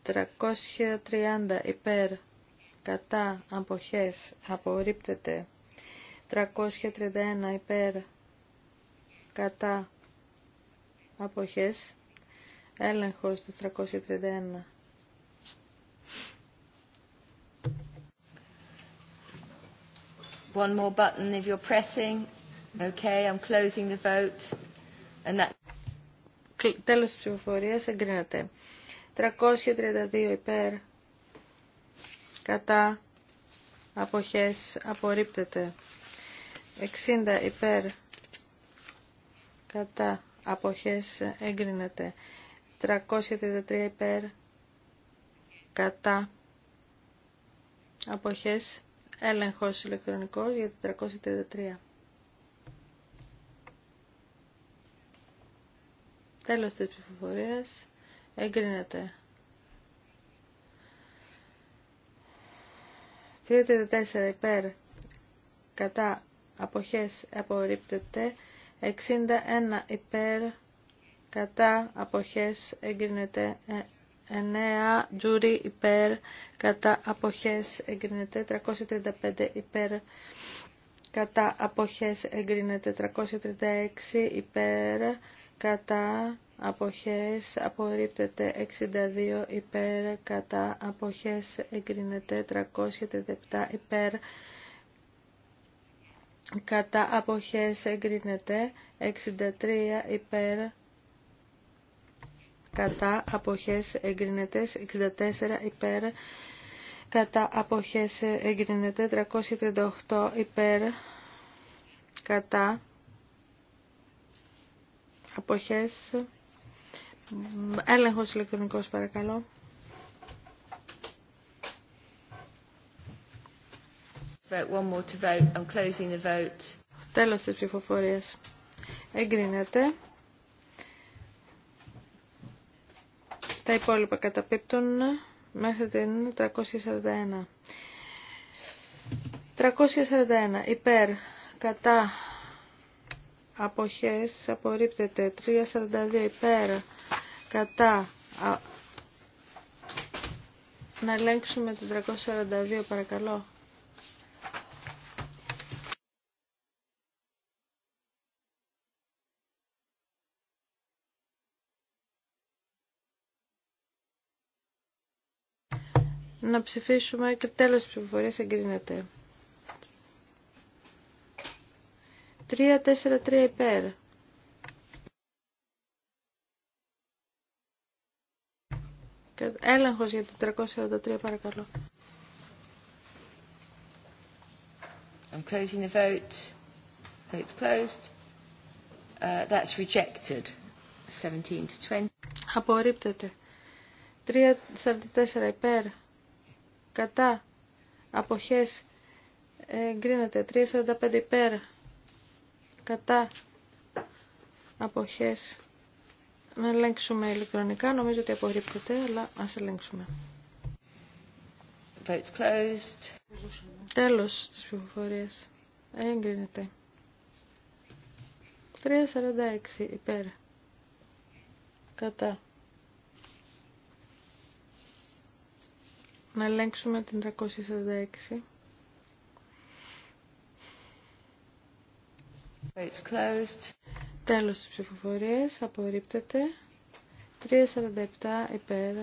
330 υπέρ. Κατά. Αποχές απορρίπτεται. 331 υπέρ. Κατά. Αποχές. Έλεγχος του 331. One more button if you're pressing. Okay, I'm closing the vote. And that... Τέλος της ψηφοφορίας εγκρίνεται. 332 υπέρ κατά αποχές απορρίπτεται. 60 υπέρ κατά αποχές εγκρίνεται. 333 υπέρ κατά αποχές έλεγχος ηλεκτρονικός για 333. Τέλος της ψηφοφορίας. Εγκρίνεται. 34 υπέρ κατά αποχές απορρίπτεται. 61 υπέρ κατά αποχές εγκρίνεται. 9 ε, τζούρι υπέρ κατά αποχές εγκρίνεται. 335 υπέρ κατά αποχές εγκρίνεται. 336 υπέρ κατά αποχές απορρίπτεται 62 υπέρ, κατά αποχές εγκρίνεται 337 υπέρ, κατά αποχές εγκρίνεται 63 υπέρ, κατά αποχές εγκρίνεται 64 υπέρ, κατά αποχές εγκρίνεται 338 υπέρ, κατά αποχές, έλεγχος ηλεκτρονικός παρακαλώ. Τέλος της ψηφοφορίας. Εγκρίνεται. Τα υπόλοιπα καταπίπτουν μέχρι την 341. 341. Υπέρ, κατά, αποχές απορρίπτεται 3.42 υπέρ κατά να ελέγξουμε το 342 παρακαλώ να ψηφίσουμε και τέλος της ψηφοφορίας εγκρίνεται 3-4-3 υπέρ. Έλεγχος για το 343 παρακαλώ. I'm closing the vote. Vote's closed. Uh, that's rejected. 17 to 20. Απορρίπτεται. 344 υπέρ. Κατά. Αποχές. Εγκρίνεται. 345 υπέρ κατά αποχές να ελέγξουμε ηλεκτρονικά. Νομίζω ότι απορρίπτεται, αλλά ας ελέγξουμε. Votes closed. Τέλος της πληροφορίας. Έγκρινεται. 3.46 υπέρ. Κατά. Να ελέγξουμε την 346. Τέλος της ψηφοφορίας. Απορρίπτεται. 3.47 υπέρ.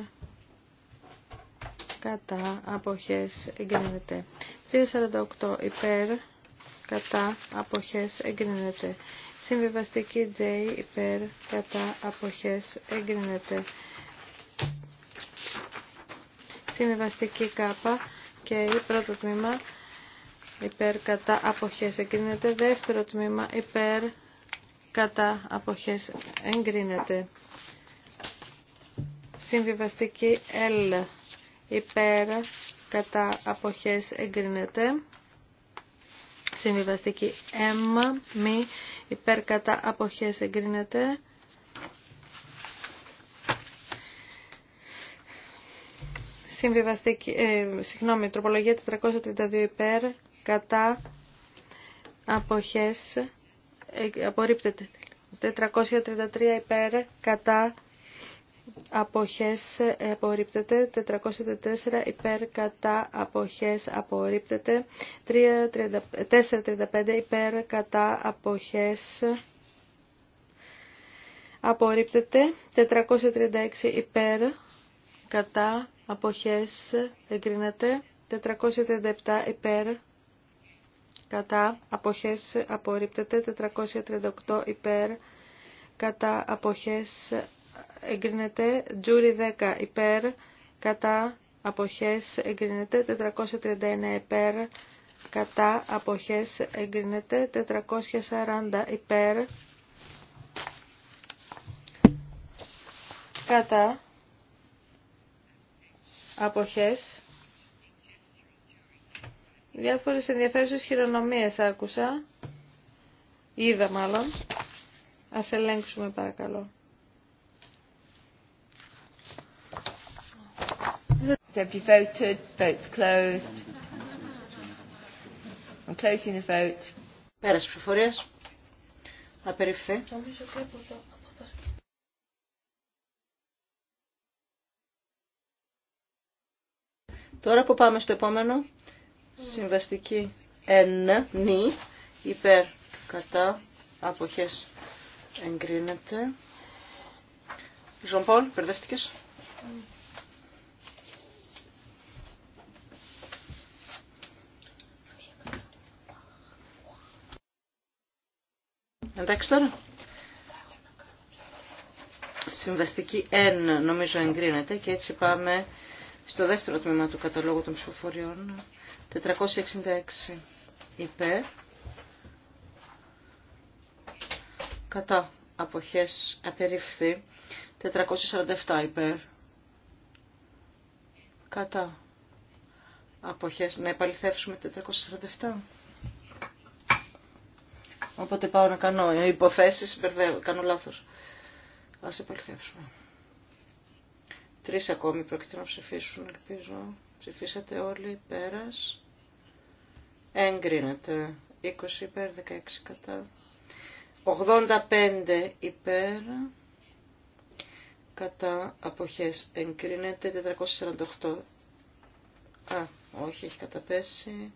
Κατά αποχές εγκρίνεται. 3.48 υπέρ. Κατά αποχές εγκρίνεται. Συμβιβαστική J υπέρ. Κατά αποχές εγκρίνεται. Συμβιβαστική K και πρώτο τμήμα υπέρ κατά αποχές εγκρίνεται. Δεύτερο τμήμα υπέρ κατά αποχές εγκρίνεται. Συμβιβαστική L υπέρ κατά αποχές εγκρίνεται. Συμβιβαστική M μη υπέρ κατά αποχές εγκρίνεται. Συμβιβαστική, ε, συγγνώμη, τροπολογία 432 υπέρ κατά αποχές ε, απορρίπτεται 433 ε, υπέρ κατά αποχές απορρίπτεται 404 υπέρ κατά αποχές απορρίπτεται 435 υπέρ κατά αποχές απορρίπτεται 436 υπέρ κατά αποχές εγκρίνεται 437 υπέρ κατά αποχές απορρίπτεται 438 υπέρ κατά αποχές εγκρίνεται τζούρι 10 υπέρ κατά αποχές εγκρίνεται 439 υπέρ κατά αποχές εγκρίνεται 440 υπέρ κατά αποχές Διάφορες ενδιαφέρουσες χειρονομίες άκουσα. Είδα μάλλον. Ας ελέγξουμε παρακαλώ. Have τη voted? Votes closed. Πέρασε Απεριφθεί. Τώρα που πάμε στο επόμενο, Συμβαστική εν, νη, υπέρ, κατά, αποχές, εγκρίνεται. Ζωμπόλ, μπερδεύτηκες. Εντάξει τώρα. Συμβαστική N νομίζω εγκρίνεται και έτσι πάμε στο δεύτερο τμήμα του καταλόγου των ψηφοφοριών. 466 υπέρ. Κατά αποχές απερίφθη. 447 υπέρ. Κατά αποχές. Να επαληθεύσουμε 447. Οπότε πάω να κάνω υποθέσεις, μπερδεύω, κάνω λάθος. Ας επαληθεύσουμε. Τρεις ακόμη πρόκειται να ψηφίσουν, ελπίζω. Ψηφίσατε όλοι πέρας. Εγκρίνεται. 20 υπέρ, 16 κατά. 85 υπέρ. Κατά αποχές εγκρίνεται. 448. Α, όχι, έχει καταπέσει.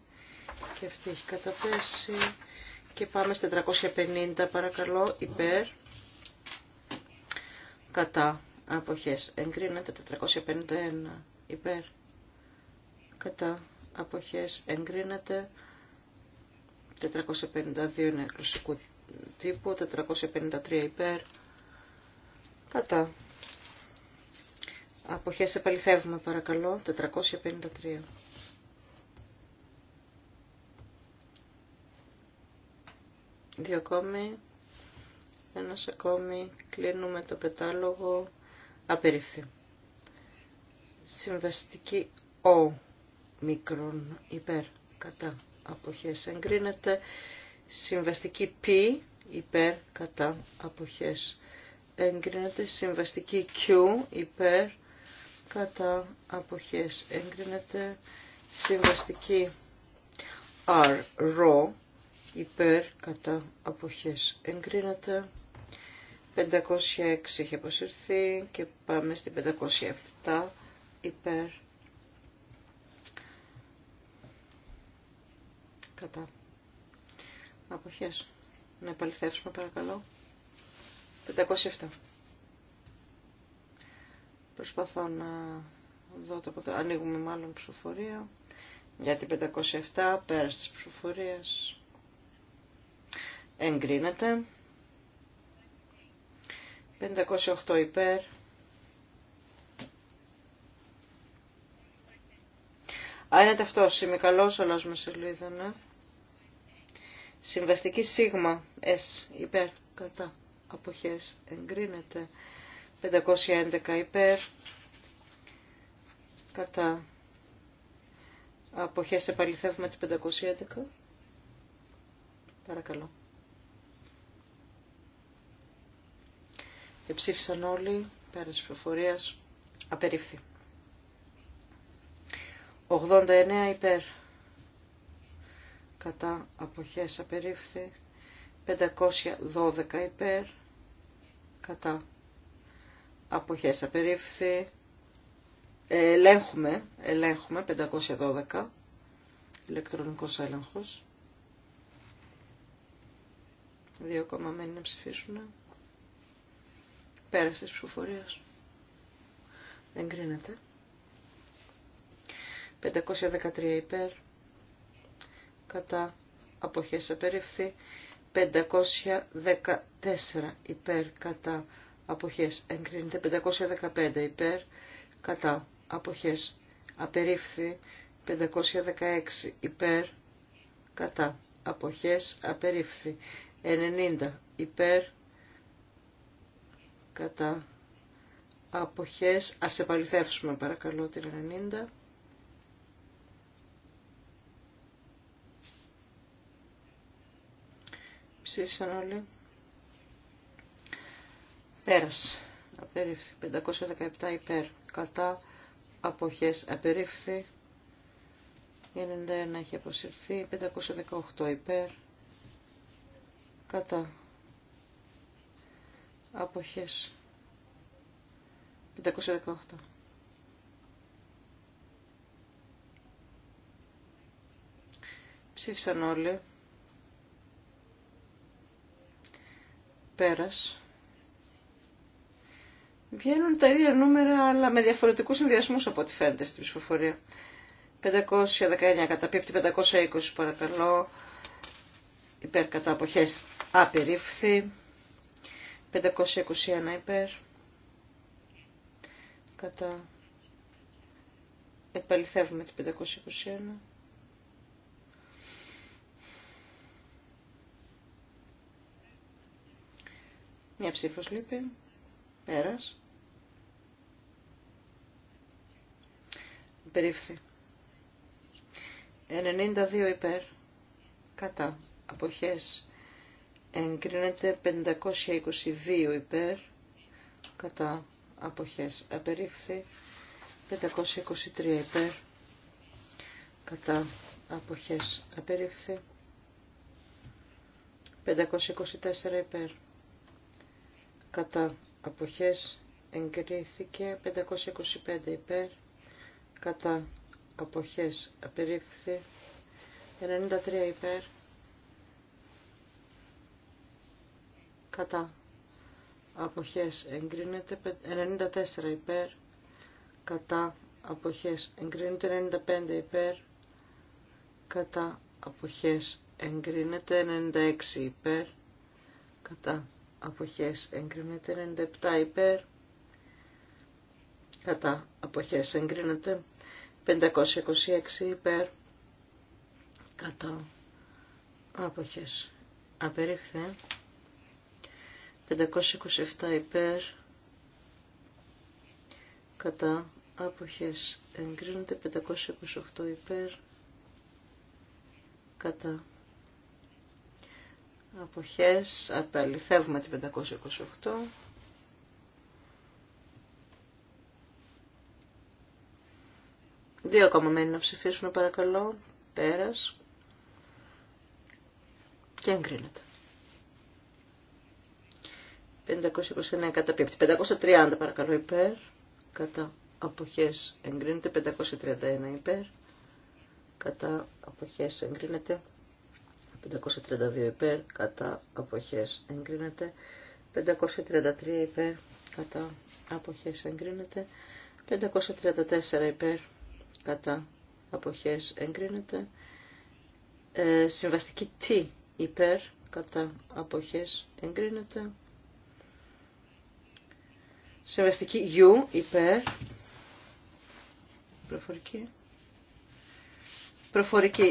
Και αυτή έχει καταπέσει. Και πάμε στα 450 παρακαλώ υπέρ. Κατά αποχές εγκρίνεται. 451 υπέρ κατά αποχές εγκρίνεται 452 είναι ρωσικού τύπου 453 υπέρ κατά αποχές επαληθεύουμε παρακαλώ 453 Δύο ακόμη, ένας ακόμη, κλείνουμε το πετάλογο, απερίφθη. Συμβαστική O μικρόν, υπέρ κατά αποχές εγκρίνεται. Συμβαστική π υπέρ κατά αποχές εγκρίνεται. Συμβαστική Q υπέρ κατά αποχές εγκρίνεται. Συμβαστική R ρο υπέρ κατά αποχές εγκρίνεται. 506 έχει αποσυρθεί και πάμε στην 507 υπέρ κατά αποχές. Να επαληθεύσουμε παρακαλώ. 507. Προσπαθώ να δω το ποτέ. Ανοίγουμε μάλλον ψηφοφορία. Για 507, πέρα της ψηφοφορίας. Εγκρίνεται. 508 υπέρ. Α, είναι Είμαι καλός, αλλάζουμε σελίδα, ναι. Συμβαστική σίγμα S υπέρ κατά αποχές εγκρίνεται. 511 υπέρ κατά αποχές επαληθεύουμε την 511. Παρακαλώ. Εψήφισαν όλοι, τη προφορίας, απερίφθη. 89 υπέρ κατά αποχές απερίφθη 512 υπέρ κατά αποχές απερίφθη ελέγχουμε, ελέγχουμε 512 ηλεκτρονικός έλεγχος δύο ακόμα να ψηφίσουν πέρας της ψηφοφορίας εγκρίνεται 513 υπέρ κατά αποχές απεριφθεί 514 υπέρ κατά αποχές εγκρίνεται 515 υπέρ κατά αποχές απερίφθη 516 υπέρ κατά αποχές απερίφθη 90 υπέρ κατά αποχές ας επαληθεύσουμε παρακαλώ την 90 Ψήφισαν όλοι. Πέρασε. Απερίφθη. 517 υπέρ. Κατά αποχές. Απερίφθη. 91 έχει αποσυρθεί. 518 υπέρ. Κατά αποχές. 518. Ψήφισαν όλοι. πέρας. Βγαίνουν τα ίδια νούμερα, αλλά με διαφορετικούς συνδυασμούς από ό,τι φαίνεται στην ψηφοφορία. 519 καταπίπτει, 520 παρακαλώ, υπέρ κατά αποχές απερίφθη, 521 υπέρ, κατά επαληθεύουμε την 521. Μια ψήφος λείπει. Πέρας. Περίφθη. 92 υπέρ. Κατά. Αποχές. Εγκρίνεται 522 υπέρ. Κατά. Αποχές. Απερίφθη. 523 υπέρ. Κατά. Αποχές. Απερίφθη. 524 υπέρ κατά αποχές εγκρίθηκε 525 υπέρ κατά αποχές απερίφθη 93 υπέρ κατά αποχές εγκρίνεται 94 υπέρ κατά αποχές εγκρίνεται 95 υπέρ κατά αποχές εγκρίνεται 96 υπέρ κατά αποχές εγκρίνεται 97 υπέρ κατά αποχές εγκρίνεται 526 υπέρ κατά αποχές απερίφθε 527 υπέρ κατά άποχες εγκρίνεται 528 υπέρ κατά αποχές, απεληθεύουμε την 528. Δύο ακόμα μένει να ψηφίσουν, παρακαλώ. Πέρας. Και εγκρίνεται. 529 κατά 530 παρακαλώ υπέρ. Κατά αποχές εγκρίνεται. 531 υπέρ. Κατά αποχές εγκρίνεται. 532 υπέρ κατά αποχές εγκρίνεται 533 υπέρ κατά αποχές εγκρίνεται 534 υπέρ κατά αποχές εγκρίνεται ε, συμβαστική T υπέρ κατά αποχές εγκρίνεται συμβαστική U υπέρ προφορική Προφορική.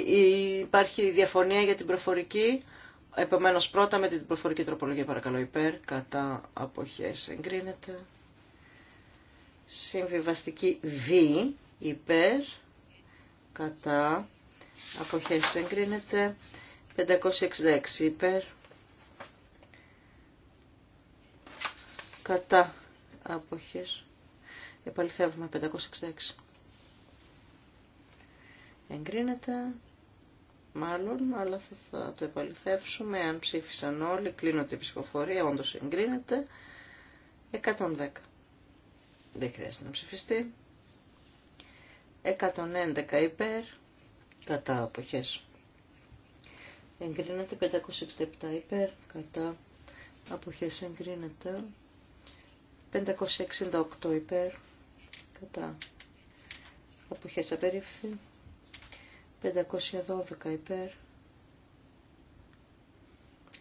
Υπάρχει διαφωνία για την προφορική. Επομένως πρώτα με την προφορική τροπολογία παρακαλώ υπέρ. Κατά αποχές εγκρίνεται. Συμβιβαστική Β υπέρ. Κατά αποχές εγκρίνεται. 566 υπέρ. Κατά αποχές. Επαληθεύουμε 566. Εγκρίνεται μάλλον, αλλά θα, το επαληθεύσουμε. Αν ψήφισαν όλοι, κλείνω την ψηφοφορία, όντως εγκρίνεται. 110. Δεν χρειάζεται να ψηφιστεί. 111 υπέρ, κατά αποχές. Εγκρίνεται 567 υπέρ, κατά αποχές εγκρίνεται. 568 υπέρ, κατά αποχές απερίφθη. 512 υπέρ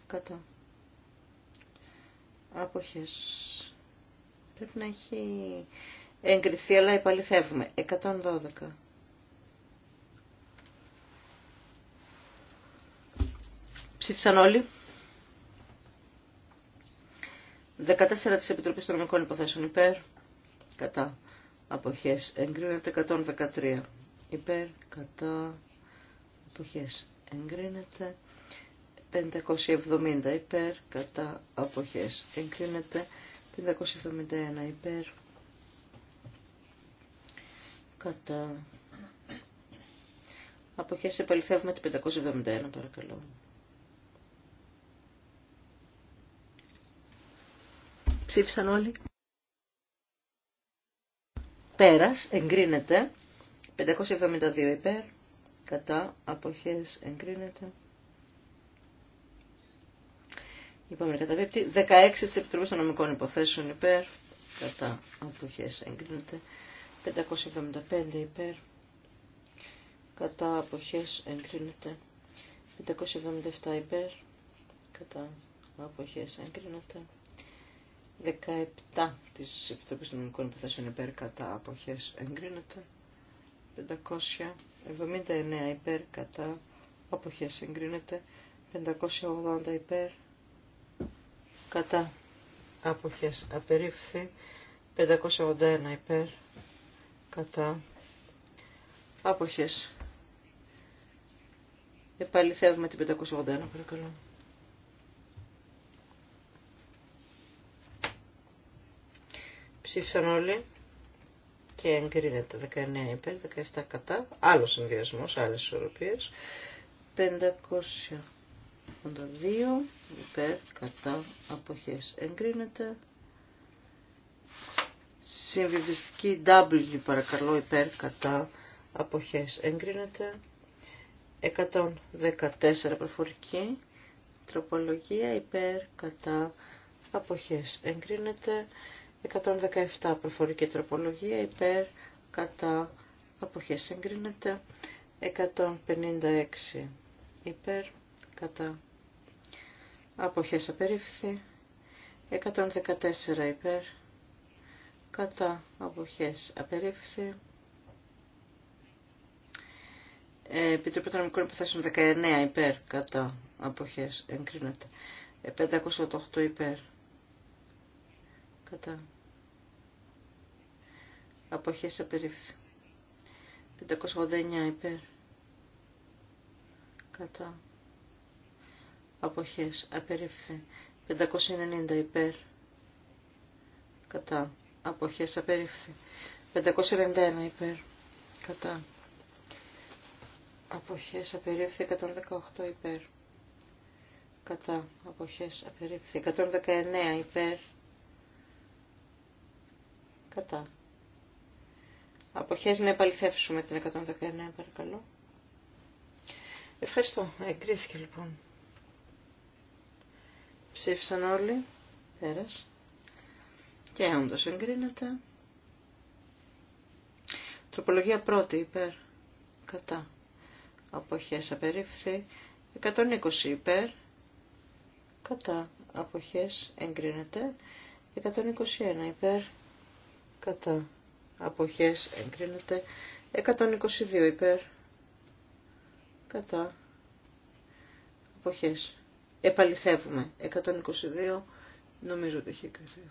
κατά άποχες πρέπει να έχει εγκριθεί αλλά υπαλληθεύουμε. 112 ψήφισαν όλοι 14 της Επιτροπής των Νομικών Υποθέσεων υπέρ κατά αποχές εγκρίνεται 113 υπέρ κατά αποχές εγκρίνεται. 570 υπέρ κατά αποχές εγκρίνεται. 571 υπέρ κατά αποχές επαληθεύουμε την 571 παρακαλώ. Ψήφισαν όλοι. Πέρας, εγκρίνεται. 572 υπέρ κατά αποχές εγκρίνεται. Είπαμε να 16 τη Επιτροπή των Νομικών Υποθέσεων υπέρ, κατά αποχές εγκρίνεται. 575 υπέρ, κατά αποχές εγκρίνεται. 577 υπέρ, κατά αποχές εγκρίνεται. 17 της επιτροπή των Νομικών Υποθέσεων υπέρ, κατά αποχές εγκρίνεται. 579 υπέρ κατά αποχές συγκρίνεται, 580 υπέρ κατά αποχές απερίφθη 581 υπέρ κατά αποχές επαληθεύουμε την 581 παρακαλώ ψήφισαν όλοι και εγκρίνεται 19 υπέρ, 17 κατά, άλλο συνδυασμό, άλλε ισορροπίε. 582 υπέρ, κατά, αποχέ εγκρίνεται, συμβιβιστική W παρακαλώ υπέρ, κατά, αποχέ εγκρίνεται, 114 προφορική, τροπολογία υπέρ, κατά, αποχές εγκρίνεται, 117 προφορική τροπολογία υπέρ κατά αποχές εγκρίνεται 156 υπέρ κατά αποχές απερίφθη 114 υπέρ κατά αποχές απερίφθη ε, Επιτροπή των Νομικών Υποθέσεων 19 υπέρ κατά αποχές εγκρίνεται 508 ε, υπέρ κατά αποχές απερίφθη 589 υπέρ κατά αποχές απερίφθη 590 υπέρ κατά αποχές απερίφθη 591 υπέρ κατά αποχές απερίφθη 118 υπέρ κατά αποχές απερίφθη 119 υπέρ Κατά. Αποχές να επαληθεύσουμε την 119 παρακαλώ. Ευχαριστώ. Εγκρίθηκε λοιπόν. Ψήφισαν όλοι. Πέρας. Και όντω εγκρίνεται. Τροπολογία πρώτη υπέρ. Κατά. Αποχές απερίφθη. 120 υπέρ. Κατά. Αποχές εγκρίνεται. 121 υπέρ κατά αποχές εγκρίνεται 122 υπέρ κατά αποχές επαληθεύουμε 122 νομίζω ότι έχει εγκριθεί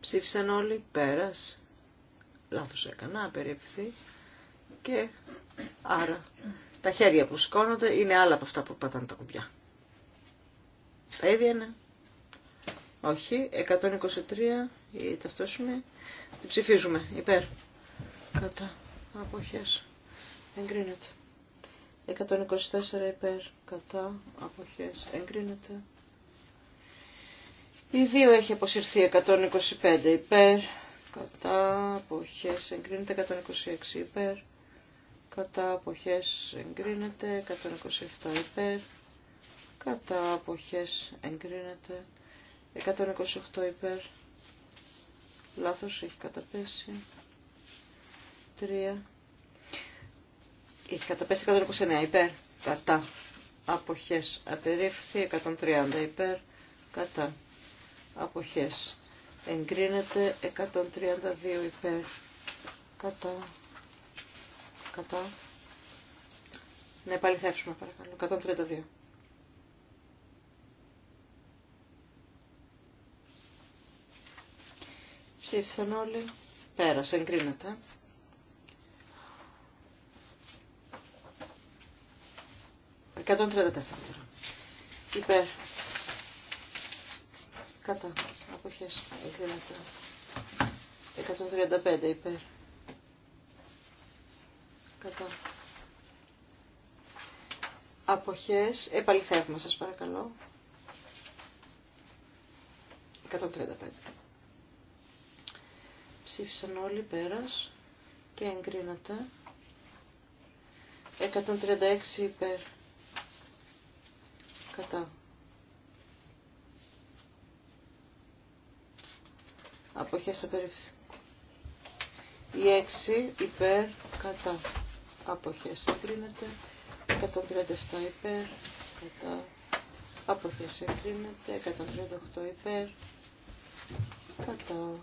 ψήφισαν όλοι πέρας λάθος έκανα απεριευθεί και άρα τα χέρια που σηκώνονται είναι άλλα από αυτά που πατάνε τα κουμπιά τα ίδια είναι όχι. 123 η ταυτόσημη. Την ψηφίζουμε. Υπέρ. Κατά. Αποχές. Εγκρίνεται. 124 υπέρ. Κατά. Αποχές. Εγκρίνεται. Η 2 έχει αποσυρθεί. 125 υπέρ. Κατά. Αποχές. Εγκρίνεται. 126 υπέρ. Κατά. Αποχές. Εγκρίνεται. 127 υπέρ. Κατά. Αποχές. Εγκρίνεται. 128 υπέρ. Λάθος, έχει καταπέσει. 3. Έχει καταπέσει 129 υπέρ. Κατά. Αποχές. Απερίφθη 130 υπέρ. Κατά. Αποχές. Εγκρίνεται 132 υπέρ. Κατά. Κατά. Να επαληθεύσουμε παρακαλώ. 132. Ψήφισαν όλοι. Πέρασε, εγκρίνεται. Εκατόν τριάντα Υπέρ. Κατά. Αποχές. Εγκρίνεται. 135 υπέρ. Κατά. Αποχές. Επαληθεύμα σας παρακαλώ. 135. Ψήφισαν όλοι πέρας και εγκρίνεται. 136 υπέρ. Κατά. Αποχές απερίφθη. Η 6 υπέρ κατά. Αποχές εγκρίνεται. 137 υπέρ κατά. Αποχές εγκρίνεται. 138 υπέρ κατά.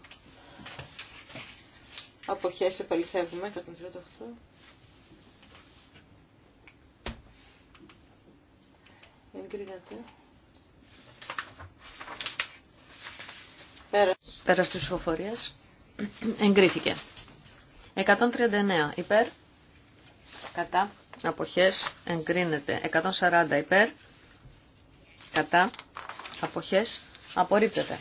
Αποχές επαληθεύουμε. 138. Εγκρίνεται. Πέρα Πέρας της Εγκρίθηκε. 139 υπέρ. Κατά. Αποχές εγκρίνεται. 140 υπέρ. Κατά. Αποχές απορρίπτεται.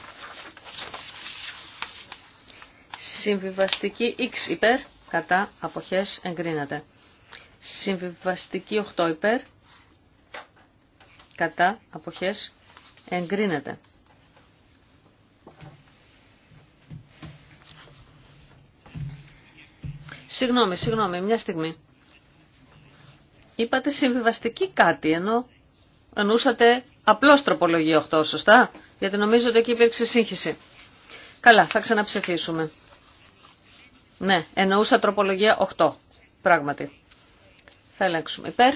Συμβιβαστική 6 υπέρ, κατά αποχές εγκρίνεται. Συμβιβαστική 8 υπέρ, κατά αποχές εγκρίνεται. Συγγνώμη, συγγνώμη, μια στιγμή. Είπατε συμβιβαστική κάτι, ενώ εννοούσατε απλώς τροπολογία 8, σωστά, γιατί νομίζω ότι εκεί υπήρξε σύγχυση. Καλά, θα ξαναψεφίσουμε. Ναι, εννοούσα τροπολογία 8. Πράγματι. Θα ελέγξουμε υπέρ.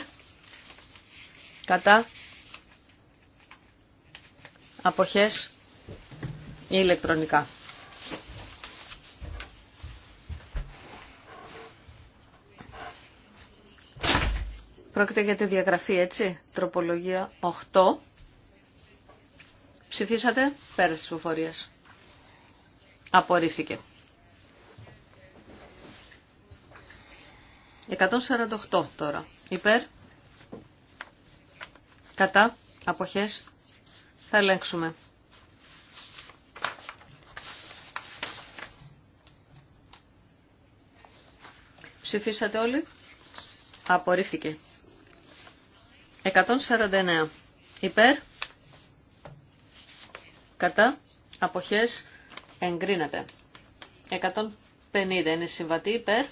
Κατά. Αποχές ή ηλεκτρονικά. Πρόκειται για τη διαγραφή, έτσι. Τροπολογία 8. Ψηφίσατε πέρα της ψηφοφορία. Απορρίφθηκε. 148 τώρα. Υπέρ. Κατά. Αποχές. Θα ελέγξουμε. Ψηφίσατε όλοι. Απορρίφθηκε. 149. Υπέρ. Κατά. Αποχές. Εγκρίνεται. 150 είναι συμβατή. Υπέρ.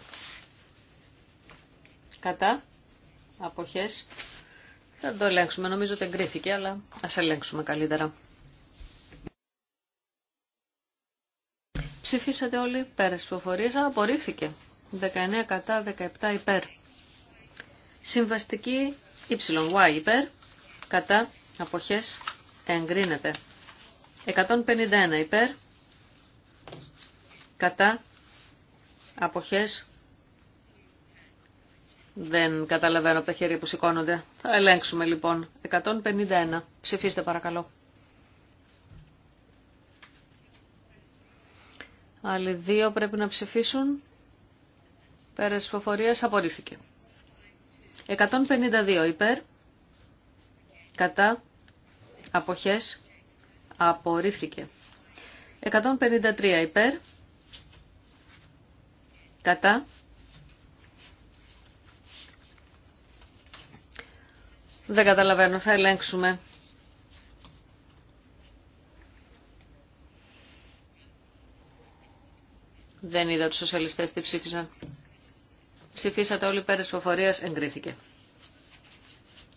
Κατά. Αποχές. Θα το ελέγξουμε. Νομίζω ότι εγκρίθηκε, αλλά ας ελέγξουμε καλύτερα. Ψηφίσατε όλοι πέρας ψηφοφορίας, αλλά απορρίφθηκε. 19 κατά, 17 υπέρ. Συμβαστική Y υπέρ, κατά, αποχές, εγκρίνεται. 151 υπέρ, κατά, αποχές, δεν καταλαβαίνω από τα χέρια που σηκώνονται. Θα ελέγξουμε λοιπόν. 151. Ψηφίστε παρακαλώ. Άλλοι δύο πρέπει να ψηφίσουν. Πέρας φοφορίας. απορρίφθηκε. 152 υπέρ. Κατά. Αποχές. Απορρίφθηκε. 153 υπέρ. Κατά. Δεν καταλαβαίνω, θα ελέγξουμε. Δεν είδα τους σοσιαλιστές τι ψήφισαν. Ψηφίσατε όλοι υπέρ της φοφορίας, εγκρίθηκε.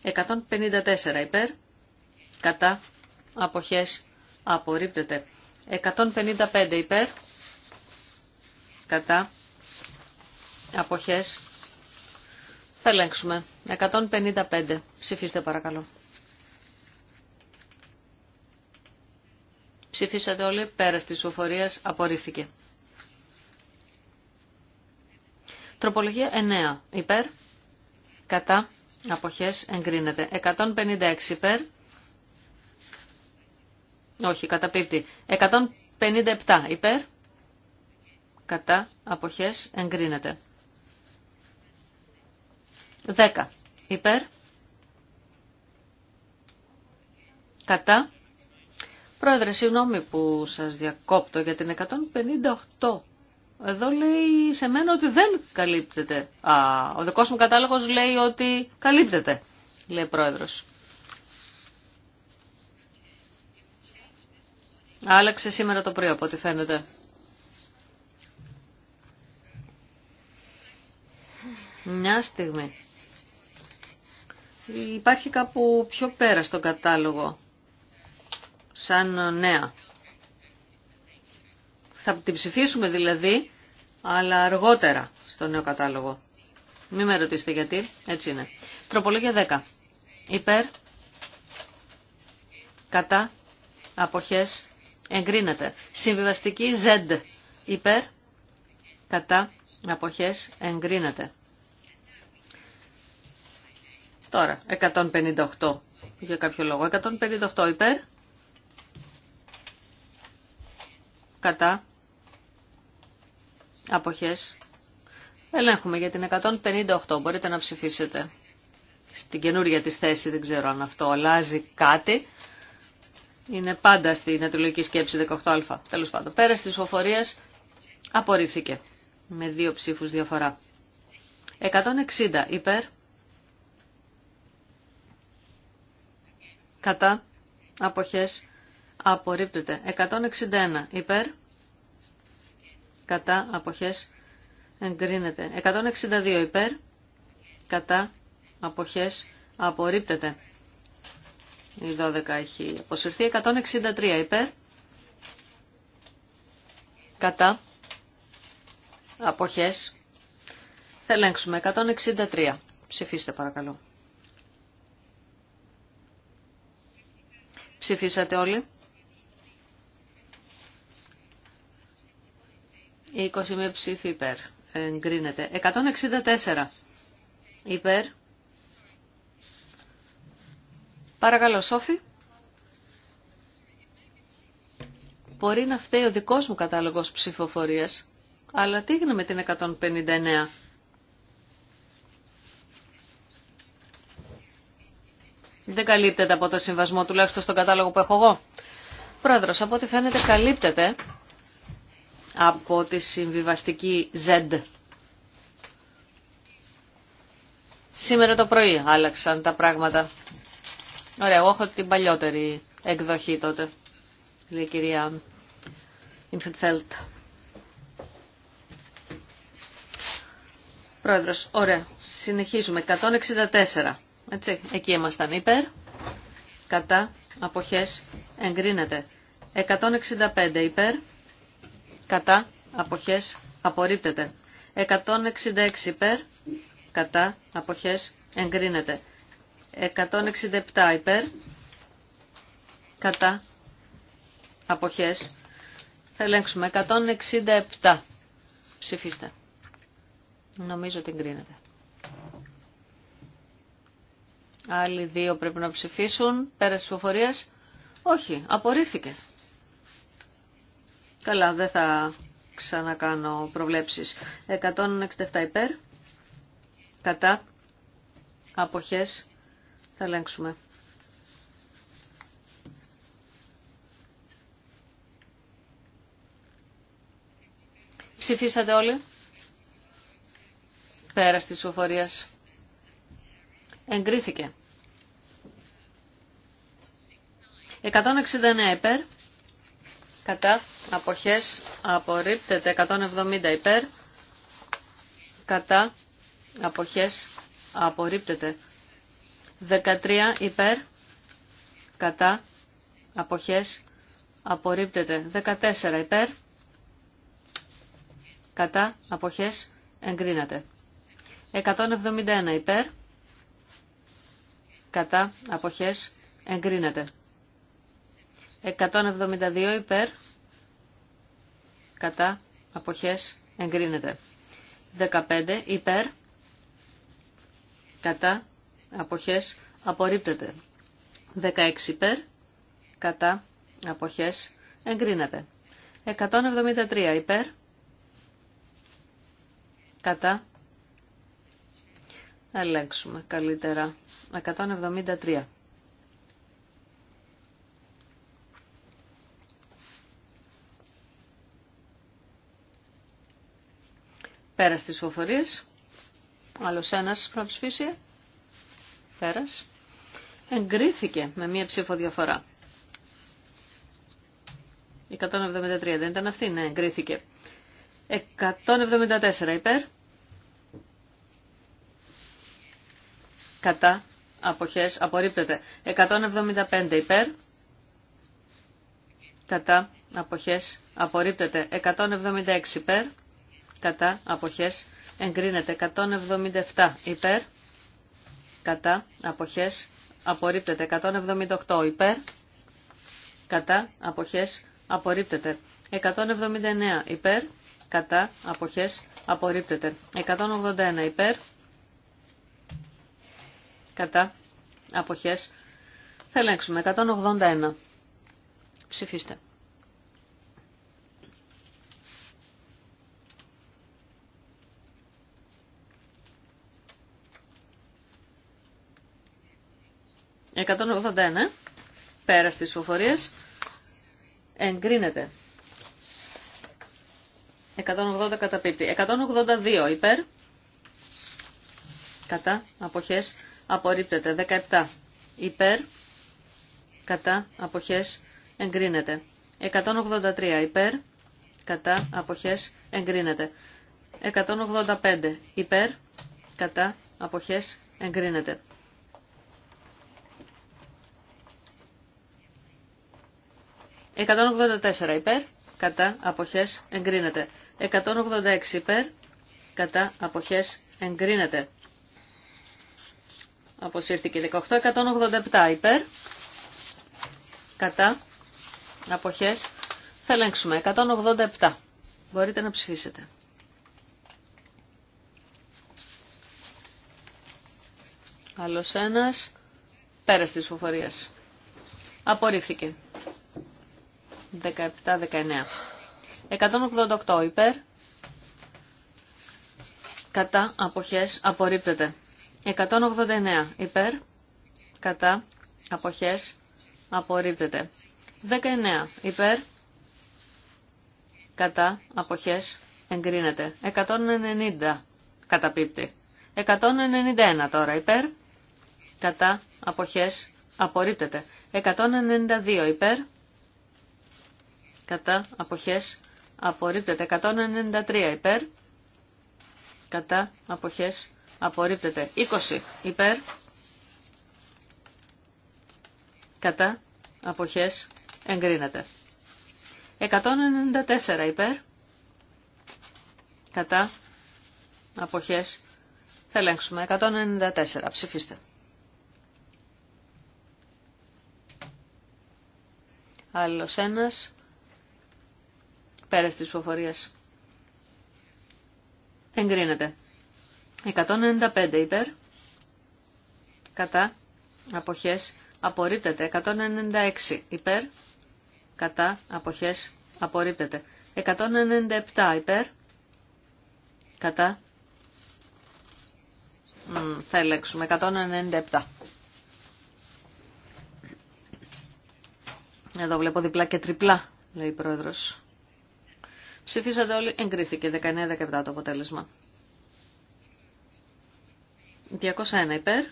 154 υπέρ, κατά, αποχές, απορρίπτεται. 155 υπέρ, κατά, αποχές, θα ελέγξουμε. 155. Ψηφίστε παρακαλώ. Ψηφίσατε όλοι πέρα της ψηφοφορίας. Απορρίφθηκε. Τροπολογία 9. Υπέρ. Κατά. Αποχές εγκρίνεται. 156 υπέρ. Όχι, καταπίπτει. 157 υπέρ. Κατά. Αποχές εγκρίνεται. 10 υπέρ. Κατά. Πρόεδρε, συγγνώμη που σας διακόπτω για την 158. Εδώ λέει σε μένα ότι δεν καλύπτεται. Α, ο δικός μου κατάλογος λέει ότι καλύπτεται, λέει πρόεδρος. Άλλαξε σήμερα το πρωί από ό,τι φαίνεται. Μια στιγμή. Υπάρχει κάπου πιο πέρα στον κατάλογο, σαν νέα. Θα την ψηφίσουμε δηλαδή, αλλά αργότερα στο νέο κατάλογο. Μην με ρωτήσετε γιατί, έτσι είναι. Τροπολόγια 10. Υπέρ, κατά, αποχές, εγκρίνεται. Συμβιβαστική Z. Υπέρ, κατά, αποχές, εγκρίνεται. Τώρα, 158 για κάποιο λόγο. 158 υπέρ. Κατά. Αποχές. Ελέγχουμε για την 158. Μπορείτε να ψηφίσετε. Στην καινούργια της θέση δεν ξέρω αν αυτό αλλάζει κάτι. Είναι πάντα στην ατυλογική σκέψη 18α. Τέλος πάντων. Πέρα στις φοφορίες απορρίφθηκε. Με δύο ψήφους διαφορά. 160 υπέρ. κατά αποχές απορρίπτεται. 161 υπέρ κατά αποχές εγκρίνεται. 162 υπέρ κατά αποχές απορρίπτεται. Η 12 έχει αποσυρθεί. 163 υπέρ κατά αποχές θα ελέγξουμε 163. Ψηφίστε παρακαλώ. Ψηφίσατε όλοι. 21 ψήφοι υπέρ. Εγκρίνεται. 164 υπέρ. Παρακαλώ, Σόφη. Μπορεί να φταίει ο δικός μου κατάλογος ψηφοφορίας, αλλά τι έγινε με την 159. Δεν καλύπτεται από το συμβασμό, τουλάχιστον στον κατάλογο που έχω εγώ. Πρόεδρος, από ό,τι φαίνεται καλύπτεται από τη συμβιβαστική Z. Σήμερα το πρωί άλλαξαν τα πράγματα. Ωραία, εγώ έχω την παλιότερη εκδοχή τότε, λέει η κυρία Ινφετφέλτ. Πρόεδρος, ωραία, συνεχίζουμε. 164. Έτσι, εκεί ήμασταν υπέρ. Κατά. Αποχές. Εγκρίνεται. 165 υπέρ. Κατά. Αποχές. Απορρίπτεται. 166 υπέρ. Κατά. Αποχές. Εγκρίνεται. 167 υπέρ. Κατά. Αποχές. Θα ελέγξουμε. 167. Ψηφίστε. Νομίζω ότι εγκρίνεται. Άλλοι δύο πρέπει να ψηφίσουν. Πέρα τη ψηφοφορία. Όχι, απορρίφθηκε. Καλά, δεν θα ξανακάνω προβλέψεις. 167 υπέρ. Κατά. Αποχές. Θα ελέγξουμε. Ψηφίσατε όλοι. Πέρα τη ψηφοφορία. Εγκρίθηκε. 169 υπέρ, κατά αποχές απορρίπτεται 170 υπέρ, κατά αποχές απορρίπτεται 13 υπέρ, κατά αποχές απορρίπτεται 14 υπέρ, κατά αποχές εγκρίνεται 171 υπέρ, κατά αποχές εγκρίνεται 172 υπέρ, κατά, αποχές, εγκρίνεται. 15 υπέρ, κατά, αποχές, απορρίπτεται. 16 υπέρ, κατά, αποχές, εγκρίνεται. 173 υπέρ, κατά, ελέγξουμε καλύτερα. 173. Πέρας της φοφορίας. Άλλος ένας Πέρας. Εγκρίθηκε με μία ψήφο διαφορά. 173 δεν ήταν αυτή, ναι, εγκρίθηκε. 174 υπέρ. Κατά. Αποχές. Απορρίπτεται. 175 υπέρ. Κατά. Αποχές. Απορρίπτεται. 176 υπέρ κατά αποχές εγκρίνεται 177 υπέρ, κατά αποχές απορρίπτεται 178 υπέρ, κατά αποχές απορρίπτεται 179 υπέρ, κατά αποχές απορρίπτεται 181 υπέρ, κατά αποχές θα ελέγξουμε 181. Ψηφίστε. 181 πέρα στις φοφορίες εγκρίνεται. 180 καταπίπτει. 182 υπέρ. Κατά. Αποχές. Απορρίπτεται. 17 υπέρ. Κατά. Αποχές. Εγκρίνεται. 183 υπέρ. Κατά. Αποχές. Εγκρίνεται. 185 υπέρ. Κατά. Αποχές. Εγκρίνεται. 184 υπέρ, κατά αποχές εγκρίνεται. 186 υπέρ, κατά αποχές εγκρίνεται. Αποσύρθηκε 18, 187 υπέρ, κατά αποχές θα ελέγξουμε 187. Μπορείτε να ψηφίσετε. Άλλος ένας, πέρας της φοφορίας. Απορρίφθηκε. 17-19. 188 υπέρ. Κατά αποχές απορρίπτεται. 189 υπέρ. Κατά αποχές απορρίπτεται. 19 υπέρ. Κατά αποχές εγκρίνεται. 190 καταπίπτει. 191 τώρα υπέρ. Κατά αποχές απορρίπτεται. 192 υπέρ κατά αποχές απορρίπτεται 193 υπέρ κατά αποχές απορρίπτεται 20 υπέρ κατά αποχές εγκρίνεται 194 υπέρ κατά αποχές θα ελέγξουμε 194 ψηφίστε άλλος ένας Πέρα της φοφορίες. Εγκρίνεται. 195 υπέρ. Κατά. Αποχές. Απορρίπτεται. 196 υπέρ. Κατά. Αποχές. Απορρίπτεται. 197 υπέρ. Κατά. θα ελέγξουμε. 197. Εδώ βλέπω διπλά και τριπλά, λέει η πρόεδρος. Ψηφίσατε όλοι, εγκρίθηκε 19-17 το αποτέλεσμα. 201 υπέρ,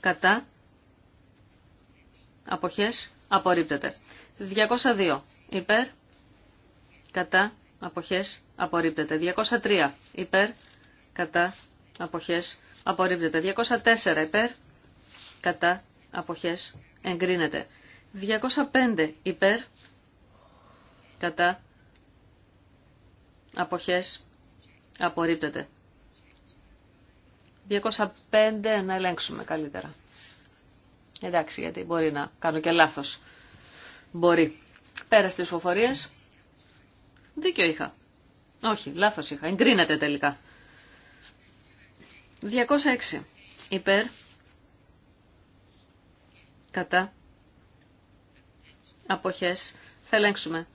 κατά, αποχές, απορρίπτεται. 202 υπέρ, κατά, αποχές, απορρίπτεται. 203 υπέρ, κατά, αποχές, απορρίπτεται. 204 υπέρ, κατά, αποχές, εγκρίνεται. 205 υπέρ, κατά, αποχές απορρίπτεται. 205 να ελέγξουμε καλύτερα. Εντάξει, γιατί μπορεί να κάνω και λάθος. Μπορεί. Πέρα στις φοφορίες. Δίκιο είχα. Όχι, λάθος είχα. Εγκρίνεται τελικά. 206. Υπέρ. Κατά. Αποχές. Θα ελέγξουμε.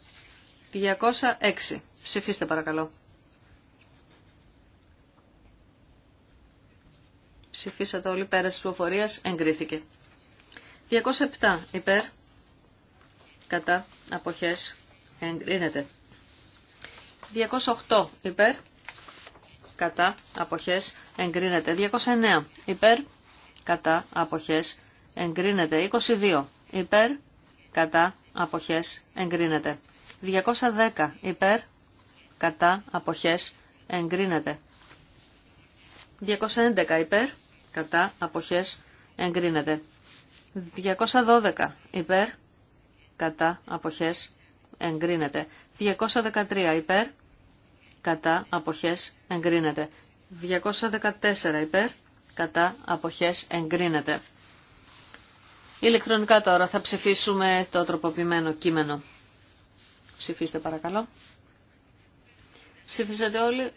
206. Ψηφίστε παρακαλώ. Ψηφίσατε όλοι πέρα της ψηφοφορίας. Εγκρίθηκε. 207 υπέρ. Κατά. Αποχές. Εγκρίνεται. 208 υπέρ. Κατά. Αποχές. Εγκρίνεται. 209 υπέρ. Κατά. Αποχές. Εγκρίνεται. 22 υπέρ. Κατά. Αποχές. Εγκρίνεται. 210 υπέρ κατά αποχές εγκρίνεται. 211 υπέρ κατά αποχές εγκρίνεται. 212 υπέρ κατά αποχές εγκρίνεται. 213 υπέρ κατά αποχές εγκρίνεται. 214 υπέρ κατά αποχές εγκρίνεται. Ηλεκτρονικά τώρα θα ψηφίσουμε το τροποποιημένο κείμενο. Ψηφίστε παρακαλώ. Ψήφισατε όλοι.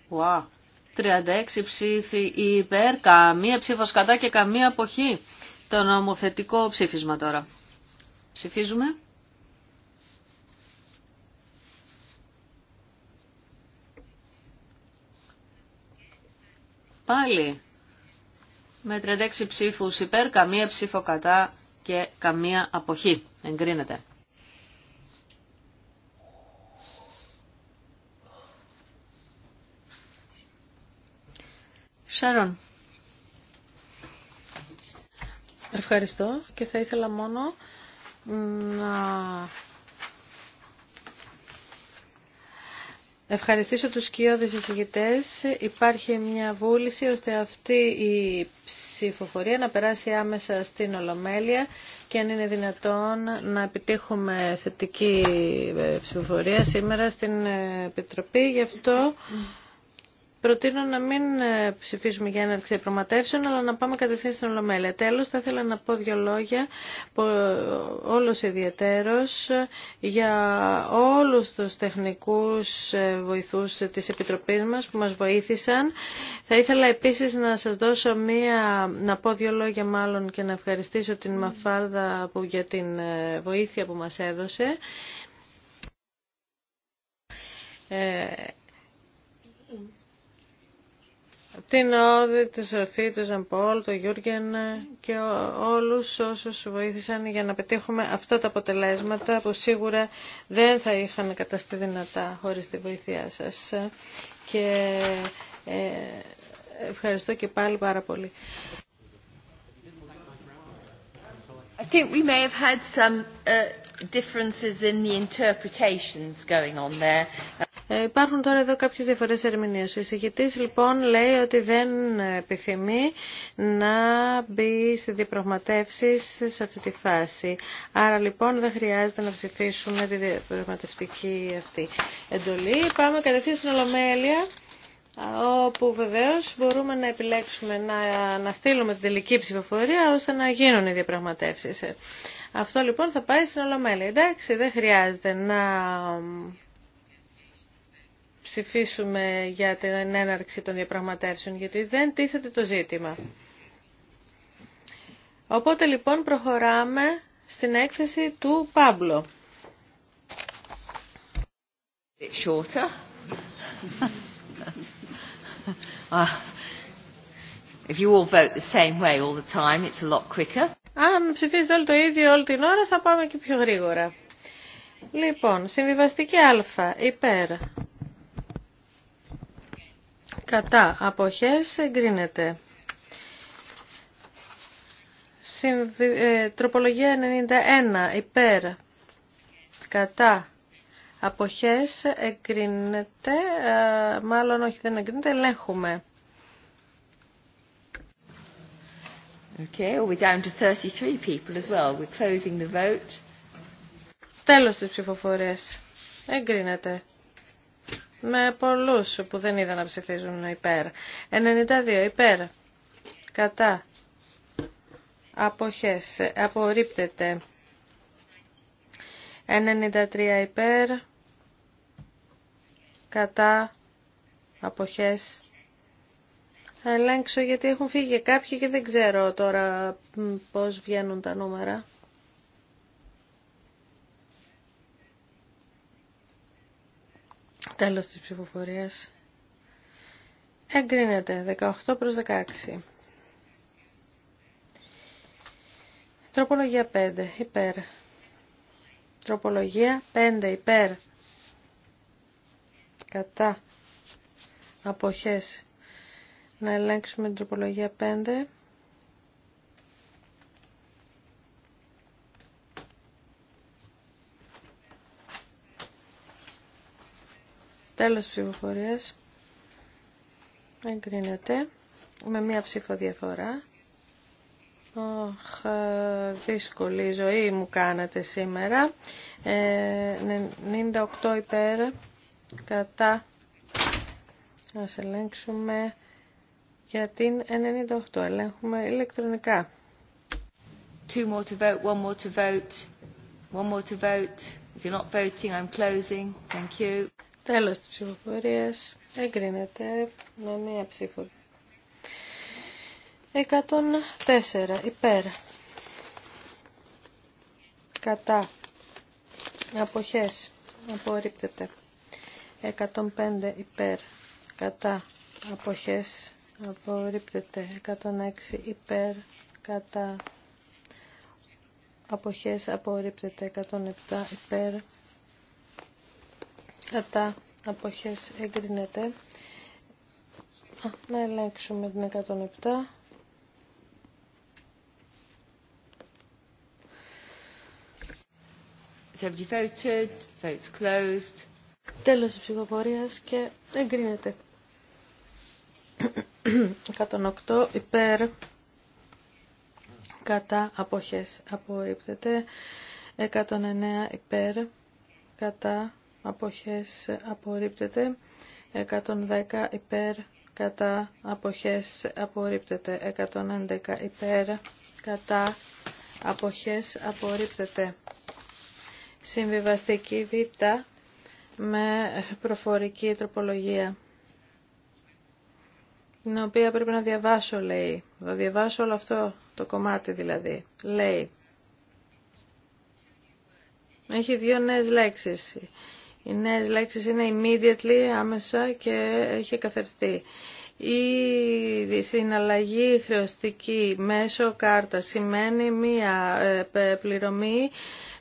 36 ψήφοι υπέρ, καμία ψήφος κατά και καμία αποχή. Το νομοθετικό ψήφισμα τώρα. Ψηφίζουμε. Πάλι με 36 ψήφους υπέρ, καμία ψήφο κατά και καμία αποχή. Εγκρίνεται. Ευχαριστώ και θα ήθελα μόνο να Ευχαριστήσω τους σκιώδες εισηγητές. Υπάρχει μια βούληση ώστε αυτή η ψηφοφορία να περάσει άμεσα στην Ολομέλεια και αν είναι δυνατόν να επιτύχουμε θετική ψηφοφορία σήμερα στην Επιτροπή. Γι' αυτό Προτείνω να μην ε, ψηφίσουμε για έναρξη διαπραγματεύσεων, αλλά να πάμε κατευθείαν στην Ολομέλεια. Τέλο, θα ήθελα να πω δύο λόγια, όλο ιδιαίτερο, για όλου του τεχνικού ε, βοηθού τη Επιτροπή μα που μα βοήθησαν. Θα ήθελα επίση να σα δώσω μία, να πω δύο λόγια μάλλον και να ευχαριστήσω την Μαφάλδα που, για την ε, βοήθεια που μα έδωσε την Όδη, τη Σοφή, τον Ζανπόλ, τον Γιούργεν και όλους όσους βοήθησαν για να πετύχουμε αυτά τα αποτελέσματα που σίγουρα δεν θα είχαν καταστεί δυνατά χωρίς τη βοήθειά σας. Και ε, ευχαριστώ και πάλι πάρα πολύ. I think we may have had some uh, differences in the interpretations going on there. Ε, υπάρχουν τώρα εδώ κάποιες διαφορέ ερμηνείες. Ο εισηγητής λοιπόν λέει ότι δεν επιθυμεί να μπει σε διαπραγματεύσεις σε αυτή τη φάση. Άρα λοιπόν δεν χρειάζεται να ψηφίσουμε τη διαπραγματευτική αυτή εντολή. Πάμε κατευθείαν στην Ολομέλεια όπου βεβαίως μπορούμε να επιλέξουμε να, να στείλουμε την τελική ψηφοφορία ώστε να γίνουν οι διαπραγματεύσεις. Αυτό λοιπόν θα πάει στην Ολομέλεια. Εντάξει, δεν χρειάζεται να ψηφίσουμε για την έναρξη των διαπραγματεύσεων, γιατί δεν τίθεται το ζήτημα. Οπότε λοιπόν προχωράμε στην έκθεση του Πάμπλο. Ah. If you Αν ψηφίζετε όλο το ίδιο όλη την ώρα, θα πάμε και πιο γρήγορα. Λοιπόν, συμβιβαστική α, υπέρ κατά αποχές εγκρίνεται. Ε, τροπολογία 91 υπέρ κατά αποχές εγκρίνεται, μάλλον όχι δεν εγκρίνεται, ελέγχουμε. Okay, we're down to 33 people as well. We're closing the vote. Τέλος της ψηφοφορίας. Εγκρίνεται με πολλούς που δεν είδα να ψηφίζουν υπέρ. 92 υπέρ. Κατά. Αποχές. Απορρίπτεται. 93 υπέρ. Κατά. Αποχές. Θα ελέγξω γιατί έχουν φύγει κάποιοι και δεν ξέρω τώρα πώς βγαίνουν τα νούμερα. Τέλος της ψηφοφορίας. Εγκρίνεται 18 προς 16. Τροπολογία 5 υπέρ. Τροπολογία 5 υπέρ. Κατά αποχές. Να ελέγξουμε την τροπολογία 5. Τέλος ψηφοφορίας. Εγκρίνεται. Με μία ψήφο διαφορά. Αχ, δύσκολη ζωή μου κάνατε σήμερα. Ε, 98 υπέρ κατά. Ας ελέγξουμε για την 98. Ελέγχουμε ηλεκτρονικά. Two more to vote, one more to vote, one more to vote. If you're not voting, I'm closing. Thank you. Τέλος της ψηφοφορίας. Εγκρίνεται με μία ψήφο. 104. Υπέρ. Κατά. Αποχές. Απορρίπτεται. 105. Υπέρ. Κατά. Αποχές. Απορρίπτεται. 106. Υπέρ. Κατά. Αποχές. Απορρίπτεται. 107. Υπέρ κατά αποχές εγκρίνεται. Α, να ελέγξουμε την 107. Voted, votes closed. Τέλος της ψηφοφορίας και εγκρίνεται. 108 υπέρ κατά αποχές απορρίπτεται. 109 υπέρ κατά αποχές απορρίπτεται 110 υπέρ κατά αποχές απορρίπτεται 111 υπέρ κατά αποχές απορρίπτεται συμβιβαστική β με προφορική τροπολογία την οποία πρέπει να διαβάσω λέει θα διαβάσω όλο αυτό το κομμάτι δηλαδή λέει έχει δύο νέες λέξεις οι νέε λέξει είναι immediately, άμεσα και έχει καθαριστεί. Η συναλλαγή χρεωστική μέσω κάρτα σημαίνει μία ε, πληρωμή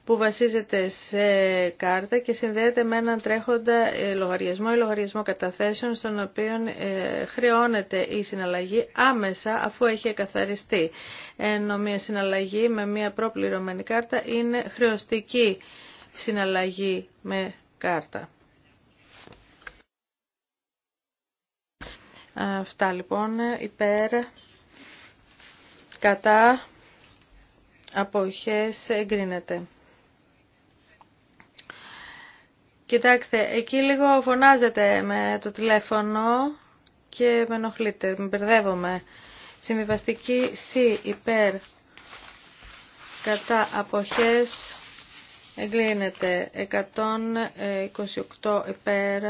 που βασίζεται σε κάρτα και συνδέεται με έναν τρέχοντα ε, λογαριασμό ή λογαριασμό καταθέσεων στον οποίο ε, χρεώνεται η συναλλαγή άμεσα αφού έχει εκαθαριστεί. Ενώ μια συναλλαγή με μια προπληρωμένη κάρτα είναι χρεωστική συναλλαγή με κάρτα. Αυτά λοιπόν υπέρ κατά αποχές εγκρίνεται. Κοιτάξτε, εκεί λίγο φωνάζετε με το τηλέφωνο και με ενοχλείτε, με μπερδεύομαι. Συμβιβαστική C υπέρ κατά αποχές εγκρίνεται. Εγκρίνεται 128 υπέρ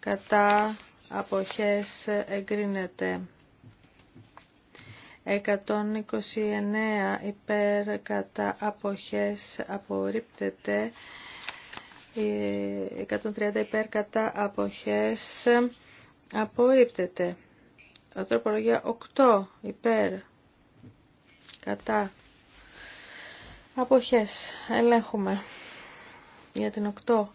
κατά αποχές εγκρίνεται. 129 υπέρ κατά αποχές απορρίπτεται. 130 ε, υπέρ κατά αποχές απορρίπτεται. Οτροπολογία 8 υπέρ κατά Αποχές. Ελέγχουμε. Για την 8.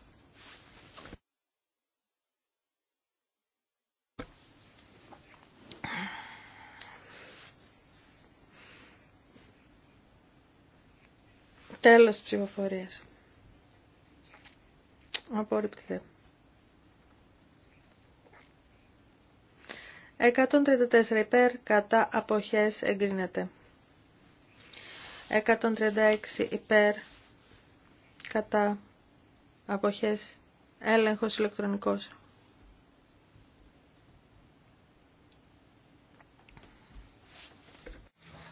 Τέλος της ψηφοφορίας. Απορρίπτεται. 134 υπέρ κατά αποχές εγκρίνεται. 136 υπέρ κατά αποχές έλεγχος ηλεκτρονικός.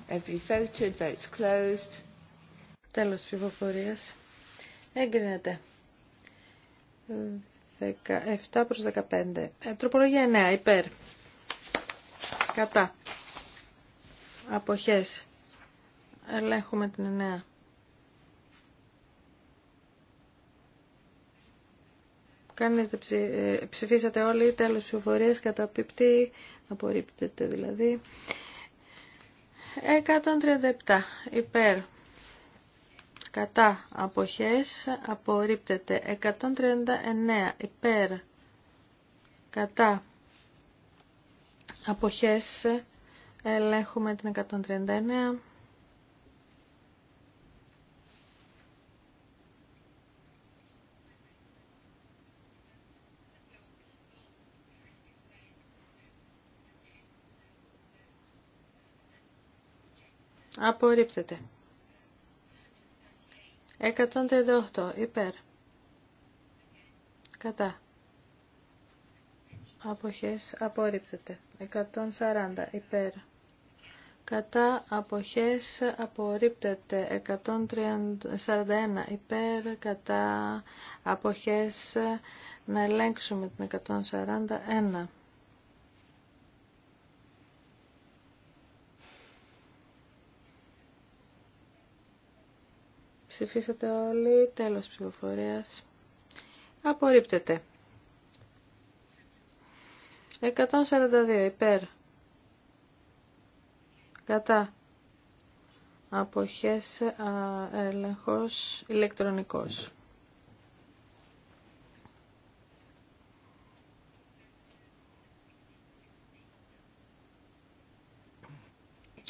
Every voted, votes closed. Τέλος ψηφοφορίας. Έγκρινεται. 17 προς 15. Ε, τροπολογία 9, υπέρ. Κατά. Αποχές. Ελέγχουμε την 9. Κανείς δεν ψη... Ε, ψηφίσατε όλοι, τέλος ψηφοφορίας καταπιπτεί, απορρίπτεται δηλαδή. 137 υπέρ κατά αποχές απορρίπτεται 139 υπέρ κατά αποχές ελέγχουμε την 139 Απορρίπτεται. 138 υπέρ. Κατά. Αποχές απορρίπτεται. 140 υπέρ. Κατά αποχές απορρίπτεται 141 υπέρ, κατά αποχές να ελέγξουμε την 141. Ψηφίσατε όλοι. Τέλος ψηφοφορίας. Απορρίπτεται. 142 υπέρ. Κατά. Αποχές α, ελεγχός ηλεκτρονικός.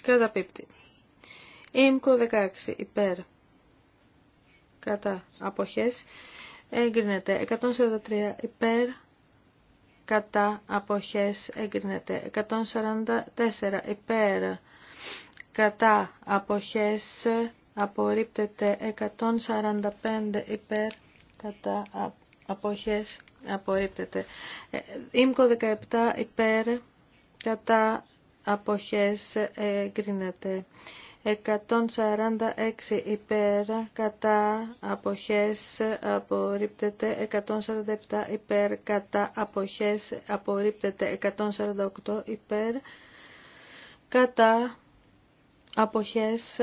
Καταπίπτει. Ήμκο 16 υπέρ κατά αποχές εγκρίνεται 143 υπέρ κατά αποχές εγκρίνεται 144 υπέρ κατά αποχές απορρίπτεται 145 ε, υπέρ κατά αποχές απορρίπτεται ΙΜΚΟ 17 υπέρ κατά αποχές εγκρίνεται 146 υπέρ κατά αποχές απορρίπτεται 147 υπέρ κατά αποχές απορρίπτεται 148 υπέρ κατά αποχές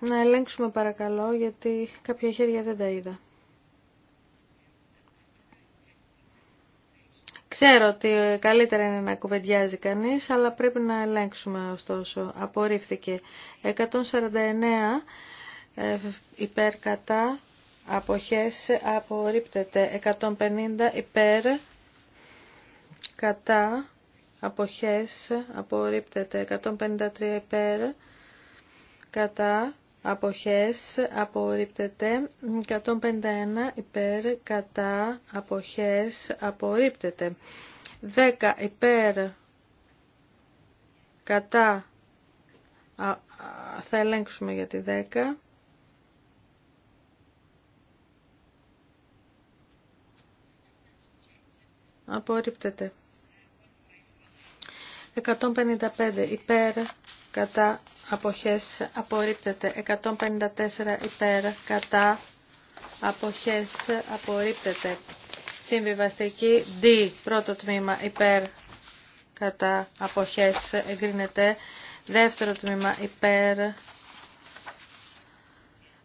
να ελέγξουμε παρακαλώ γιατί κάποια χέρια δεν τα είδα Ξέρω ότι καλύτερα είναι να κουβεντιάζει κανείς, αλλά πρέπει να ελέγξουμε ωστόσο. Απορρίφθηκε 149 ε, υπέρ κατά αποχές, απορρίπτεται 150 υπέρ κατά αποχές, απορρίπτεται 153 υπέρ κατά Αποχές απορρίπτεται 151 υπέρ κατά αποχές απορρίπτεται 10 υπέρ κατά θα ελέγξουμε για τη 10 απορρίπτεται 155 υπέρ κατά αποχές απορρίπτεται 154 υπέρ κατά αποχές απορρίπτεται συμβιβαστική D πρώτο τμήμα υπέρ κατά αποχές εγκρίνεται δεύτερο τμήμα υπέρ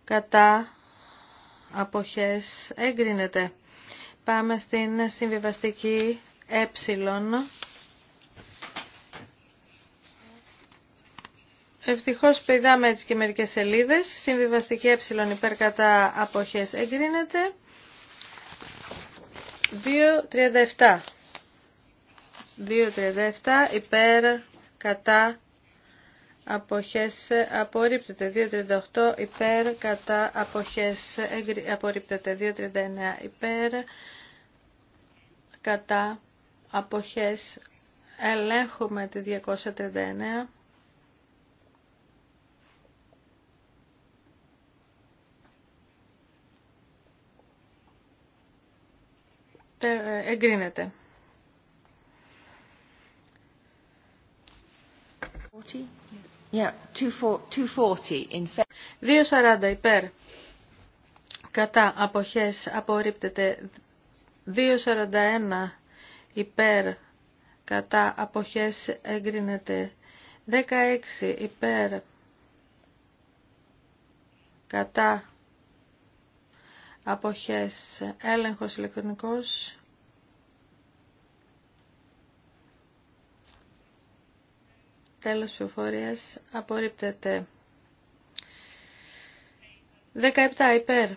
κατά αποχές εγκρίνεται πάμε στην συμβιβαστική ε Ευτυχώ πηδάμε έτσι και μερικέ σελίδε. Συμβιβαστική ε υπέρ κατά αποχές εγκρίνεται. 2.37 2.37 υπέρ κατά αποχές απορρίπτεται 2.38 υπέρ κατά αποχές απορρίπτεται 2.39 υπέρ κατά αποχές ελέγχουμε τη 239 Ε, εγκρίνεται. 240 υπέρ. Κατά αποχές απορρίπτεται 241 υπέρ. Κατά αποχές εγκρίνεται 16 υπέρ. Κατά αποχές έλεγχος ηλεκτρονικός τέλος πληροφορίας. απορρίπτεται 17 υπέρ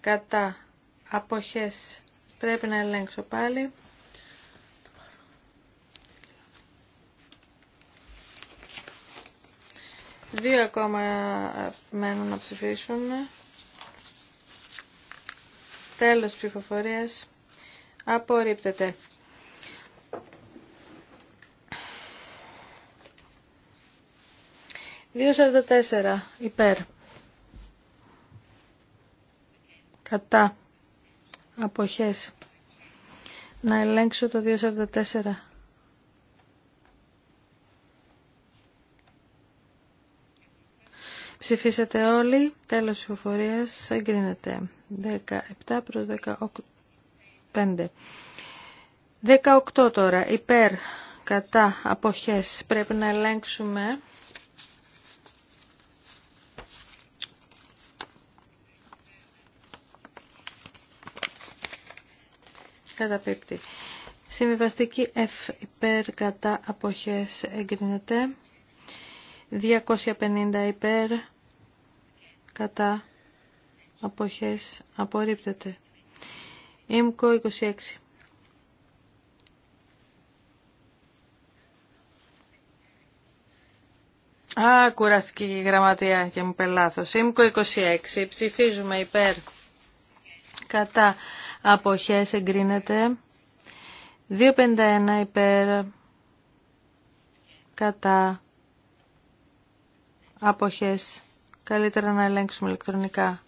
κατά αποχές πρέπει να ελέγξω πάλι Δύο ακόμα μένουν να ψηφίσουν. Τέλος ψηφοφορίας. Απορρίπτεται. Δύο υπέρ. Κατά. Αποχές. Να ελέγξω το 244. Ψηφίσατε όλοι. Τέλος ψηφοφορίας. Εγκρίνεται. 17 προς 15. 18 τώρα. Υπέρ, κατά, αποχές. Πρέπει να ελέγξουμε... Καταπίπτει. Συμβιβαστική F υπέρ κατά αποχές εγκρίνεται. 250 υπέρ κατά αποχές απορρίπτεται. Ήμκο 26. Α, κουραστική η γραμματεία και μου πελάθο. Σύμκο 26. Ψηφίζουμε υπέρ. Κατά αποχές εγκρίνεται. 251 υπέρ. Κατά αποχές Καλύτερα να ελέγξουμε ηλεκτρονικά.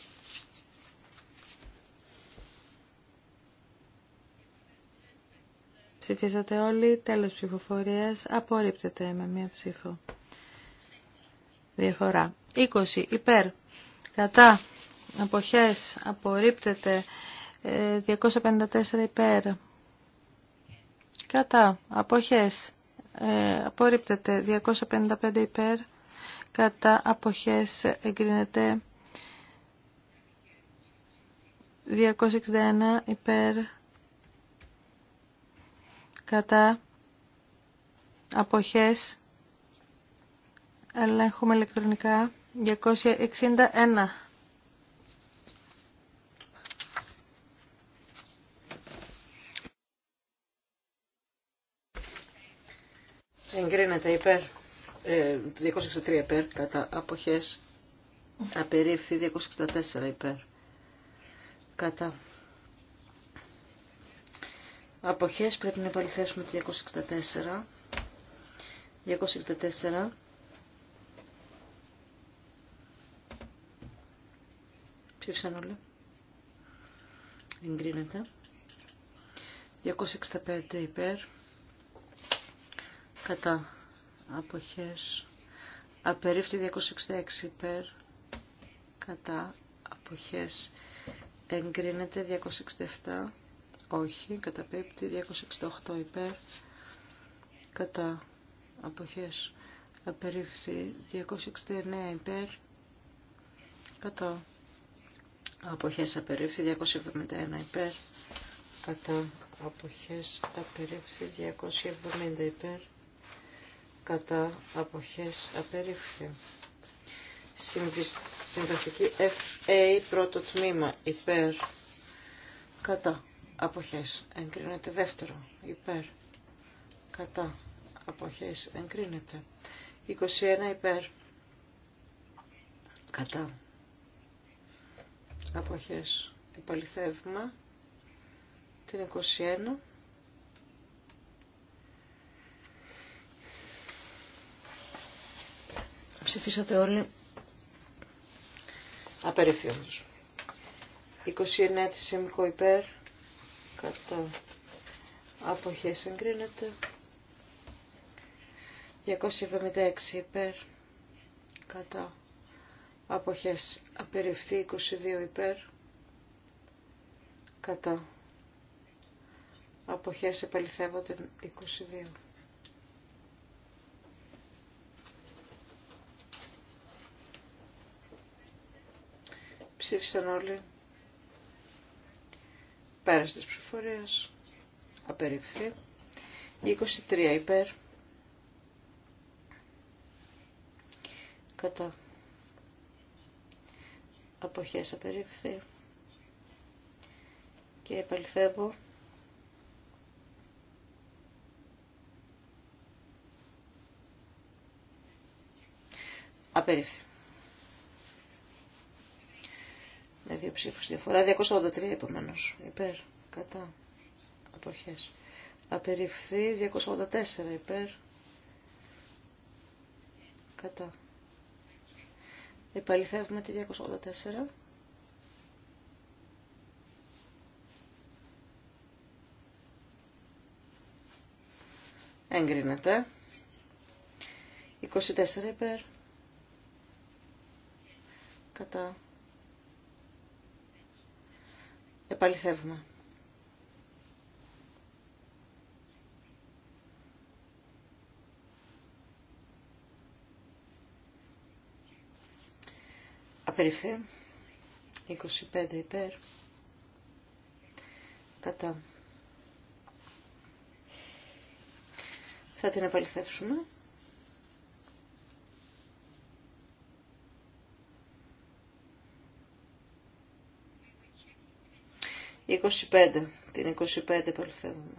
Ψηφίσατε όλοι, τέλος ψηφοφορίας, απορρίπτεται με μία ψήφο. Διαφορά. 20. Υπέρ. Κατά. Αποχές. Απορρίπτεται. 254 ε, υπέρ. Κατά. Αποχές. Ε, απορρίπτεται. 255 υπέρ κατά αποχές εγκρίνεται 261 υπέρ κατά αποχές ελέγχουμε ηλεκτρονικά 261 Εγκρίνεται υπέρ. 263 ε, υπέρ κατά αποχές απερίφθη 264 υπέρ κατά αποχές πρέπει να επαληθέσουμε τη 264 264 ψήφισαν όλοι εγκρίνεται 265 υπέρ κατά αποχές απερίφθη 266 υπέρ κατά αποχές εγκρίνεται 267 όχι καταπέπτει 268 υπέρ κατά αποχές απερίφθη 269 υπέρ κατά αποχές απερίφθη 271 υπέρ κατά αποχές απερίφθη 270 υπέρ κατά αποχές απερίφθη. Συμβαστική FA πρώτο τμήμα υπέρ κατά αποχές εγκρίνεται δεύτερο υπέρ κατά αποχές εγκρίνεται 21 υπέρ κατά αποχές επαληθεύουμε την 21 Ψηφίσατε όλοι. Απεριφθεί 29 της ΕΜΚΟ υπέρ. Κατά αποχές εγκρίνεται. 276 υπέρ. Κατά αποχές απεριφθεί. 22 υπέρ. Κατά αποχές επαληθεύονται 22. Ψήφισαν όλοι. Πέρας της ψηφορίας. Απεριφθεί. 23 υπέρ. Κατά. Αποχές απεριφθεί. Και επαληθεύω. Απερίφθη. δύο ψήφου διαφορά. 283 επομένω. Υπέρ. Κατά. Αποχές. Απεριφθεί 284 υπέρ. Κατά. Επαληθεύουμε τη 284. Εγκρίνεται. 24 υπέρ. Κατά. Επαληθεύουμε. Απεριφθεί. 25 υπέρ. Κατά. Θα την επαληθεύσουμε. 25. Την 25 παρουσιάζουμε.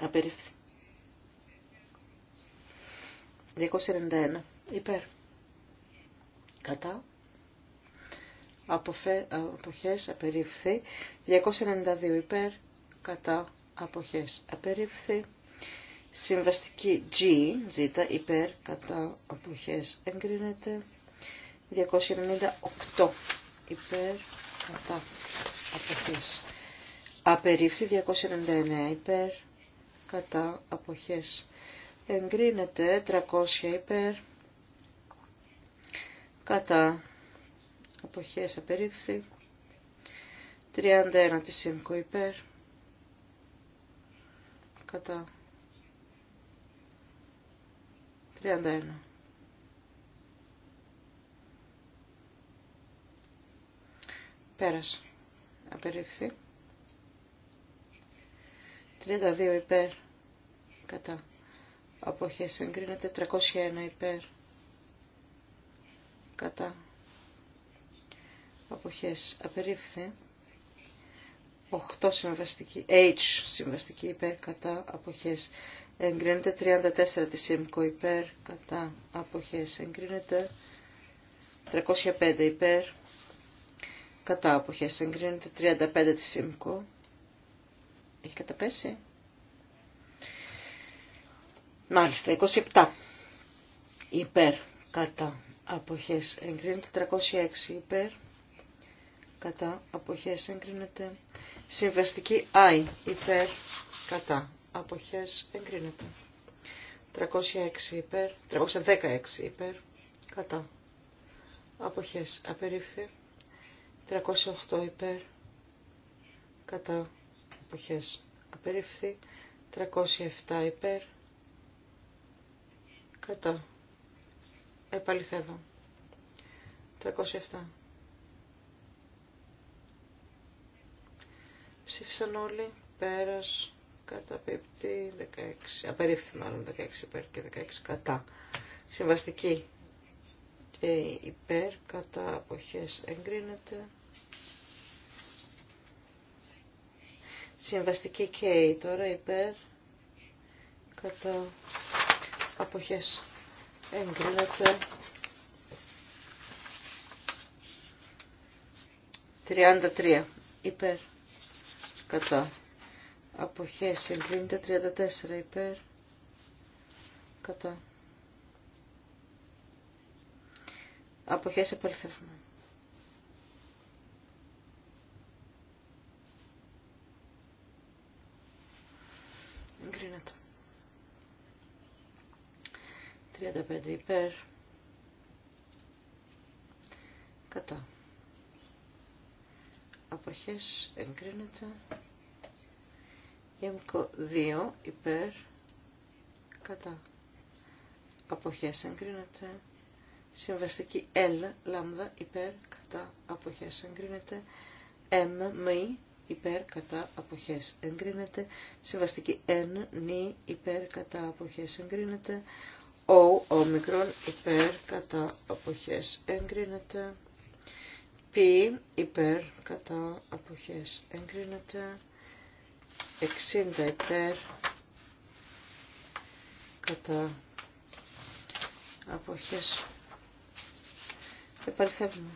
Απερίφθη. 291. Υπέρ. Κατά. Αποφε, αποχές. Απερίφθη. 292. Υπέρ. Κατά. Αποχές. Απερίφθη. Συμβαστική G, ζήτα, υπέρ, κατά, αποχές, εγκρίνεται. 298 υπέρ κατά αποχές. Απερίφθη 299 υπέρ κατά αποχές. Εγκρίνεται 300 υπέρ κατά αποχές απερίφθη. 31 της ΣΥΜΚΟ υπέρ κατά 31 Πέρασε. Απερίφθη. 32 υπέρ. Κατά. Αποχές εγκρίνεται. 301 υπέρ. Κατά. Αποχές απερίφθη. 8 συμβαστική, H συμβαστική υπέρ κατά αποχές εγκρίνεται, 34 τη ΣΥΜΚΟ υπέρ κατά αποχές εγκρίνεται, 305 υπέρ κατά αποχές εγκρίνεται 35 τη ΣΥΜΚΟ έχει καταπέσει μάλιστα 27 υπέρ κατά αποχές εγκρίνεται 306 υπέρ κατά αποχές εγκρίνεται συμβαστική I υπέρ κατά αποχές εγκρίνεται 306 υπέρ 316 υπέρ κατά αποχές απερίφθη 308 υπέρ κατά εποχές απερίφθη 307 υπέρ κατά επαληθεύω 307 ψήφισαν όλοι πέρας κατά πίπτη 16 απερίφθη μάλλον 16 υπέρ και 16 κατά συμβαστική ε, υπέρ κατά αποχές εγκρίνεται. Συμβαστική K τώρα υπέρ κατά αποχές εγκρίνεται. 33 υπέρ κατά αποχές εγκρίνεται. 34 υπέρ κατά Αποχές επαληθεύουμε. Εγκρίνεται. 35 υπέρ. Κατά. Αποχές εγκρίνεται. Γεμικό 2 υπέρ. Κατά. Αποχές εγκρίνεται. Συμβαστική L, λάμδα, υπέρ, κατά, αποχές, εγκρίνεται. M, μη, υπέρ, κατά, αποχές, εγκρίνεται. Συμβαστική N, νη, υπέρ, κατά, αποχές, εγκρίνεται. O όμικρον, υπέρ, κατά, αποχές, εγκρίνεται. P υπέρ, κατά, αποχές, εγκρίνεται. 60 υπέρ, κατά, αποχές, Επαληθεύουμε.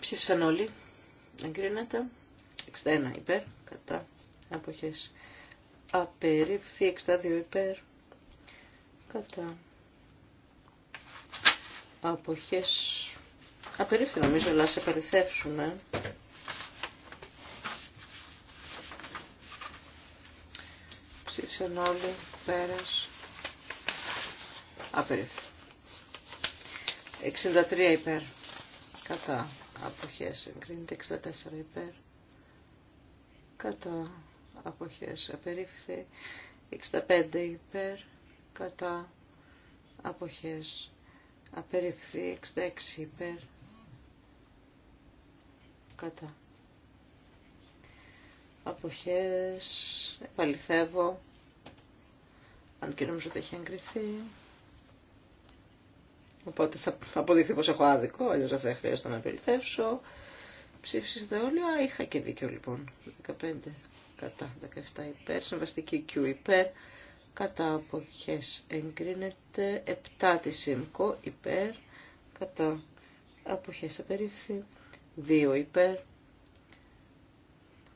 Ψήφισαν όλοι. Εγκρίνατε. 61 υπέρ. Κατά. Αποχές. Απερίφθη. 62 υπέρ. Κατά. Αποχές. Απερίφθη νομίζω, αλλά σε παρηθεύσουμε. Ψήφισαν όλοι. Πέρας. Απερίφθη. 63 υπέρ. Κατά. Αποχές εγκρίνεται. 64 υπέρ. Κατά. Αποχές απερίφθη. 65 υπέρ. Κατά. Αποχές απερίφθη. 66 υπέρ. Κατά αποχές, επαληθεύω, αν και νομίζω ότι έχει εγκριθεί. Οπότε θα αποδειχθεί πως έχω άδικο, αλλιώς δεν θα χρειάζεται να επαληθεύσω. Ψήφισε όλοι, όλια, είχα και δίκιο λοιπόν, 15 κατά, 17 υπέρ, συμβαστική Q υπέρ, κατά αποχές εγκρίνεται, 7 τη ΣΥΜΚΟ υπέρ, κατά αποχές απερίφθη, 2 υπέρ,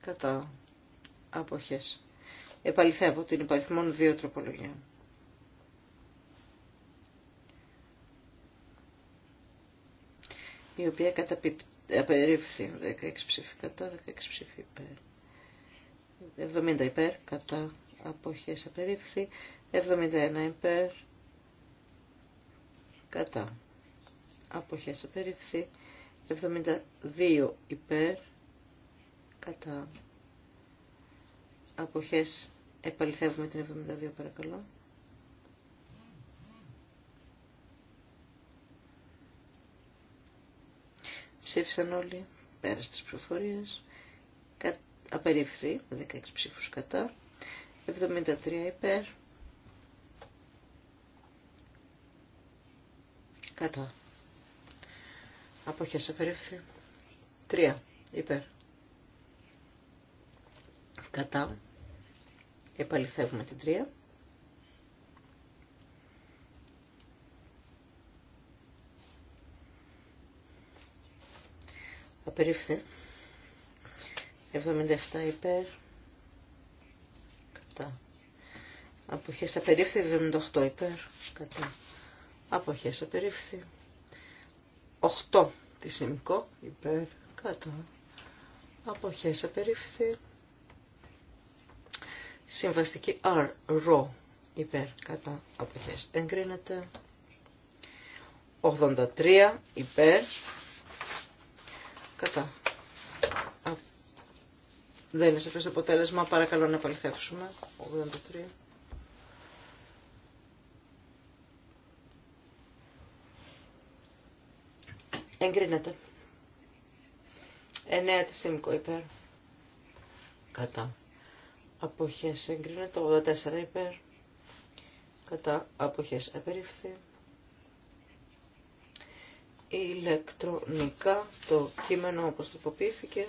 κατά αποχές. Επαληθεύω την υπαριθμόν δύο τροπολογία. η οποία καταπερίφθη απερίφθη 16 ψήφι κατά, 16 ψήφι υπέρ. 70 υπέρ κατά αποχές απερίφθη, 71 υπέρ κατά αποχές απερίφθη, 72 υπέρ κατά αποχές επαληθεύουμε την 72 παρακαλώ. Ψήφισαν όλοι πέρα στις ψηφοφορίες. Απερίφθη 16 ψήφους κατά, 73 υπέρ, κατά. Αποχές απερίφθη 3 υπέρ κατά, επαληθεύουμε την 3. Απερίφθη. 77 υπέρ. Κατά. Αποχές απερίφθη. 78 υπέρ. Κατά. Αποχές απερίφθη. 8 τη σημικό υπέρ. Κατά. Αποχές απερίφθη. Συμβαστική R, ρο, υπέρ, κατά, αποχές, εγκρίνεται. 83, υπέρ, κατά. Α, δεν είναι σαφές το αποτέλεσμα, παρακαλώ να επαληθεύσουμε. 83. Εγκρίνεται. 9 τη ΣΥΜΚΟ υπέρ. Κατά αποχές εγκρίνεται, 84 υπέρ, κατά αποχές απερίφθη. Ηλεκτρονικά το κείμενο όπως τοποποιήθηκε.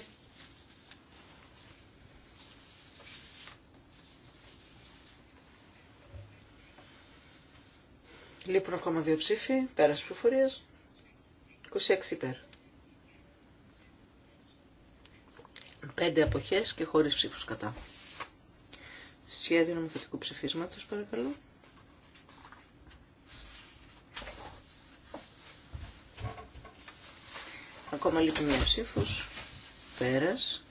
Λείπουν ακόμα δύο ψήφοι, πέρας ψηφοφορίας, 26 υπέρ. 5 αποχές και χωρίς ψήφους κατά. Σχέδιο νομοθετικού ψηφίσματος, παρακαλώ. Ακόμα λείπει μία ψήφος. Πέρας.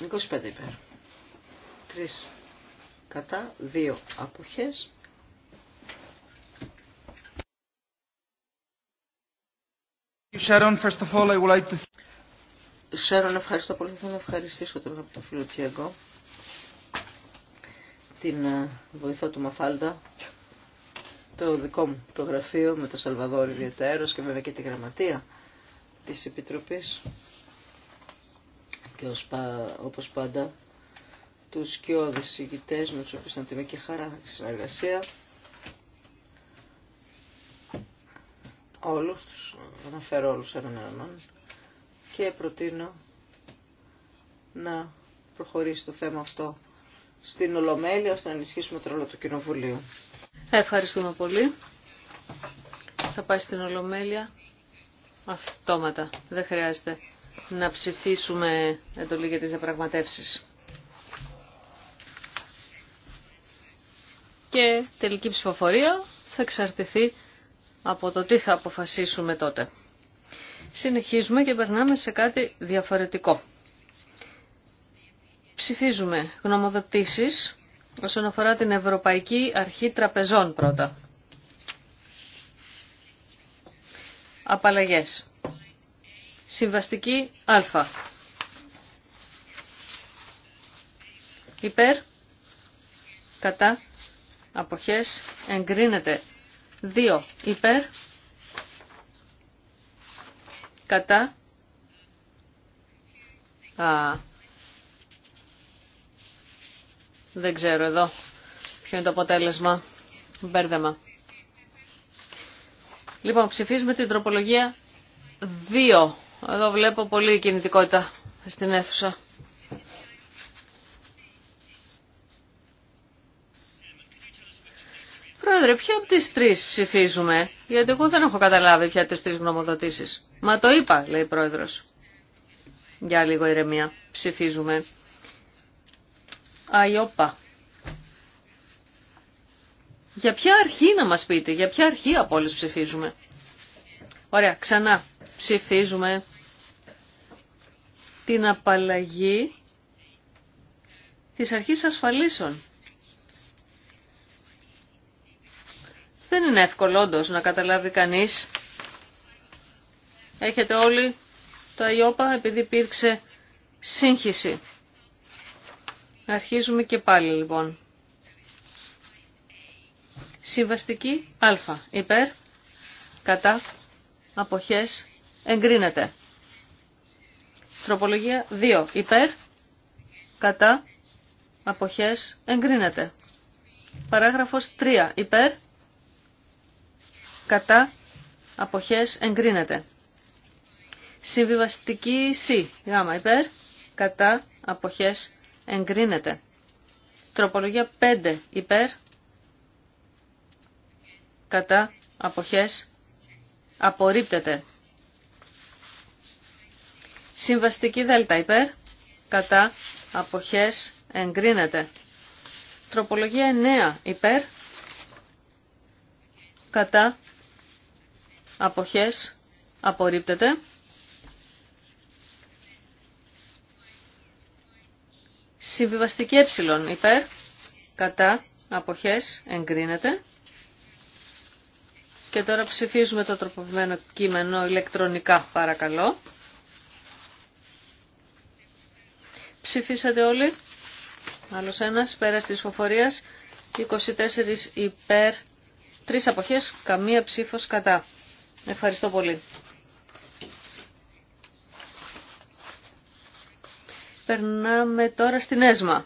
25 υπέρ. 3 κατά, 2 αποχές. Sharon, first of all, I would like to... Σέρον, ευχαριστώ πολύ. Θα να ευχαριστήσω τώρα από τον φίλο Τιέγκο, την ε, βοηθό του Μαθάλτα, το δικό μου το γραφείο με το Σαλβαδόρ ιδιαίτερος και βέβαια και τη γραμματεία της Επιτροπής και ως, όπως πάντα τους σκιώδεις συγκητές με τους οποίους ήταν τιμή και χαρά στη συνεργασία όλους τους ε, αναφέρω όλους έναν έναν και προτείνω να προχωρήσει το θέμα αυτό στην Ολομέλεια ώστε να ενισχύσουμε το ρόλο του Κοινοβουλίου. Ευχαριστούμε πολύ. Θα πάει στην Ολομέλεια αυτόματα. Δεν χρειάζεται να ψηφίσουμε εντολή για τις διαπραγματεύσεις. Και τελική ψηφοφορία θα εξαρτηθεί από το τι θα αποφασίσουμε τότε. Συνεχίζουμε και περνάμε σε κάτι διαφορετικό. Ψηφίζουμε γνωμοδοτήσεις όσον αφορά την Ευρωπαϊκή Αρχή Τραπεζών πρώτα. Απαλλαγές. Συμβαστική Α. Υπέρ. Κατά. Αποχές. Εγκρίνεται. δύο Υπέρ Κατά. Α, δεν ξέρω εδώ ποιο είναι το αποτέλεσμα. Μπέρδεμα. Λοιπόν, ψηφίζουμε την τροπολογία 2. Εδώ βλέπω πολύ κινητικότητα στην αίθουσα. ρε, ποια από τις τρεις ψηφίζουμε, γιατί εγώ δεν έχω καταλάβει ποια από τις τρεις γνωμοδοτήσεις. Μα το είπα, λέει η Πρόεδρος. Για λίγο ηρεμία. Ψηφίζουμε. Αϊόπα. Για ποια αρχή να μας πείτε, για ποια αρχή από όλες ψηφίζουμε. Ωραία, ξανά ψηφίζουμε την απαλλαγή της αρχής ασφαλίσεων. Δεν είναι εύκολο όντως να καταλάβει κανείς. Έχετε όλοι το αιώπα επειδή υπήρξε σύγχυση. Αρχίζουμε και πάλι λοιπόν. Συμβαστική Α. Υπέρ, κατά, αποχές, εγκρίνεται. Τροπολογία 2. Υπέρ, κατά, αποχές, εγκρίνεται. Παράγραφος 3. Υπέρ, κατά, αποχές, εγκρίνεται. Συμβιβαστική Σ, γάμα υπέρ, κατά, αποχές, εγκρίνεται. Τροπολογία 5 υπέρ, κατά, αποχές, απορρίπτεται. Συμβαστική δέλτα υπέρ, κατά, αποχές, εγκρίνεται. Τροπολογία 9 υπέρ, κατά, αποχές απορρίπτεται. Συμβιβαστική ε υπέρ, κατά, αποχές, εγκρίνεται. Και τώρα ψηφίζουμε το τροποποιημένο κείμενο ηλεκτρονικά, παρακαλώ. Ψηφίσατε όλοι. Άλλος ένας, πέρα της φοφορίας. 24 υπέρ, 3 αποχές, καμία ψήφος κατά. Ευχαριστώ πολύ. Περνάμε τώρα στην ΕΣΜΑ.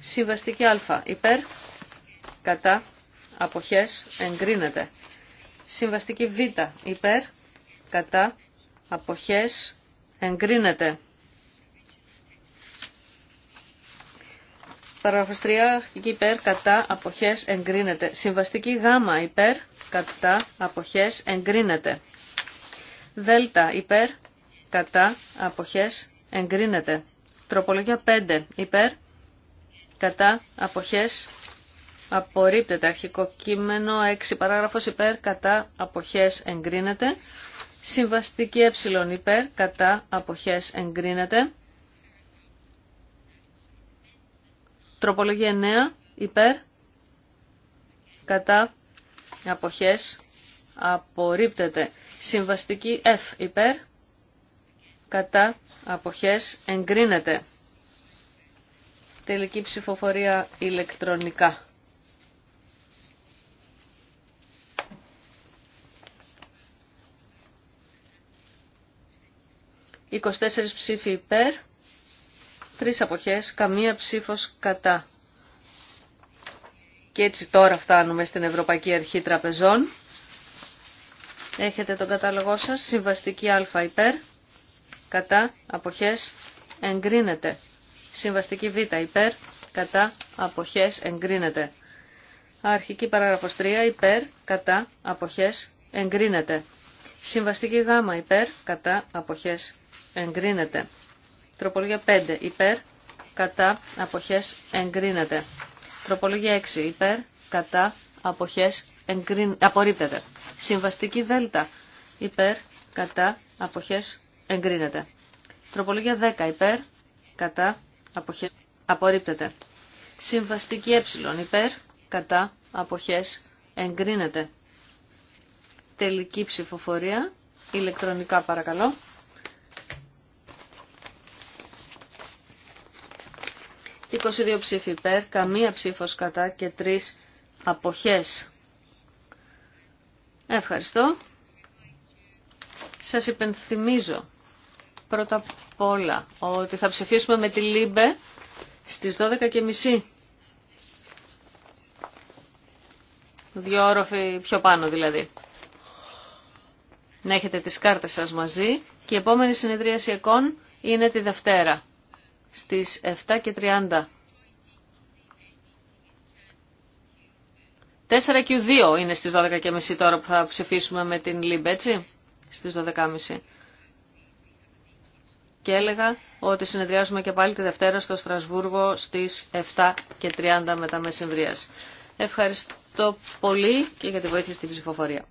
Συμβαστική Α. Υπέρ, κατά, αποχές, εγκρίνεται. Συμβαστική Β. Υπέρ, κατά, αποχές, εγκρίνεται. Παράγραφος 3. Υπέρ κατά αποχές εγκρίνεται. Συμβαστική γάμα υπέρ κατά αποχές εγκρίνεται. Δέλτα υπέρ κατά αποχές εγκρίνεται. Τροπολογία 5 υπέρ κατά αποχές απορρίπτεται. Αρχικό κείμενο 6 παράγραφος υπέρ κατά αποχές εγκρίνεται. Συμβαστική ε υπέρ κατά αποχές εγκρίνεται. Τροπολογία 9 υπέρ κατά αποχές απορρίπτεται. Συμβαστική F υπέρ κατά αποχές εγκρίνεται. Τελική ψηφοφορία ηλεκτρονικά. «24 ψήφοι υπέρ, τρεις αποχές, καμία ψήφος κατά. Και έτσι τώρα φτάνουμε στην Ευρωπαϊκή Αρχή Τραπεζών. Έχετε τον κατάλογό σας, συμβαστική α υπέρ, κατά, αποχές, εγκρίνεται. Συμβαστική β υπέρ, κατά, αποχές, εγκρίνεται. Αρχική παράγραφος 3 υπέρ, κατά, αποχές, εγκρίνεται. Συμβαστική γ υπέρ, κατά, αποχές, εγκρίνεται. Τροπολογία 5 υπέρ, κατά, αποχές, εγκρίνεται. Τροπολογία 6 υπέρ, κατά, αποχές, εγκρίν... απορρίπτεται. Συμβαστική δέλτα υπέρ, κατά, αποχές, εγκρίνεται. Τροπολογία 10 υπέρ, κατά, αποχές, απορρίπτεται. Συμβαστική ε υπέρ, κατά, αποχές, εγκρίνεται. Τελική ψηφοφορία, ηλεκτρονικά παρακαλώ. 22 ψήφοι υπέρ, καμία ψήφος κατά και 3 αποχές. Ευχαριστώ. Σας υπενθυμίζω πρώτα απ' όλα ότι θα ψηφίσουμε με τη ΛΥΜΠΕ στις 12.30. Δύο όροφοι πιο πάνω δηλαδή. Να έχετε τις κάρτες σας μαζί και η επόμενη συνεδρίαση ΕΚΟΝ είναι τη Δευτέρα στις 7.30. 4 και είναι στις 12.30 τώρα που θα ψηφίσουμε με την ΛΥΜΠ, έτσι, στις 12.30. Και έλεγα ότι συνεδριάζουμε και πάλι τη Δευτέρα στο Στρασβούργο στις 7.30 μετά μεσημβρίας. Ευχαριστώ πολύ και για τη βοήθεια στη ψηφοφορία.